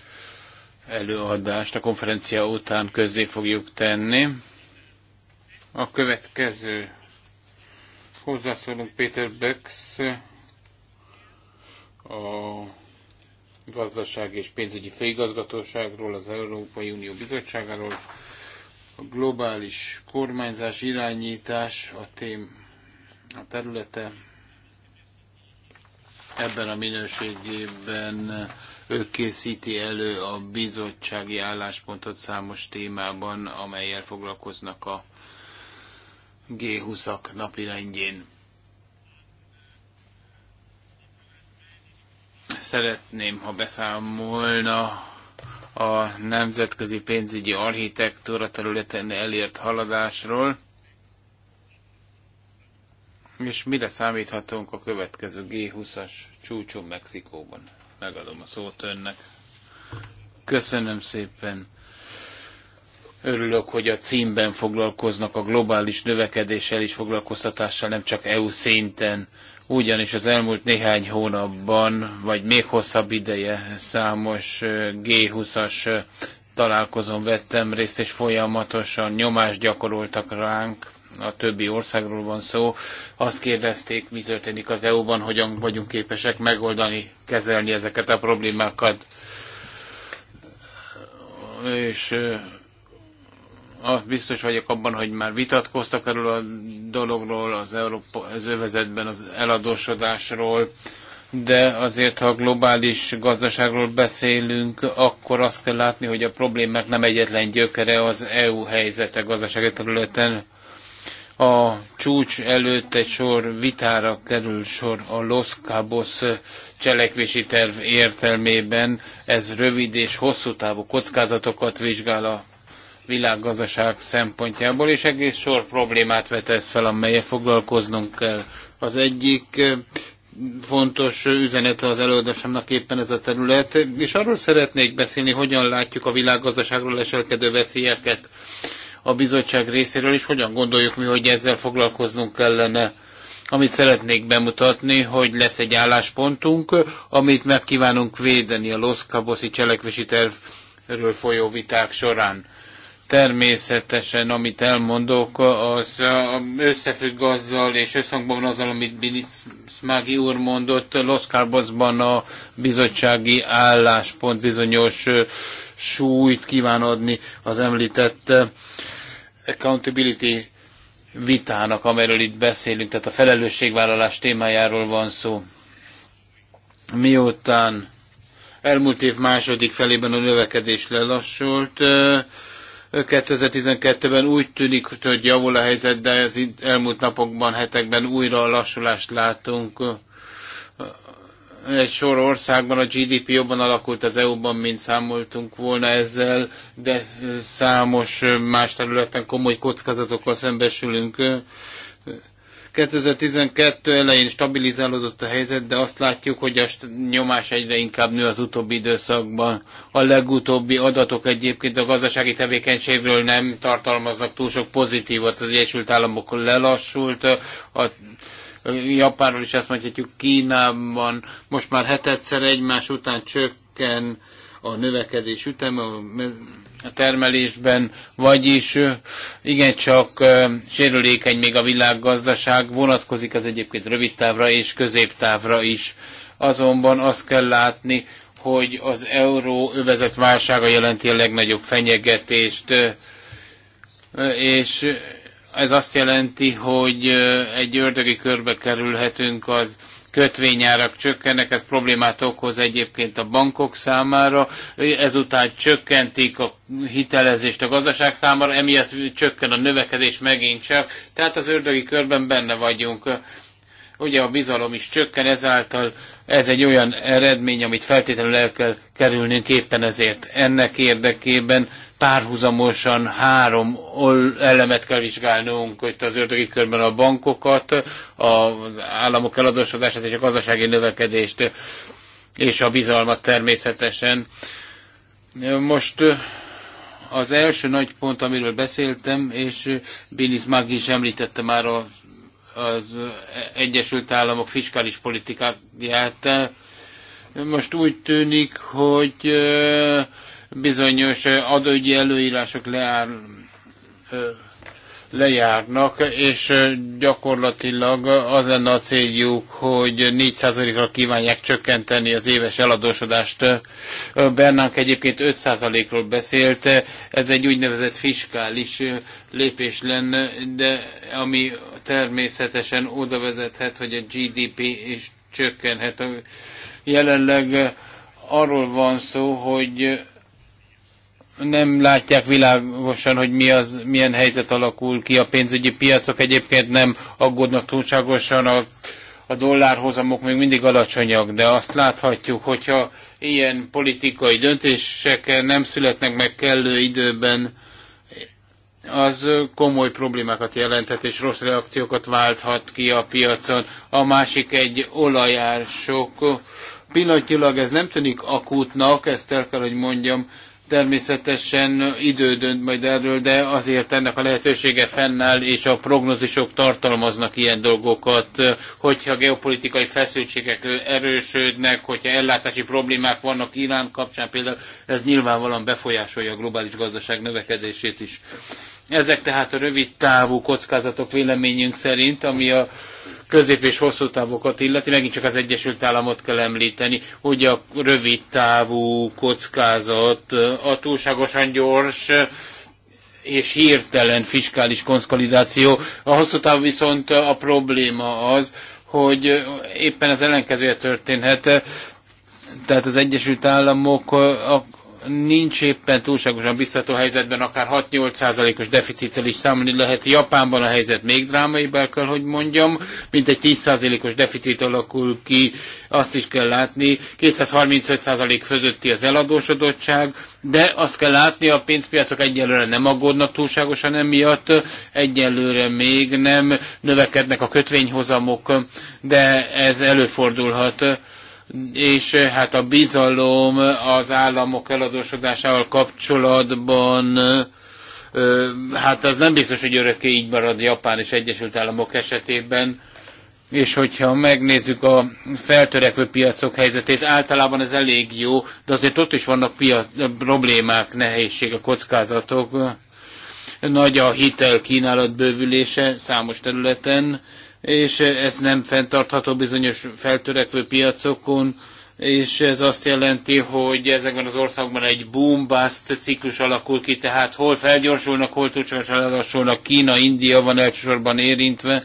előadást. A konferencia után közzé fogjuk tenni. A következő hozzászólunk Péter Bex, a gazdaság és pénzügyi főigazgatóságról, az Európai Unió Bizottságáról, a globális kormányzás, irányítás a tém, a területe ebben a minőségében ő készíti elő a bizottsági álláspontot számos témában, amelyel foglalkoznak a G20-ak napirendjén. Szeretném, ha beszámolna a nemzetközi pénzügyi architektúra területen elért haladásról, és mire számíthatunk a következő G20-as csúcson Mexikóban? Megadom a szót önnek. Köszönöm szépen. Örülök, hogy a címben foglalkoznak a globális növekedéssel és foglalkoztatással, nem csak EU szinten ugyanis az elmúlt néhány hónapban, vagy még hosszabb ideje számos G20-as találkozón vettem részt, és folyamatosan nyomást gyakoroltak ránk, a többi országról van szó. Azt kérdezték, mi történik az EU-ban, hogyan vagyunk képesek megoldani, kezelni ezeket a problémákat. És a, biztos vagyok abban, hogy már vitatkoztak erről a dologról, az, Európa, az övezetben az eladósodásról, de azért, ha globális gazdaságról beszélünk, akkor azt kell látni, hogy a problémák nem egyetlen gyökere az EU helyzete gazdasági területen. A csúcs előtt egy sor vitára kerül sor a Los Cabos cselekvési terv értelmében. Ez rövid és hosszú távú kockázatokat vizsgál a világgazdaság szempontjából, és egész sor problémát vet fel, amelyel foglalkoznunk kell. Az egyik fontos üzenete az előadásomnak éppen ez a terület, és arról szeretnék beszélni, hogyan látjuk a világgazdaságról leselkedő veszélyeket a bizottság részéről, és hogyan gondoljuk mi, hogy ezzel foglalkoznunk kellene. Amit szeretnék bemutatni, hogy lesz egy álláspontunk, amit meg kívánunk védeni a Los Cabosi cselekvési tervről folyó viták során. Természetesen, amit elmondok, az összefügg azzal, és összhangban van azzal, amit Binic Mági úr mondott, Los Carbosban a bizottsági álláspont bizonyos súlyt kíván adni az említett accountability vitának, amelyről itt beszélünk, tehát a felelősségvállalás témájáról van szó. Miután elmúlt év második felében a növekedés lelassult, 2012-ben úgy tűnik, hogy javul a helyzet, de az elmúlt napokban, hetekben újra lassulást látunk. Egy sor országban a GDP jobban alakult az EU-ban, mint számoltunk volna ezzel, de számos más területen komoly kockázatokkal szembesülünk 2012 elején stabilizálódott a helyzet, de azt látjuk, hogy a nyomás egyre inkább nő az utóbbi időszakban. A legutóbbi adatok egyébként a gazdasági tevékenységről nem tartalmaznak túl sok pozitívat. Az Egyesült Államok lelassult, a Japánról is ezt mondhatjuk, Kínában most már hetedszer egymás után csökken a növekedés üteme, a a termelésben, vagyis igencsak sérülékeny még a világgazdaság, vonatkozik az egyébként rövidtávra és középtávra is. Azonban azt kell látni, hogy az euró övezet válsága jelenti a legnagyobb fenyegetést, és ez azt jelenti, hogy egy ördögi körbe kerülhetünk az kötvényárak csökkennek, ez problémát okoz egyébként a bankok számára, ezután csökkentik a hitelezést a gazdaság számára, emiatt csökken a növekedés megint csak, tehát az ördögi körben benne vagyunk. Ugye a bizalom is csökken, ezáltal ez egy olyan eredmény, amit feltétlenül el kell kerülnünk éppen ezért ennek érdekében párhuzamosan három elemet kell vizsgálnunk, hogy az ördögi körben a bankokat, az államok eladósodását és a gazdasági növekedést, és a bizalmat természetesen. Most az első nagy pont, amiről beszéltem, és Binis Maggi is említette már a, az Egyesült Államok fiskális politikáját. Most úgy tűnik, hogy bizonyos adóügyi előírások leár, lejárnak, és gyakorlatilag az lenne a céljuk, hogy 4%-ra kívánják csökkenteni az éves eladósodást. Bernánk egyébként 5%-ról beszélt, ez egy úgynevezett fiskális lépés lenne, de ami természetesen oda vezethet, hogy a GDP is csökkenhet. Jelenleg arról van szó, hogy nem látják világosan, hogy mi az, milyen helyzet alakul ki. A pénzügyi piacok egyébként nem aggódnak túlságosan, a, a dollárhozamok még mindig alacsonyak, de azt láthatjuk, hogyha ilyen politikai döntések nem születnek meg kellő időben, az komoly problémákat jelenthet, és rossz reakciókat válthat ki a piacon. A másik egy olajársok. Pillanatnyilag ez nem tűnik akútnak, ezt el kell, hogy mondjam, Természetesen idő dönt majd erről, de azért ennek a lehetősége fennáll, és a prognózisok tartalmaznak ilyen dolgokat, hogyha geopolitikai feszültségek erősödnek, hogyha ellátási problémák vannak Irán kapcsán például, ez nyilvánvalóan befolyásolja a globális gazdaság növekedését is. Ezek tehát a rövid távú kockázatok véleményünk szerint, ami a közép és hosszú távokat illeti, megint csak az Egyesült Államot kell említeni, hogy a rövid távú kockázat, a túlságosan gyors és hirtelen fiskális konszolidáció. A hosszú táv viszont a probléma az, hogy éppen az ellenkezője történhet. Tehát az Egyesült Államok nincs éppen túlságosan biztató helyzetben, akár 6-8 százalékos deficittel is számolni lehet. Japánban a helyzet még drámaibb, kell, hogy mondjam, mint egy 10 százalékos deficit alakul ki, azt is kell látni. 235 százalék fölötti az eladósodottság, de azt kell látni, a pénzpiacok egyelőre nem aggódnak túlságosan emiatt, egyelőre még nem növekednek a kötvényhozamok, de ez előfordulhat és eh, hát a bizalom az államok eladósodásával kapcsolatban eh, eh, hát az nem biztos, hogy örökké így marad Japán és Egyesült Államok esetében. És hogyha megnézzük a feltörekvő piacok helyzetét, általában ez elég jó, de azért ott is vannak piac, problémák, nehézségek, kockázatok. Nagy a hitel kínálat bővülése számos területen, és ez nem fenntartható bizonyos feltörekvő piacokon, és ez azt jelenti, hogy ezekben az országban egy boom bust ciklus alakul ki, tehát hol felgyorsulnak, hol túlságosan Kína, India van elsősorban érintve.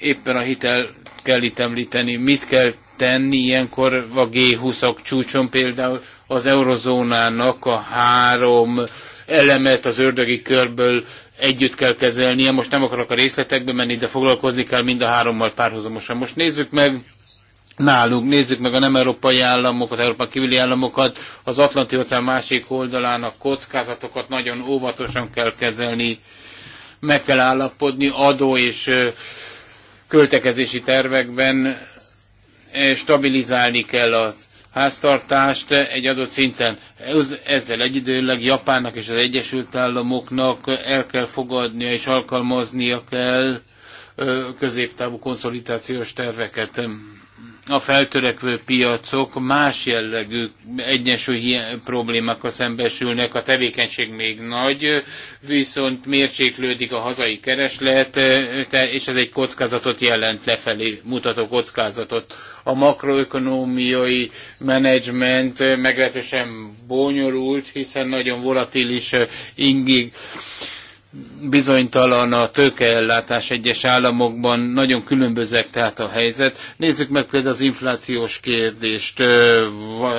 Éppen a hitel kell itt említeni, mit kell tenni ilyenkor a G20-ak csúcson például az eurozónának a három elemet az ördögi körből együtt kell kezelnie. Most nem akarok a részletekbe menni, de foglalkozni kell mind a hárommal párhuzamosan. Most nézzük meg nálunk, nézzük meg a nem európai államokat, európai kívüli államokat, az Atlanti óceán másik oldalán a kockázatokat nagyon óvatosan kell kezelni, meg kell állapodni adó és költekezési tervekben, stabilizálni kell az háztartást egy adott szinten. Ezzel egyidőleg Japánnak és az Egyesült Államoknak el kell fogadnia és alkalmaznia kell középtávú konszolidációs terveket a feltörekvő piacok más jellegű egyensúly problémákkal szembesülnek, a tevékenység még nagy, viszont mérséklődik a hazai kereslet, és ez egy kockázatot jelent lefelé mutató kockázatot. A makroökonómiai menedzsment meglehetősen bonyolult, hiszen nagyon volatilis eh, ingig bizonytalan a tőkeellátás egyes államokban, nagyon különbözek tehát a helyzet. Nézzük meg például az inflációs kérdést.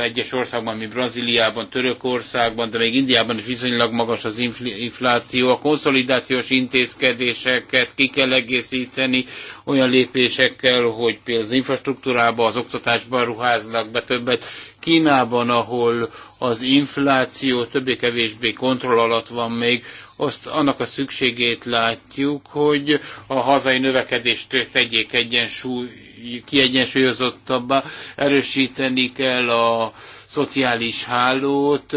Egyes országban, mint Brazíliában, Törökországban, de még Indiában is viszonylag magas az infláció. A konszolidációs intézkedéseket ki kell egészíteni olyan lépésekkel, hogy például az infrastruktúrában az oktatásban ruháznak be többet. Kínában, ahol az infláció többé-kevésbé kontroll alatt van még, azt annak a szükségét látjuk, hogy a hazai növekedést tegyék egyensúly, kiegyensúlyozottabbá, erősíteni kell a szociális hálót,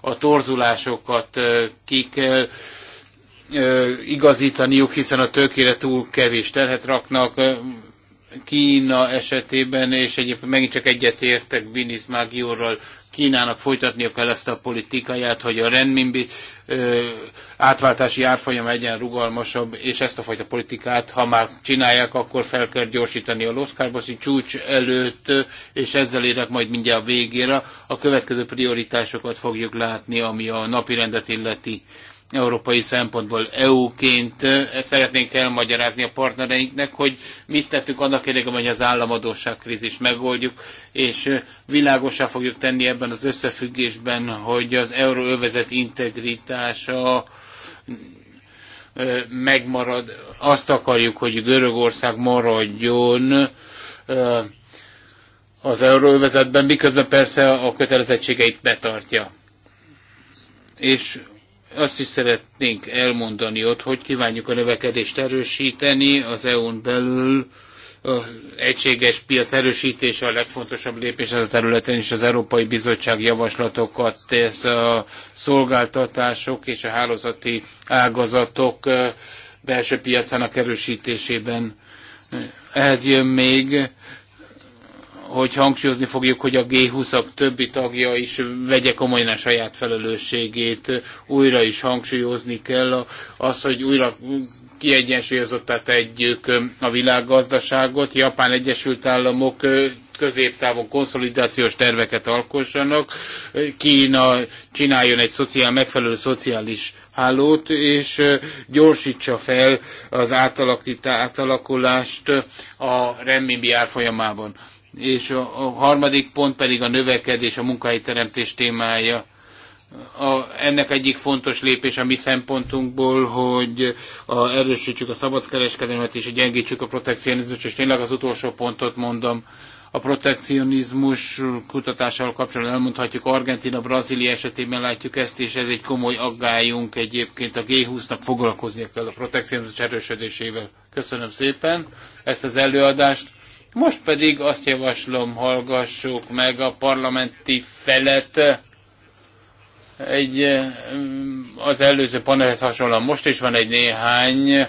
a torzulásokat ki kell igazítaniuk, hiszen a tőkére túl kevés terhet raknak, Kína esetében, és egyébként megint csak egyetértek Binis Mágiorral, Kínának folytatnia kell ezt a politikáját, hogy a renminbi ö, átváltási árfolyam legyen rugalmasabb, és ezt a fajta politikát, ha már csinálják, akkor fel kell gyorsítani a Los csúcs előtt, és ezzel érek majd mindjárt a végére. A következő prioritásokat fogjuk látni, ami a napi rendet illeti európai szempontból EU-ként eh, szeretnénk elmagyarázni a partnereinknek, hogy mit tettük annak érdekében, hogy az államadóság krízis megoldjuk, és eh, világosá fogjuk tenni ebben az összefüggésben, hogy az euróövezet integritása eh, megmarad. Azt akarjuk, hogy Görögország maradjon az euróövezetben, miközben persze a kötelezettségeit betartja és azt is szeretnénk elmondani ott, hogy kívánjuk a növekedést erősíteni az EU-n belül, a egységes piac erősítése a legfontosabb lépés ez a területen, és az Európai Bizottság javaslatokat tesz a szolgáltatások és a hálózati ágazatok belső piacának erősítésében. Ehhez jön még hogy hangsúlyozni fogjuk, hogy a G20-ak többi tagja is vegye komolyan a saját felelősségét, újra is hangsúlyozni kell azt, hogy újra kiegyensúlyozottá tegyük a világgazdaságot, Japán Egyesült Államok középtávon konszolidációs terveket alkossanak, Kína csináljon egy szociál, megfelelő szociális hálót, és gyorsítsa fel az átalakulást a renminbi árfolyamában. És a, a harmadik pont pedig a növekedés, a munkahelyteremtés témája. A, ennek egyik fontos lépés a mi szempontunkból, hogy a, erősítsük a szabadkereskedelmet és gyengítsük a protekcionizmust, és tényleg az utolsó pontot mondom, a protekcionizmus kutatásával kapcsolatban elmondhatjuk, Argentina, Brazília esetében látjuk ezt, és ez egy komoly aggályunk egyébként a G20-nak foglalkoznia kell a protekcionizmus erősödésével. Köszönöm szépen ezt az előadást. Most pedig azt javaslom, hallgassuk meg a parlamenti felet. Egy, mm, az előző panelhez hasonlóan most is van egy néhány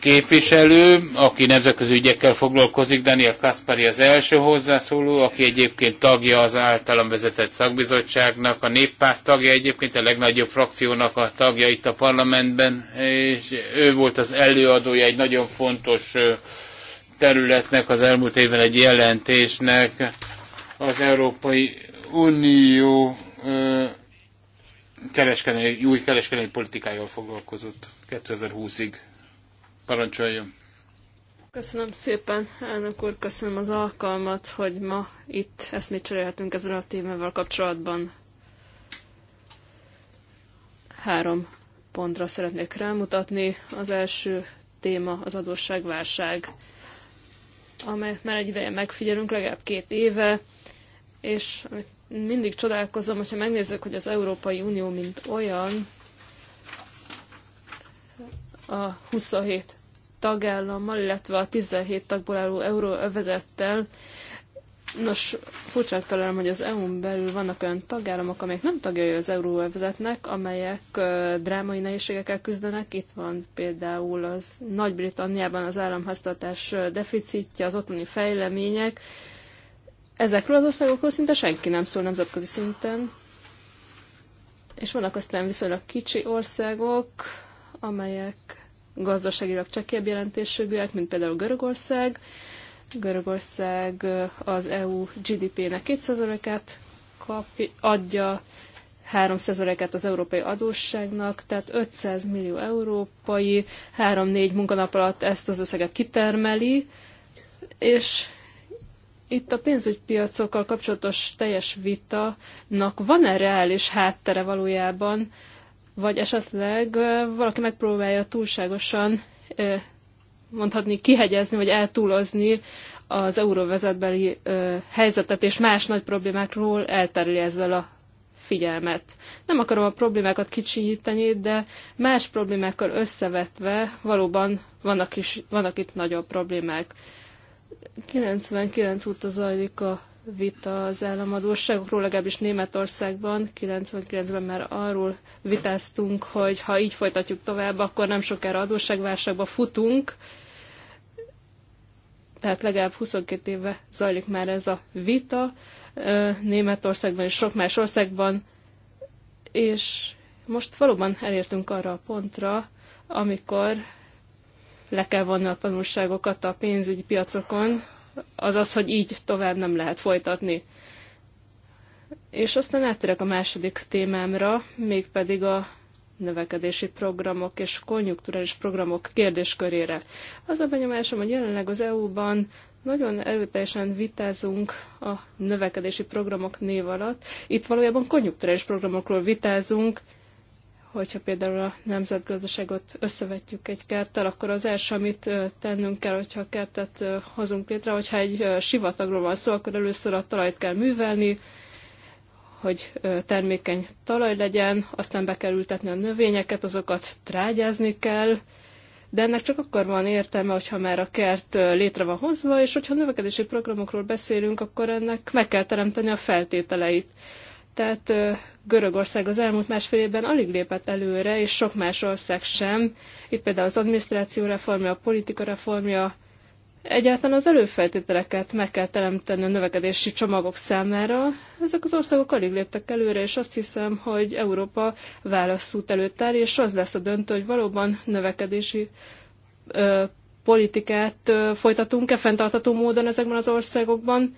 képviselő, aki nemzetközi ügyekkel foglalkozik, Daniel Kaspari az első hozzászóló, aki egyébként tagja az általam vezetett szakbizottságnak, a néppárt tagja egyébként a legnagyobb frakciónak a tagja itt a parlamentben, és ő volt az előadója egy nagyon fontos területnek, az elmúlt évben egy jelentésnek az Európai Unió ö, kereskedelmi, új kereskedelmi politikájával foglalkozott 2020-ig. Parancsoljon! Köszönöm szépen, elnök úr, köszönöm az alkalmat, hogy ma itt ezt mit cserélhetünk ezzel a témával kapcsolatban. Három pontra szeretnék rámutatni. Az első téma az adósságválság amelyet már egy ideje megfigyelünk, legalább két éve, és amit mindig csodálkozom, hogyha megnézzük, hogy az Európai Unió mint olyan a 27 tagállammal, illetve a 17 tagból álló euróövezettel Nos, furcsa találom, hogy az EU-n belül vannak olyan tagállamok, amelyek nem tagjai az euróvezetnek, amelyek drámai nehézségekkel küzdenek. Itt van például az Nagy-Britanniában az államháztartás deficitje, az otthoni fejlemények. Ezekről az országokról szinte senki nem szól nemzetközi szinten. És vannak aztán viszonylag kicsi országok, amelyek gazdaságilag csekébb jelentésűek, mint például Görögország, Görögország az EU GDP-nek 2%-át adja, 3%-át az európai adósságnak, tehát 500 millió európai 3-4 munkanap alatt ezt az összeget kitermeli, és itt a pénzügypiacokkal kapcsolatos teljes vitanak van-e reális háttere valójában, vagy esetleg valaki megpróbálja túlságosan mondhatni kihegyezni, vagy eltúlozni az euróvezetbeli helyzetet, és más nagy problémákról elterülni ezzel a figyelmet. Nem akarom a problémákat kicsinyíteni, de más problémákkal összevetve valóban vannak, is, vannak itt nagyobb problémák. 99 óta zajlik a vita az államadóságokról, legalábbis Németországban 99-ben már arról vitáztunk, hogy ha így folytatjuk tovább, akkor nem sokára adósságválságba futunk. Tehát legalább 22 éve zajlik már ez a vita Németországban és sok más országban, és most valóban elértünk arra a pontra, amikor le kell vonni a tanulságokat a pénzügyi piacokon, az az, hogy így tovább nem lehet folytatni. És aztán átterek a második témámra, mégpedig a növekedési programok és konjunkturális programok kérdéskörére. Az a benyomásom, hogy jelenleg az EU-ban nagyon erőteljesen vitázunk a növekedési programok név alatt. Itt valójában konjunkturális programokról vitázunk, hogyha például a nemzetgazdaságot összevetjük egy kerttel, akkor az első, amit tennünk kell, hogyha a kertet hozunk létre, hogyha egy sivatagról van szó, akkor először a talajt kell művelni, hogy termékeny talaj legyen, aztán be kell ültetni a növényeket, azokat trágyázni kell, de ennek csak akkor van értelme, hogyha már a kert létre van hozva, és hogyha növekedési programokról beszélünk, akkor ennek meg kell teremteni a feltételeit. Tehát Görögország az elmúlt másfél évben alig lépett előre, és sok más ország sem. Itt például az adminisztráció reformja, a politika reformja, Egyáltalán az előfeltételeket meg kell teremteni a növekedési csomagok számára. Ezek az országok alig léptek előre, és azt hiszem, hogy Európa válaszút előtt áll, és az lesz a döntő, hogy valóban növekedési ö, politikát ö, folytatunk-e fenntartató módon ezekben az országokban,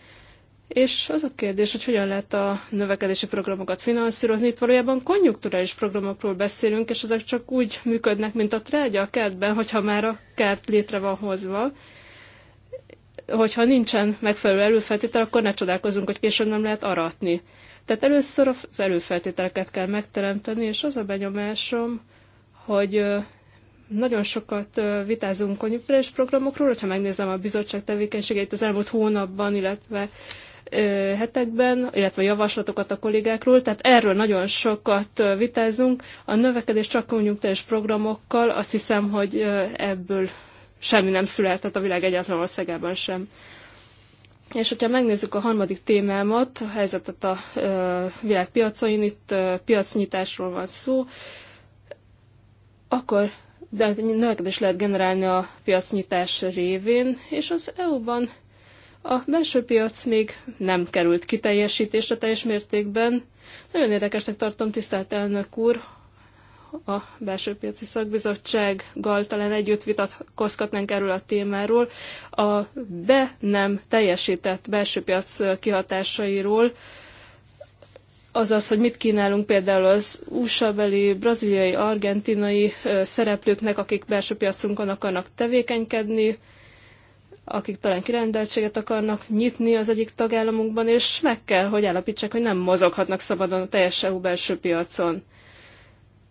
és az a kérdés, hogy hogyan lehet a növekedési programokat finanszírozni. Itt valójában konjunkturális programokról beszélünk, és ezek csak úgy működnek, mint a trágya a kertben, hogyha már a kert létre van hozva. Hogyha nincsen megfelelő előfeltétel, akkor ne csodálkozunk, hogy később nem lehet aratni. Tehát először az előfeltételeket kell megteremteni, és az a benyomásom, hogy nagyon sokat vitázunk konjunkturális programokról, hogyha megnézem a bizottság tevékenységeit az elmúlt hónapban, illetve hetekben, illetve javaslatokat a kollégákról, tehát erről nagyon sokat vitázunk. A növekedés csak konjunkturális programokkal, azt hiszem, hogy ebből semmi nem született a világ egyetlen országában sem. És hogyha megnézzük a harmadik témámat, a helyzetet a világpiacain, itt piacnyitásról van szó, akkor de növekedés lehet generálni a piacnyitás révén, és az EU-ban a belső piac még nem került kiteljesítésre teljes mértékben. Nagyon érdekesnek tartom, tisztelt elnök úr, a belső piaci szakbizottsággal talán együtt vitatkozhatnánk erről a témáról, a be nem teljesített belső piac kihatásairól, azaz, hogy mit kínálunk például az USA-beli, braziliai, argentinai szereplőknek, akik belső piacunkon akarnak tevékenykedni, akik talán kirendeltséget akarnak nyitni az egyik tagállamunkban, és meg kell, hogy állapítsák, hogy nem mozoghatnak szabadon a teljes EU belső piacon.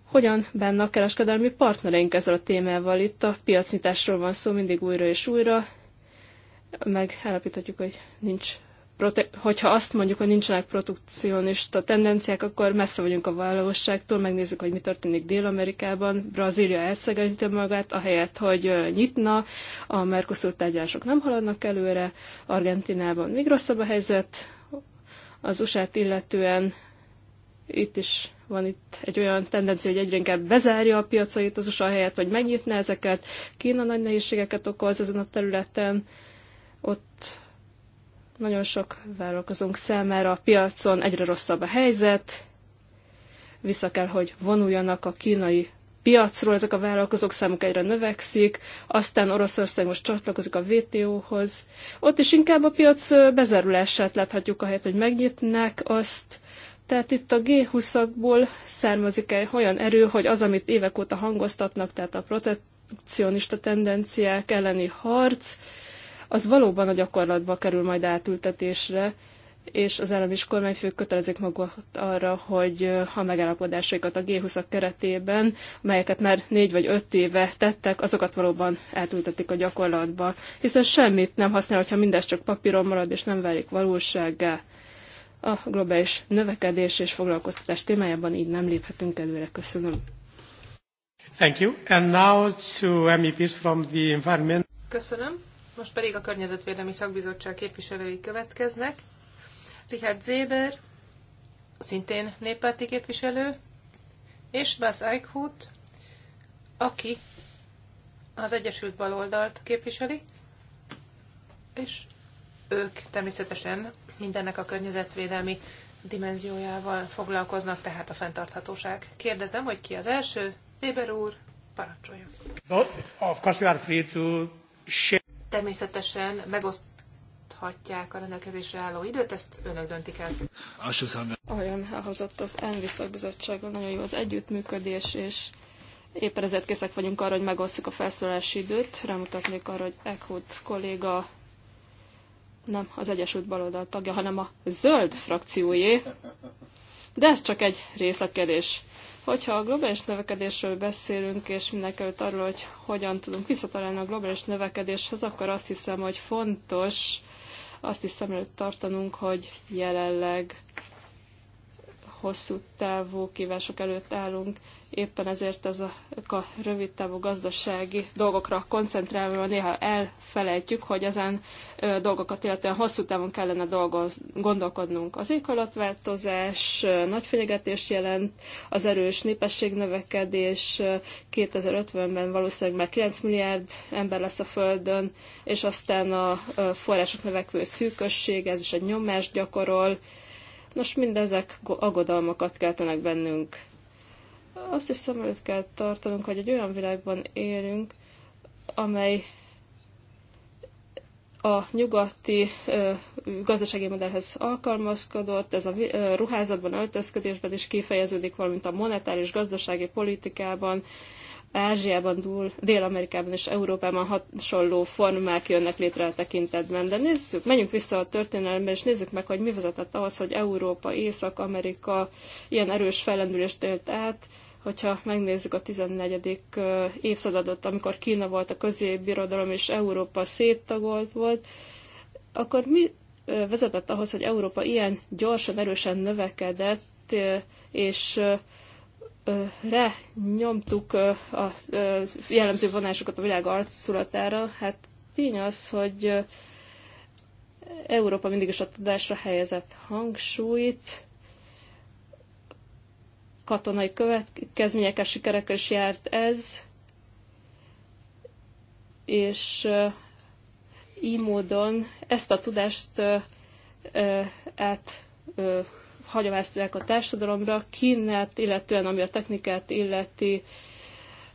Hogyan benne a kereskedelmi partnereink ezzel a témával? Itt a piacnyitásról van szó mindig újra és újra. meg állapíthatjuk, hogy nincs hogyha azt mondjuk, hogy nincsenek produkcionista tendenciák, akkor messze vagyunk a valóságtól, megnézzük, hogy mi történik Dél-Amerikában. Brazília elszegényíti magát, ahelyett, hogy nyitna, a Mercosur tárgyalások nem haladnak előre, Argentinában még rosszabb a helyzet, az usa illetően itt is van itt egy olyan tendencia, hogy egyre inkább bezárja a piacait az USA helyett, hogy megnyitne ezeket. Kína nagy nehézségeket okoz ezen a területen. Ott nagyon sok vállalkozónk számára a piacon egyre rosszabb a helyzet, vissza kell, hogy vonuljanak a kínai piacról, ezek a vállalkozók számuk egyre növekszik, aztán Oroszország most csatlakozik a WTO-hoz. Ott is inkább a piac bezárulását láthatjuk, ahelyett, hogy megnyitnák azt. Tehát itt a G20-akból származik egy olyan erő, hogy az, amit évek óta hangoztatnak, tehát a protekcionista tendenciák elleni harc, az valóban a gyakorlatba kerül majd átültetésre, és az állam is kormányfők kötelezik magukat arra, hogy ha megállapodásaikat a G20-ak keretében, melyeket már négy vagy öt éve tettek, azokat valóban átültetik a gyakorlatba, hiszen semmit nem használ, ha mindez csak papíron marad és nem válik valósággá. A globális növekedés és foglalkoztatás témájában így nem léphetünk előre. Köszönöm. Thank you. And now to MEPs from the environment. Köszönöm. Most pedig a Környezetvédelmi Szakbizottság képviselői következnek. Richard Zéber, szintén néppárti képviselő, és Bas Eichhut, aki az Egyesült Baloldalt képviseli, és ők természetesen mindennek a környezetvédelmi dimenziójával foglalkoznak, tehát a fenntarthatóság. Kérdezem, hogy ki az első? Zéber úr, parancsoljon. Of course we are free to share. Természetesen megoszthatják a rendelkezésre álló időt, ezt önök döntik el. Olyan elhozott az Enviszak szakbizottságon, nagyon jó az együttműködés, és éppen ezért készek vagyunk arra, hogy megosztjuk a felszólalási időt. Rámutatnék arra, hogy Eckhout kolléga nem az Egyesült Baloldal tagja, hanem a zöld frakciójé. De ez csak egy részletkedés. Hogyha a globális növekedésről beszélünk, és mindenkelőtt arról, hogy hogyan tudunk visszatalálni a globális növekedéshez, akkor azt hiszem, hogy fontos azt is szem előtt tartanunk, hogy jelenleg hosszú távú kívások előtt állunk, éppen ezért az a, a rövid távú gazdasági dolgokra koncentrálva néha elfelejtjük, hogy ezen dolgokat illetően hosszú távon kellene dolgoz, gondolkodnunk. Az éghajlatváltozás nagy fenyegetés jelent, az erős népességnövekedés 2050-ben valószínűleg már 9 milliárd ember lesz a Földön, és aztán a források növekvő szűkösség, ez is egy nyomást gyakorol, Nos, mindezek aggodalmakat keltenek bennünk. Azt is szem előtt kell tartanunk, hogy egy olyan világban élünk, amely a nyugati ö, gazdasági modellhez alkalmazkodott, ez a ö, ruházatban, öltözködésben is kifejeződik, valamint a monetáris gazdasági politikában, Ázsiában, Dél-Amerikában és Európában hasonló formák jönnek létre a tekintetben. De nézzük, menjünk vissza a történelembe, és nézzük meg, hogy mi vezetett ahhoz, hogy Európa, Észak-Amerika ilyen erős fellendülést élt át, hogyha megnézzük a 14. évszázadot, amikor Kína volt a középbirodalom, és Európa széttagolt volt, akkor mi vezetett ahhoz, hogy Európa ilyen gyorsan, erősen növekedett, és re nyomtuk a jellemző vonásokat a világ arculatára, hát tény az, hogy Európa mindig is a tudásra helyezett hangsúlyt, katonai következményekkel, sikerekkel is járt ez, és így módon ezt a tudást át hagyományozták a társadalomra, Kínát, illetően ami a technikát illeti,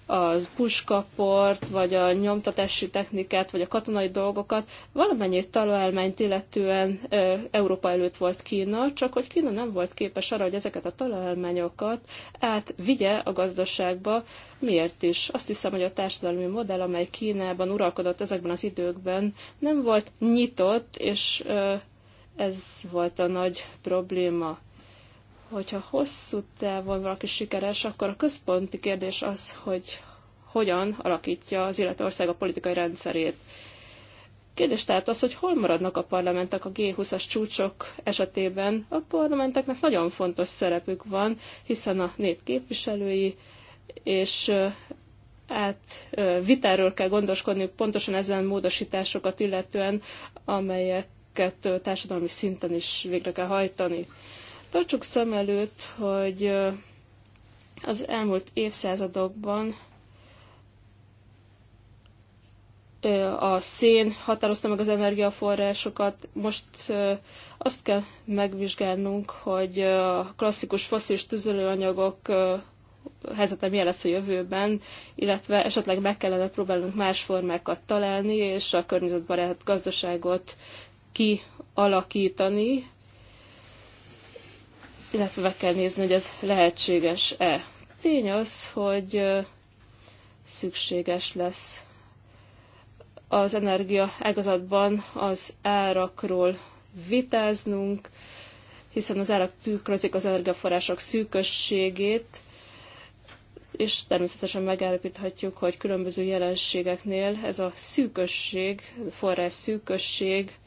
az puskaport, vagy a nyomtatási technikát, vagy a katonai dolgokat, valamennyi találmányt illetően Európa előtt volt Kína, csak hogy Kína nem volt képes arra, hogy ezeket a találmányokat átvigye a gazdaságba. Miért is? Azt hiszem, hogy a társadalmi modell, amely Kínában uralkodott ezekben az időkben, nem volt nyitott, és ez volt a nagy probléma. Hogyha hosszú távon valaki sikeres, akkor a központi kérdés az, hogy hogyan alakítja az illetország a politikai rendszerét. Kérdés tehát az, hogy hol maradnak a parlamentek a G20-as csúcsok esetében. A parlamenteknek nagyon fontos szerepük van, hiszen a nép képviselői, és át vitáról kell gondoskodniuk pontosan ezen módosításokat illetően, amelyek amiket társadalmi szinten is végre kell hajtani. Tartsuk szem előtt, hogy az elmúlt évszázadokban a szén határozta meg az energiaforrásokat. Most azt kell megvizsgálnunk, hogy a klasszikus foszilis tüzelőanyagok helyzete milyen lesz a jövőben, illetve esetleg meg kellene próbálnunk más formákat találni, és a környezetbarát gazdaságot kialakítani, illetve meg kell nézni, hogy ez lehetséges-e. Tény az, hogy szükséges lesz az energia ágazatban az árakról vitáznunk, hiszen az árak tükrözik az energiaforrások szűkösségét, és természetesen megállapíthatjuk, hogy különböző jelenségeknél ez a szűkösség, forrás szűkösség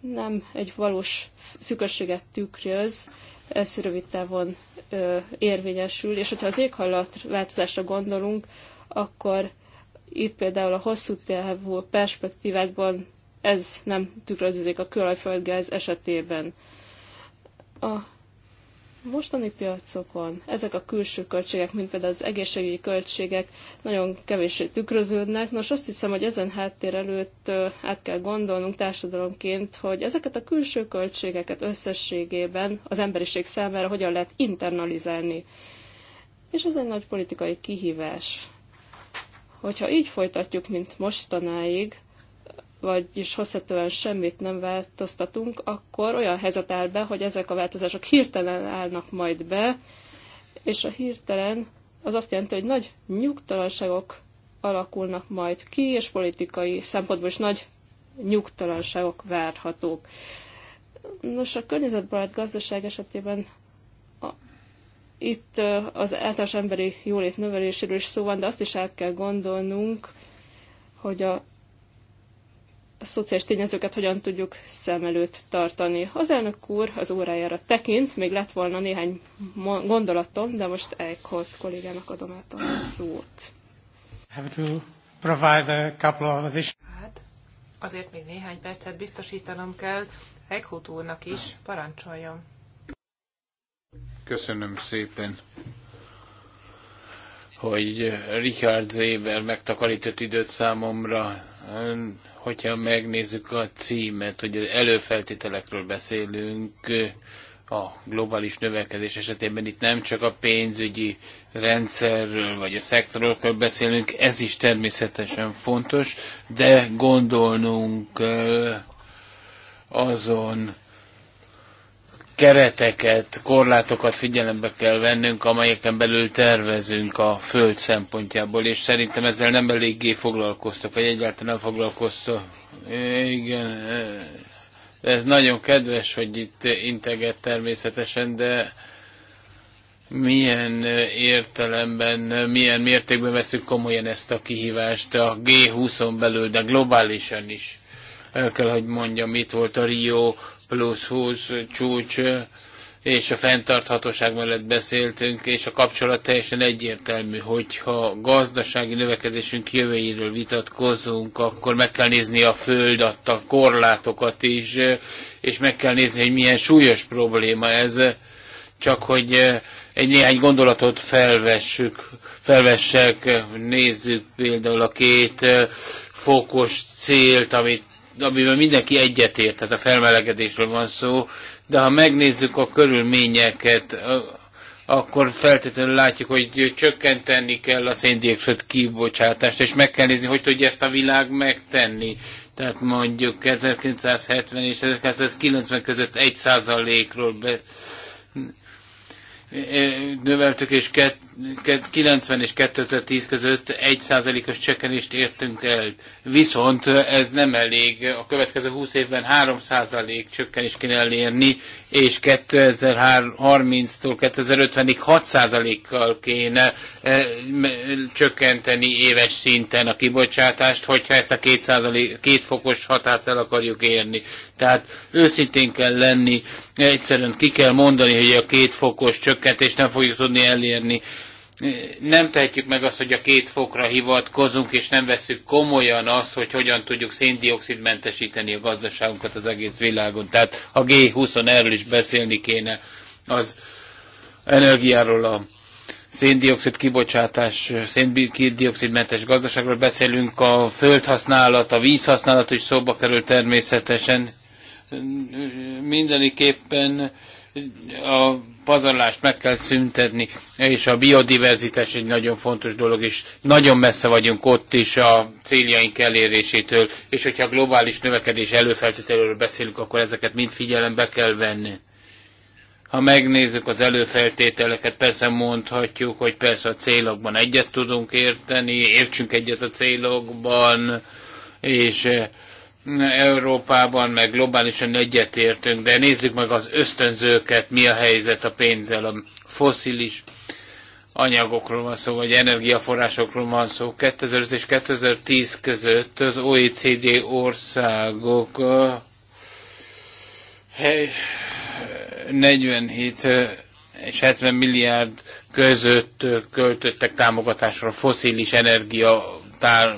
nem egy valós szükséget tükröz, ez rövid távon ö, érvényesül, és hogyha az éghajlat változásra gondolunk, akkor itt például a hosszú távú perspektívákban ez nem tükröződik a kőolajföldgáz esetében. A mostani piacokon ezek a külső költségek, mint például az egészségügyi költségek nagyon kevéssé tükröződnek. Nos, azt hiszem, hogy ezen háttér előtt át kell gondolnunk társadalomként, hogy ezeket a külső költségeket összességében az emberiség számára hogyan lehet internalizálni. És ez egy nagy politikai kihívás. Hogyha így folytatjuk, mint mostanáig, vagyis hosszatóan semmit nem változtatunk, akkor olyan helyzet áll be, hogy ezek a változások hirtelen állnak majd be, és a hirtelen az azt jelenti, hogy nagy nyugtalanságok alakulnak majd ki, és politikai szempontból is nagy nyugtalanságok várhatók. Nos, a környezetbarát gazdaság esetében a, itt az általános emberi jólét növeléséről is szó van, de azt is át kell gondolnunk, hogy a a szociális tényezőket hogyan tudjuk szem előtt tartani. Az elnök úr az órájára tekint, még lett volna néhány gondolatom, de most Eichholt kollégának adom át a szót. Have to provide a couple of hát, azért még néhány percet biztosítanom kell, Eichholt úrnak is parancsoljon. Köszönöm szépen hogy Richard Zéber megtakarított időt számomra Hogyha megnézzük a címet, hogy az előfeltételekről beszélünk, a globális növekedés esetében itt nem csak a pénzügyi rendszerről vagy a szektorokról beszélünk, ez is természetesen fontos, de gondolnunk azon, kereteket, korlátokat figyelembe kell vennünk, amelyeken belül tervezünk a föld szempontjából, és szerintem ezzel nem eléggé foglalkoztak, vagy egyáltalán foglalkoztak. Igen, e, ez nagyon kedves, hogy itt integet természetesen, de milyen értelemben, milyen mértékben veszük komolyan ezt a kihívást a G20-on belül, de globálisan is. El kell, hogy mondjam, itt volt a Rio plusz 20 csúcs és a fenntarthatóság mellett beszéltünk, és a kapcsolat teljesen egyértelmű, hogyha gazdasági növekedésünk jövőjéről vitatkozunk, akkor meg kell nézni a föld adta korlátokat is, és meg kell nézni, hogy milyen súlyos probléma ez, csak hogy egy néhány gondolatot felvessük, felvessek, nézzük például a két fokos célt, amit amiben mindenki egyetért, tehát a felmelegedésről van szó, de ha megnézzük a körülményeket, akkor feltétlenül látjuk, hogy csökkenteni kell a széndiokszid kibocsátást, és meg kell nézni, hogy tudja ezt a világ megtenni. Tehát mondjuk 1970 és 1990 között 1 ról be, növeltük, és 90 és 2010 között 1%-os csökkenést értünk el. Viszont ez nem elég. A következő 20 évben 3% csökkenést kéne elérni, és 2030-tól 2050-ig 6%-kal kéne eh, csökkenteni éves szinten a kibocsátást, hogyha ezt a 2, 2 fokos határt el akarjuk érni. Tehát őszintén kell lenni, egyszerűen ki kell mondani, hogy a két fokos csökkentést nem fogjuk tudni elérni nem tehetjük meg azt, hogy a két fokra hivatkozunk, és nem veszük komolyan azt, hogy hogyan tudjuk széndiokszidmentesíteni a gazdaságunkat az egész világon. Tehát a g 20 erről is beszélni kéne az energiáról a széndiokszid kibocsátás, széndiokszidmentes gazdaságról beszélünk, a földhasználat, a vízhasználat is szóba kerül természetesen. Mindeniképpen a pazarlást meg kell szüntetni, és a biodiverzitás egy nagyon fontos dolog, és nagyon messze vagyunk ott is a céljaink elérésétől, és hogyha globális növekedés előfeltételéről beszélünk, akkor ezeket mind figyelembe kell venni. Ha megnézzük az előfeltételeket, persze mondhatjuk, hogy persze a célokban egyet tudunk érteni, értsünk egyet a célokban, és eh, Európában, meg globálisan egyetértünk, de nézzük meg az ösztönzőket, mi a helyzet a pénzzel, a foszilis anyagokról van szó, vagy energiaforrásokról van szó. 2005 és 2010 között az OECD országok 47 és 70 milliárd között költöttek támogatásra foszilis energia tár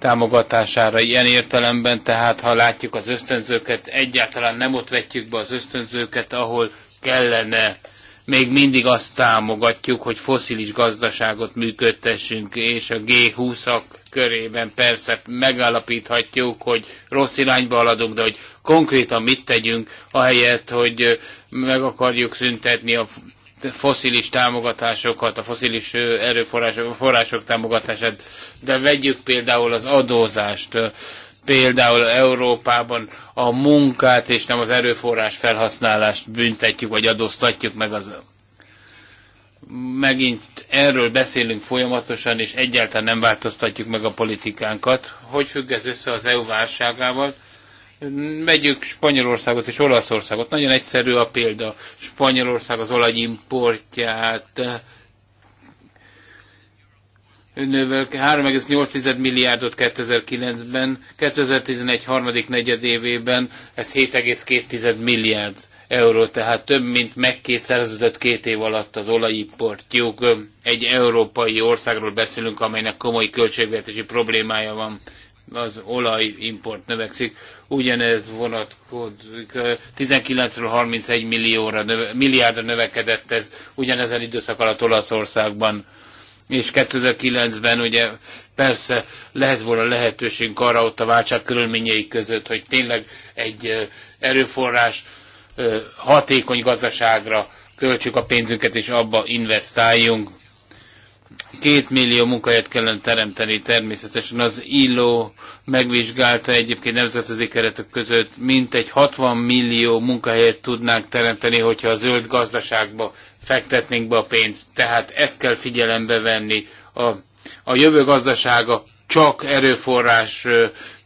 támogatására ilyen értelemben, tehát ha látjuk az ösztönzőket, egyáltalán nem ott vetjük be az ösztönzőket, ahol kellene. Még mindig azt támogatjuk, hogy foszilis gazdaságot működtessünk, és a G20-ak körében persze megállapíthatjuk, hogy rossz irányba haladunk, de hogy konkrétan mit tegyünk, ahelyett, hogy meg akarjuk szüntetni a foszilis támogatásokat, a foszilis erőforrások források támogatását, de vegyük például az adózást, például Európában a munkát és nem az erőforrás felhasználást büntetjük vagy adóztatjuk meg az megint erről beszélünk folyamatosan, és egyáltalán nem változtatjuk meg a politikánkat. Hogy függ ez össze az EU válságával? Megyük Spanyolországot és Olaszországot. Nagyon egyszerű a példa. Spanyolország az olajimportját eh, növel 3,8 milliárdot 2009-ben, 2011 harmadik negyedévében ez 7,2 milliárd euró, tehát több mint megkétszerződött két év alatt az olajimportjuk. Egy európai országról beszélünk, amelynek komoly költségvetési problémája van, az olajimport növekszik. Ugyanez vonatkozik, 19-ről 31 millióra, milliárdra növekedett ez ugyanezen időszak alatt Olaszországban. És 2009-ben ugye persze lehet volna lehetőségünk arra ott a váltság körülményei között, hogy tényleg egy erőforrás hatékony gazdaságra költsük a pénzünket és abba investáljunk Két millió munkahelyet kellene teremteni természetesen. Az ILO megvizsgálta egyébként nemzetközi keretek között, mintegy 60 millió munkahelyet tudnánk teremteni, hogyha a zöld gazdaságba fektetnénk be a pénzt. Tehát ezt kell figyelembe venni. A, a jövő gazdasága csak erőforrás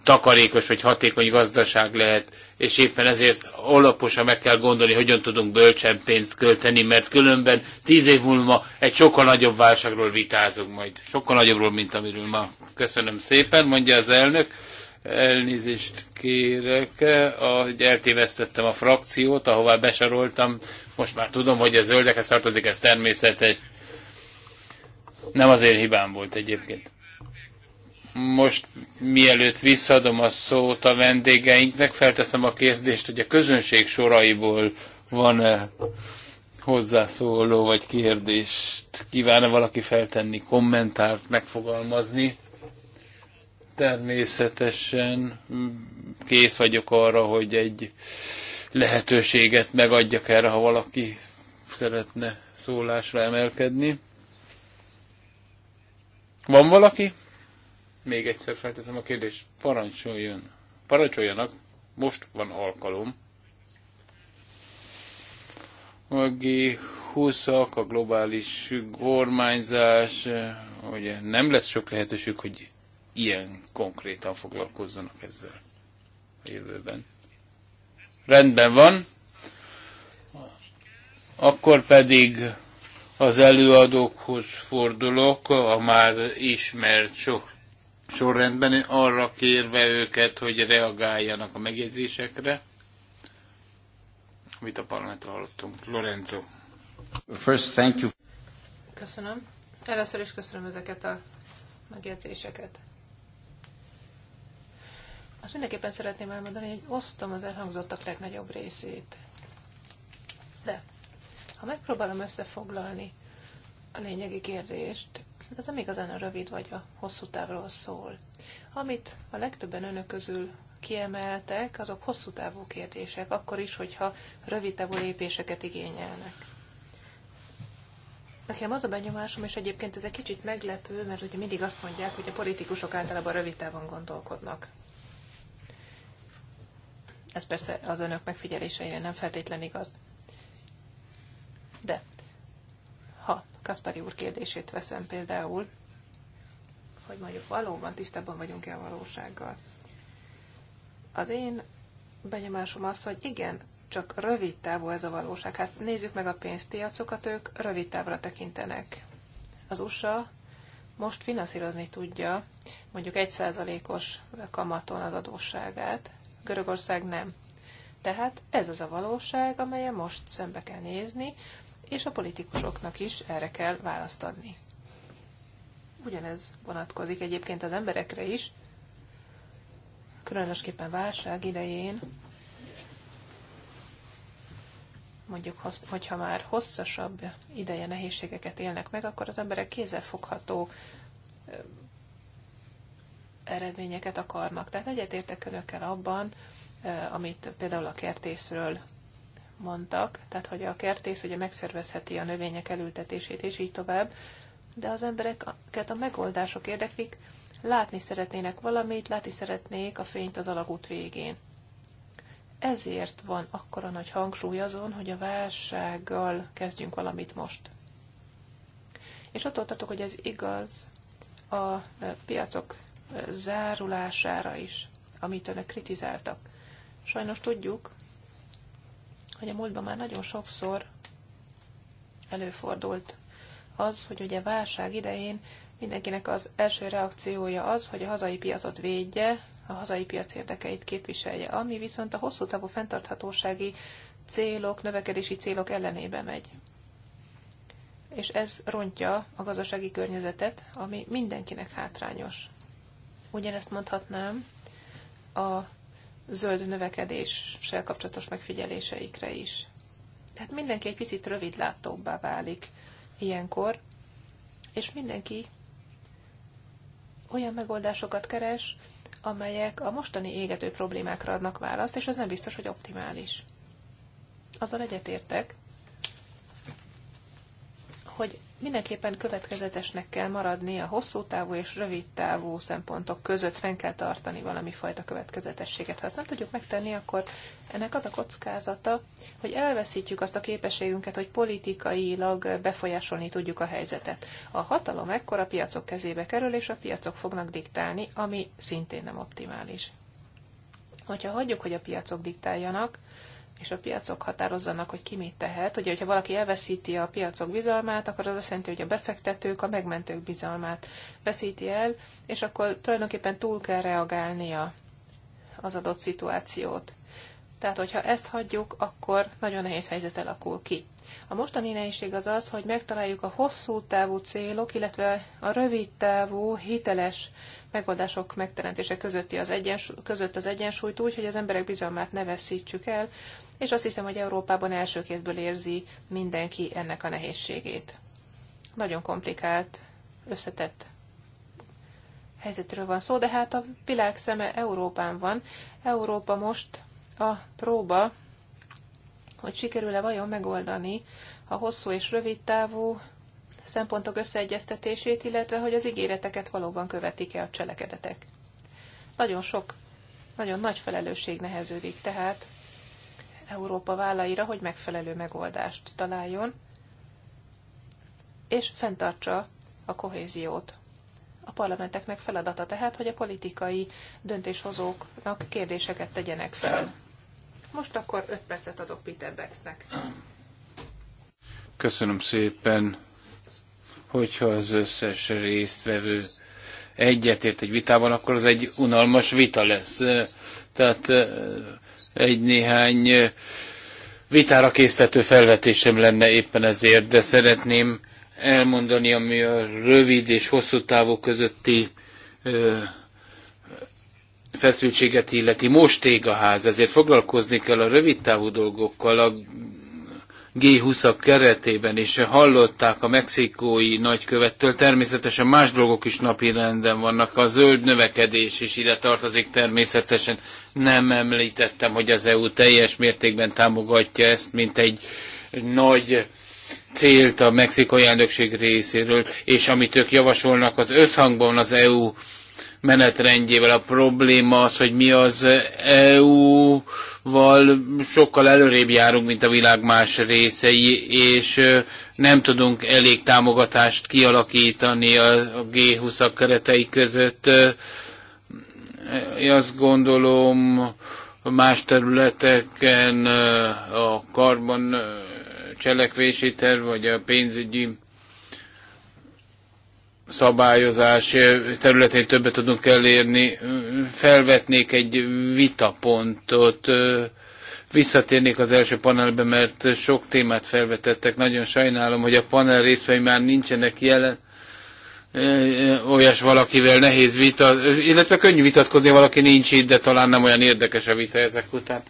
takarékos vagy hatékony gazdaság lehet és éppen ezért alaposan meg kell gondolni, hogyan tudunk bölcsen pénzt költeni, mert különben tíz év múlva egy sokkal nagyobb válságról vitázunk majd. Sokkal nagyobbról, mint amiről ma. Köszönöm szépen, mondja az elnök. Elnézést kérek, hogy eltévesztettem a frakciót, ahová besaroltam. Most már tudom, hogy a zöldekhez tartozik, ez természetes. Nem az én hibám volt egyébként. Most mielőtt visszadom a szót a vendégeinknek, felteszem a kérdést, hogy a közönség soraiból van-e hozzászóló vagy kérdést kívánna -e valaki feltenni, kommentárt megfogalmazni. Természetesen kész vagyok arra, hogy egy lehetőséget megadjak erre, ha valaki szeretne szólásra emelkedni. Van valaki? Még egyszer felteszem a kérdést. Parancsoljon. Parancsoljanak. Most van alkalom. A g 20 a globális kormányzás, ugye nem lesz sok lehetőség, hogy ilyen konkrétan foglalkozzanak ezzel a jövőben. Rendben van. Akkor pedig az előadókhoz fordulok, a már ismert sok sorrendben, arra kérve őket, hogy reagáljanak a megjegyzésekre, amit a parlamentre hallottunk. Lorenzo. First, thank you. Köszönöm. Először is köszönöm ezeket a megjegyzéseket. Azt mindenképpen szeretném elmondani, hogy osztom az elhangzottak legnagyobb részét. De ha megpróbálom összefoglalni a lényegi kérdést, Hát ez nem igazán a rövid vagy a hosszú távról szól. Amit a legtöbben önök közül kiemeltek, azok hosszú távú kérdések, akkor is, hogyha rövid távú lépéseket igényelnek. Nekem az a benyomásom, és egyébként ez egy kicsit meglepő, mert ugye mindig azt mondják, hogy a politikusok általában rövid távon gondolkodnak. Ez persze az önök megfigyeléseire nem feltétlen igaz. De ha Kaspari úr kérdését veszem például, hogy mondjuk valóban tisztában vagyunk-e a valósággal. Az én benyomásom az, hogy igen, csak rövid távú ez a valóság. Hát nézzük meg a pénzpiacokat, ők rövid távra tekintenek. Az USA most finanszírozni tudja mondjuk egy százalékos kamaton az adósságát, Görögország nem. Tehát ez az a valóság, amelyen most szembe kell nézni, és a politikusoknak is erre kell választ adni. Ugyanez vonatkozik egyébként az emberekre is, különösképpen válság idején, mondjuk, hogyha már hosszasabb ideje nehézségeket élnek meg, akkor az emberek kézzelfogható eredményeket akarnak. Tehát egyetértek önökkel abban, amit például a kertészről mondtak, tehát hogy a kertész ugye megszervezheti a növények elültetését, és így tovább, de az embereket a megoldások érdeklik, látni szeretnének valamit, látni szeretnék a fényt az alagút végén. Ezért van akkora nagy hangsúly azon, hogy a válsággal kezdjünk valamit most. És attól tartok, hogy ez igaz a piacok zárulására is, amit önök kritizáltak. Sajnos tudjuk, hogy a múltban már nagyon sokszor előfordult az, hogy ugye válság idején mindenkinek az első reakciója az, hogy a hazai piacot védje, a hazai piac érdekeit képviselje, ami viszont a hosszú távú fenntarthatósági célok, növekedési célok ellenébe megy. És ez rontja a gazdasági környezetet, ami mindenkinek hátrányos. Ugyanezt mondhatnám a zöld növekedéssel kapcsolatos megfigyeléseikre is. Tehát mindenki egy picit rövidlátóbbá válik ilyenkor, és mindenki olyan megoldásokat keres, amelyek a mostani égető problémákra adnak választ, és ez nem biztos, hogy optimális. Azzal egyetértek, hogy mindenképpen következetesnek kell maradni a hosszú távú és rövid távú szempontok között, fenn kell tartani valami fajta következetességet. Ha ezt nem tudjuk megtenni, akkor ennek az a kockázata, hogy elveszítjük azt a képességünket, hogy politikailag befolyásolni tudjuk a helyzetet. A hatalom ekkor a piacok kezébe kerül, és a piacok fognak diktálni, ami szintén nem optimális. Hogyha hagyjuk, hogy a piacok diktáljanak, és a piacok határozzanak, hogy ki mit tehet. Ugye, hogyha valaki elveszíti a piacok bizalmát, akkor az azt jelenti, hogy a befektetők, a megmentők bizalmát veszíti el, és akkor tulajdonképpen túl kell reagálnia az adott szituációt. Tehát, hogyha ezt hagyjuk, akkor nagyon nehéz helyzet alakul ki. A mostani nehézség az az, hogy megtaláljuk a hosszú távú célok, illetve a rövid távú hiteles megoldások megteremtése közötti az egyensúly, között az egyensúlyt úgy, hogy az emberek bizalmát ne veszítsük el, és azt hiszem, hogy Európában első kézből érzi mindenki ennek a nehézségét. Nagyon komplikált, összetett helyzetről van szó, de hát a világ szeme Európán van. Európa most a próba, hogy sikerül-e vajon megoldani a hosszú és rövid távú szempontok összeegyeztetését, illetve hogy az ígéreteket valóban követik-e a cselekedetek. Nagyon sok, nagyon nagy felelősség neheződik tehát Európa vállaira, hogy megfelelő megoldást találjon, és fenntartsa a kohéziót. A parlamenteknek feladata tehát, hogy a politikai döntéshozóknak kérdéseket tegyenek fel. Most akkor 5 percet adok Peter Becksnek. Köszönöm szépen, hogyha az összes résztvevő egyetért egy vitában, akkor az egy unalmas vita lesz. Tehát egy néhány vitára késztető felvetésem lenne éppen ezért, de szeretném elmondani, ami a rövid és hosszú távok közötti ö, feszültséget illeti. Most ég a ház, ezért foglalkozni kell a rövid távú dolgokkal, a G20-ak keretében is hallották a mexikói nagykövettől. Természetesen más dolgok is napi renden vannak. A zöld növekedés is ide tartozik természetesen. Nem említettem, hogy az EU teljes mértékben támogatja ezt, mint egy nagy célt a mexikai elnökség részéről, és amit ők javasolnak, az összhangban az EU menetrendjével. A probléma az, hogy mi az EU-val sokkal előrébb járunk, mint a világ más részei, és nem tudunk elég támogatást kialakítani a G20-ak keretei között. Én azt gondolom, más területeken a karbon cselekvési terv, vagy a pénzügyi szabályozás területén többet tudunk elérni, felvetnék egy vitapontot, visszatérnék az első panelbe, mert sok témát felvetettek. Nagyon sajnálom, hogy a panel részvei már nincsenek jelen. Olyas valakivel nehéz vita, illetve könnyű vitatkozni, valaki nincs itt, de talán nem olyan érdekes a vita ezek után.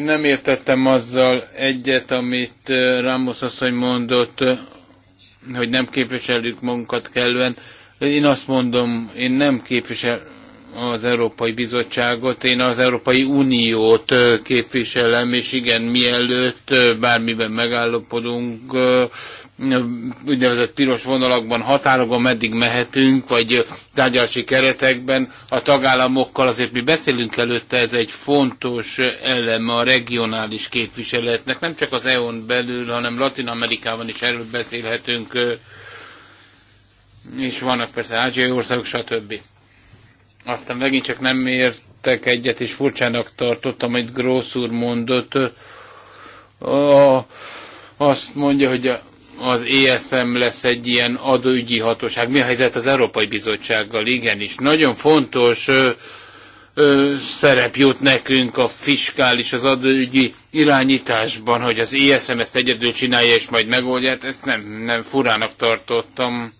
Nem értettem azzal egyet, amit Ramos asszony mondott hogy nem képviseljük magunkat kellően. Én azt mondom, én nem képvisel az Európai Bizottságot, én az Európai Uniót képviselem, és igen, mielőtt bármiben megállapodunk, úgynevezett piros vonalakban, határokban meddig mehetünk, vagy tárgyalási keretekben a tagállamokkal, azért mi beszélünk előtte, ez egy fontos eleme a regionális képviseletnek, nem csak az EON belül, hanem Latin Amerikában is erről beszélhetünk, és vannak persze ázsiai országok, stb. Aztán megint csak nem értek egyet, és furcsának tartottam, amit Grósz úr mondott, a, azt mondja, hogy a az ESM lesz egy ilyen adóügyi hatóság. Mi a helyzet az Európai Bizottsággal? igen is nagyon fontos ö, ö, szerep jut nekünk a fiskális, az adóügyi irányításban, hogy az ESM ezt egyedül csinálja és majd megoldja. Hát ezt nem, nem furának tartottam.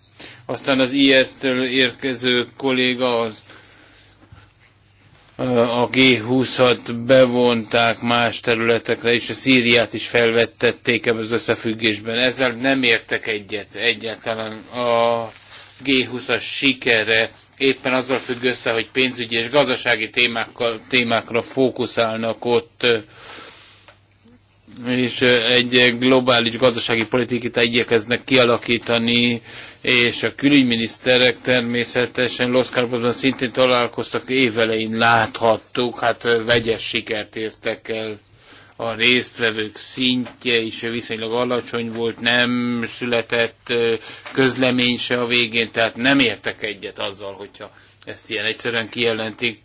Aztán az IS-től érkező kolléga az a G20-at bevonták más területekre, és a Szíriát is felvettették ebben az összefüggésben. Ezzel nem értek egyet egyáltalán. A G20-as sikere éppen azzal függ össze, hogy pénzügyi és gazdasági témákkal, témákra fókuszálnak ott és egy globális gazdasági politikát igyekeznek kialakítani, és a külügyminiszterek természetesen Los Carbosban szintén találkoztak, évelein láthattuk, hát vegyes sikert értek el. A résztvevők szintje is viszonylag alacsony volt, nem született közlemény se a végén, tehát nem értek egyet azzal, hogyha ezt ilyen egyszerűen kijelentik.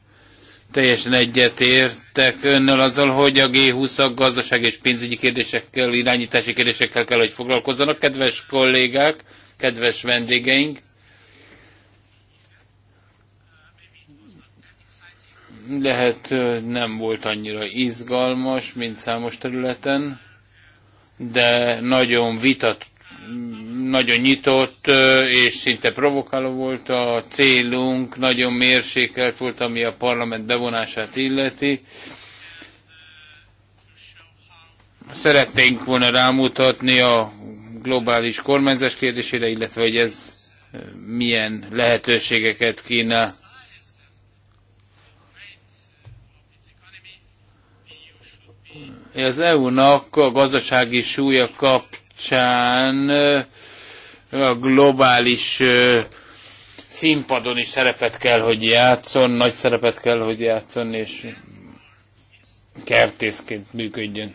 Teljesen egyetértek önnel azzal, hogy a G20-ak gazdaság és pénzügyi kérdésekkel, irányítási kérdésekkel kell, hogy foglalkozzanak. Kedves kollégák, kedves vendégeink, lehet nem volt annyira izgalmas, mint számos területen, de nagyon vitat nagyon nyitott és szinte provokáló volt a célunk, nagyon mérsékelt volt, ami a parlament bevonását illeti. Szeretnénk volna rámutatni a globális kormányzás kérdésére, illetve hogy ez milyen lehetőségeket kínál. Az EU-nak a gazdasági súlya kap kapcsán a globális színpadon is szerepet kell, hogy játszon, nagy szerepet kell, hogy játszon, és kertészként működjön.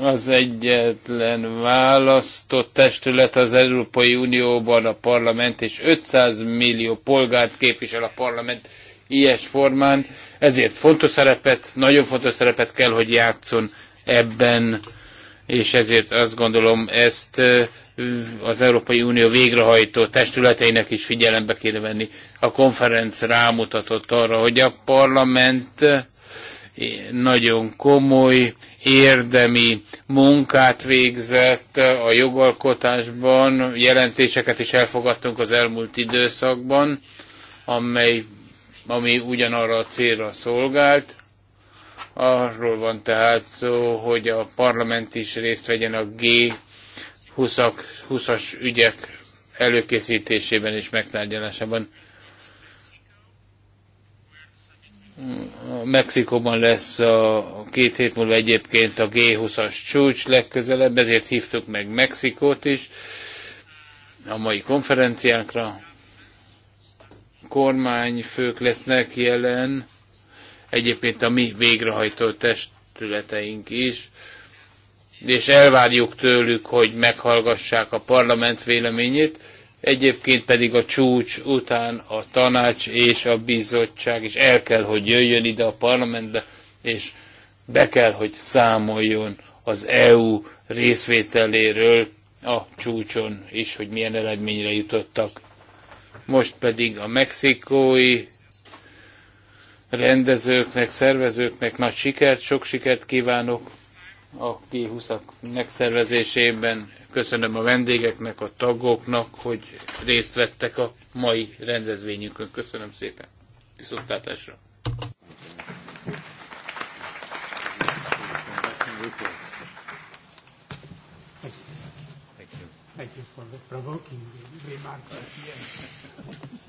Az egyetlen választott testület az Európai Unióban a parlament, és 500 millió polgárt képvisel a parlament ilyes formán, ezért fontos szerepet, nagyon fontos szerepet kell, hogy játszon ebben és ezért azt gondolom ezt az Európai Unió végrehajtó testületeinek is figyelembe kéne venni. A konferenc rámutatott arra, hogy a parlament nagyon komoly, érdemi munkát végzett a jogalkotásban, jelentéseket is elfogadtunk az elmúlt időszakban, amely, ami ugyanarra a célra szolgált, Arról van tehát szó, hogy a parlament is részt vegyen a G20-as ügyek előkészítésében és megtárgyalásában. Mexikóban lesz a két hét múlva egyébként a G20-as csúcs legközelebb, ezért hívtuk meg Mexikót is a mai konferenciánkra. Kormányfők lesznek jelen egyébként a mi végrehajtó testületeink is, és elvárjuk tőlük, hogy meghallgassák a parlament véleményét, egyébként pedig a csúcs után a tanács és a bizottság is el kell, hogy jöjjön ide a parlamentbe, és be kell, hogy számoljon az EU részvételéről a csúcson is, hogy milyen eredményre jutottak. Most pedig a mexikói rendezőknek, szervezőknek nagy sikert, sok sikert kívánok a G20-ak megszervezésében. Köszönöm a vendégeknek, a tagoknak, hogy részt vettek a mai rendezvényünkön. Köszönöm szépen. Viszontlátásra. Thank you for the provoking remarks at the end.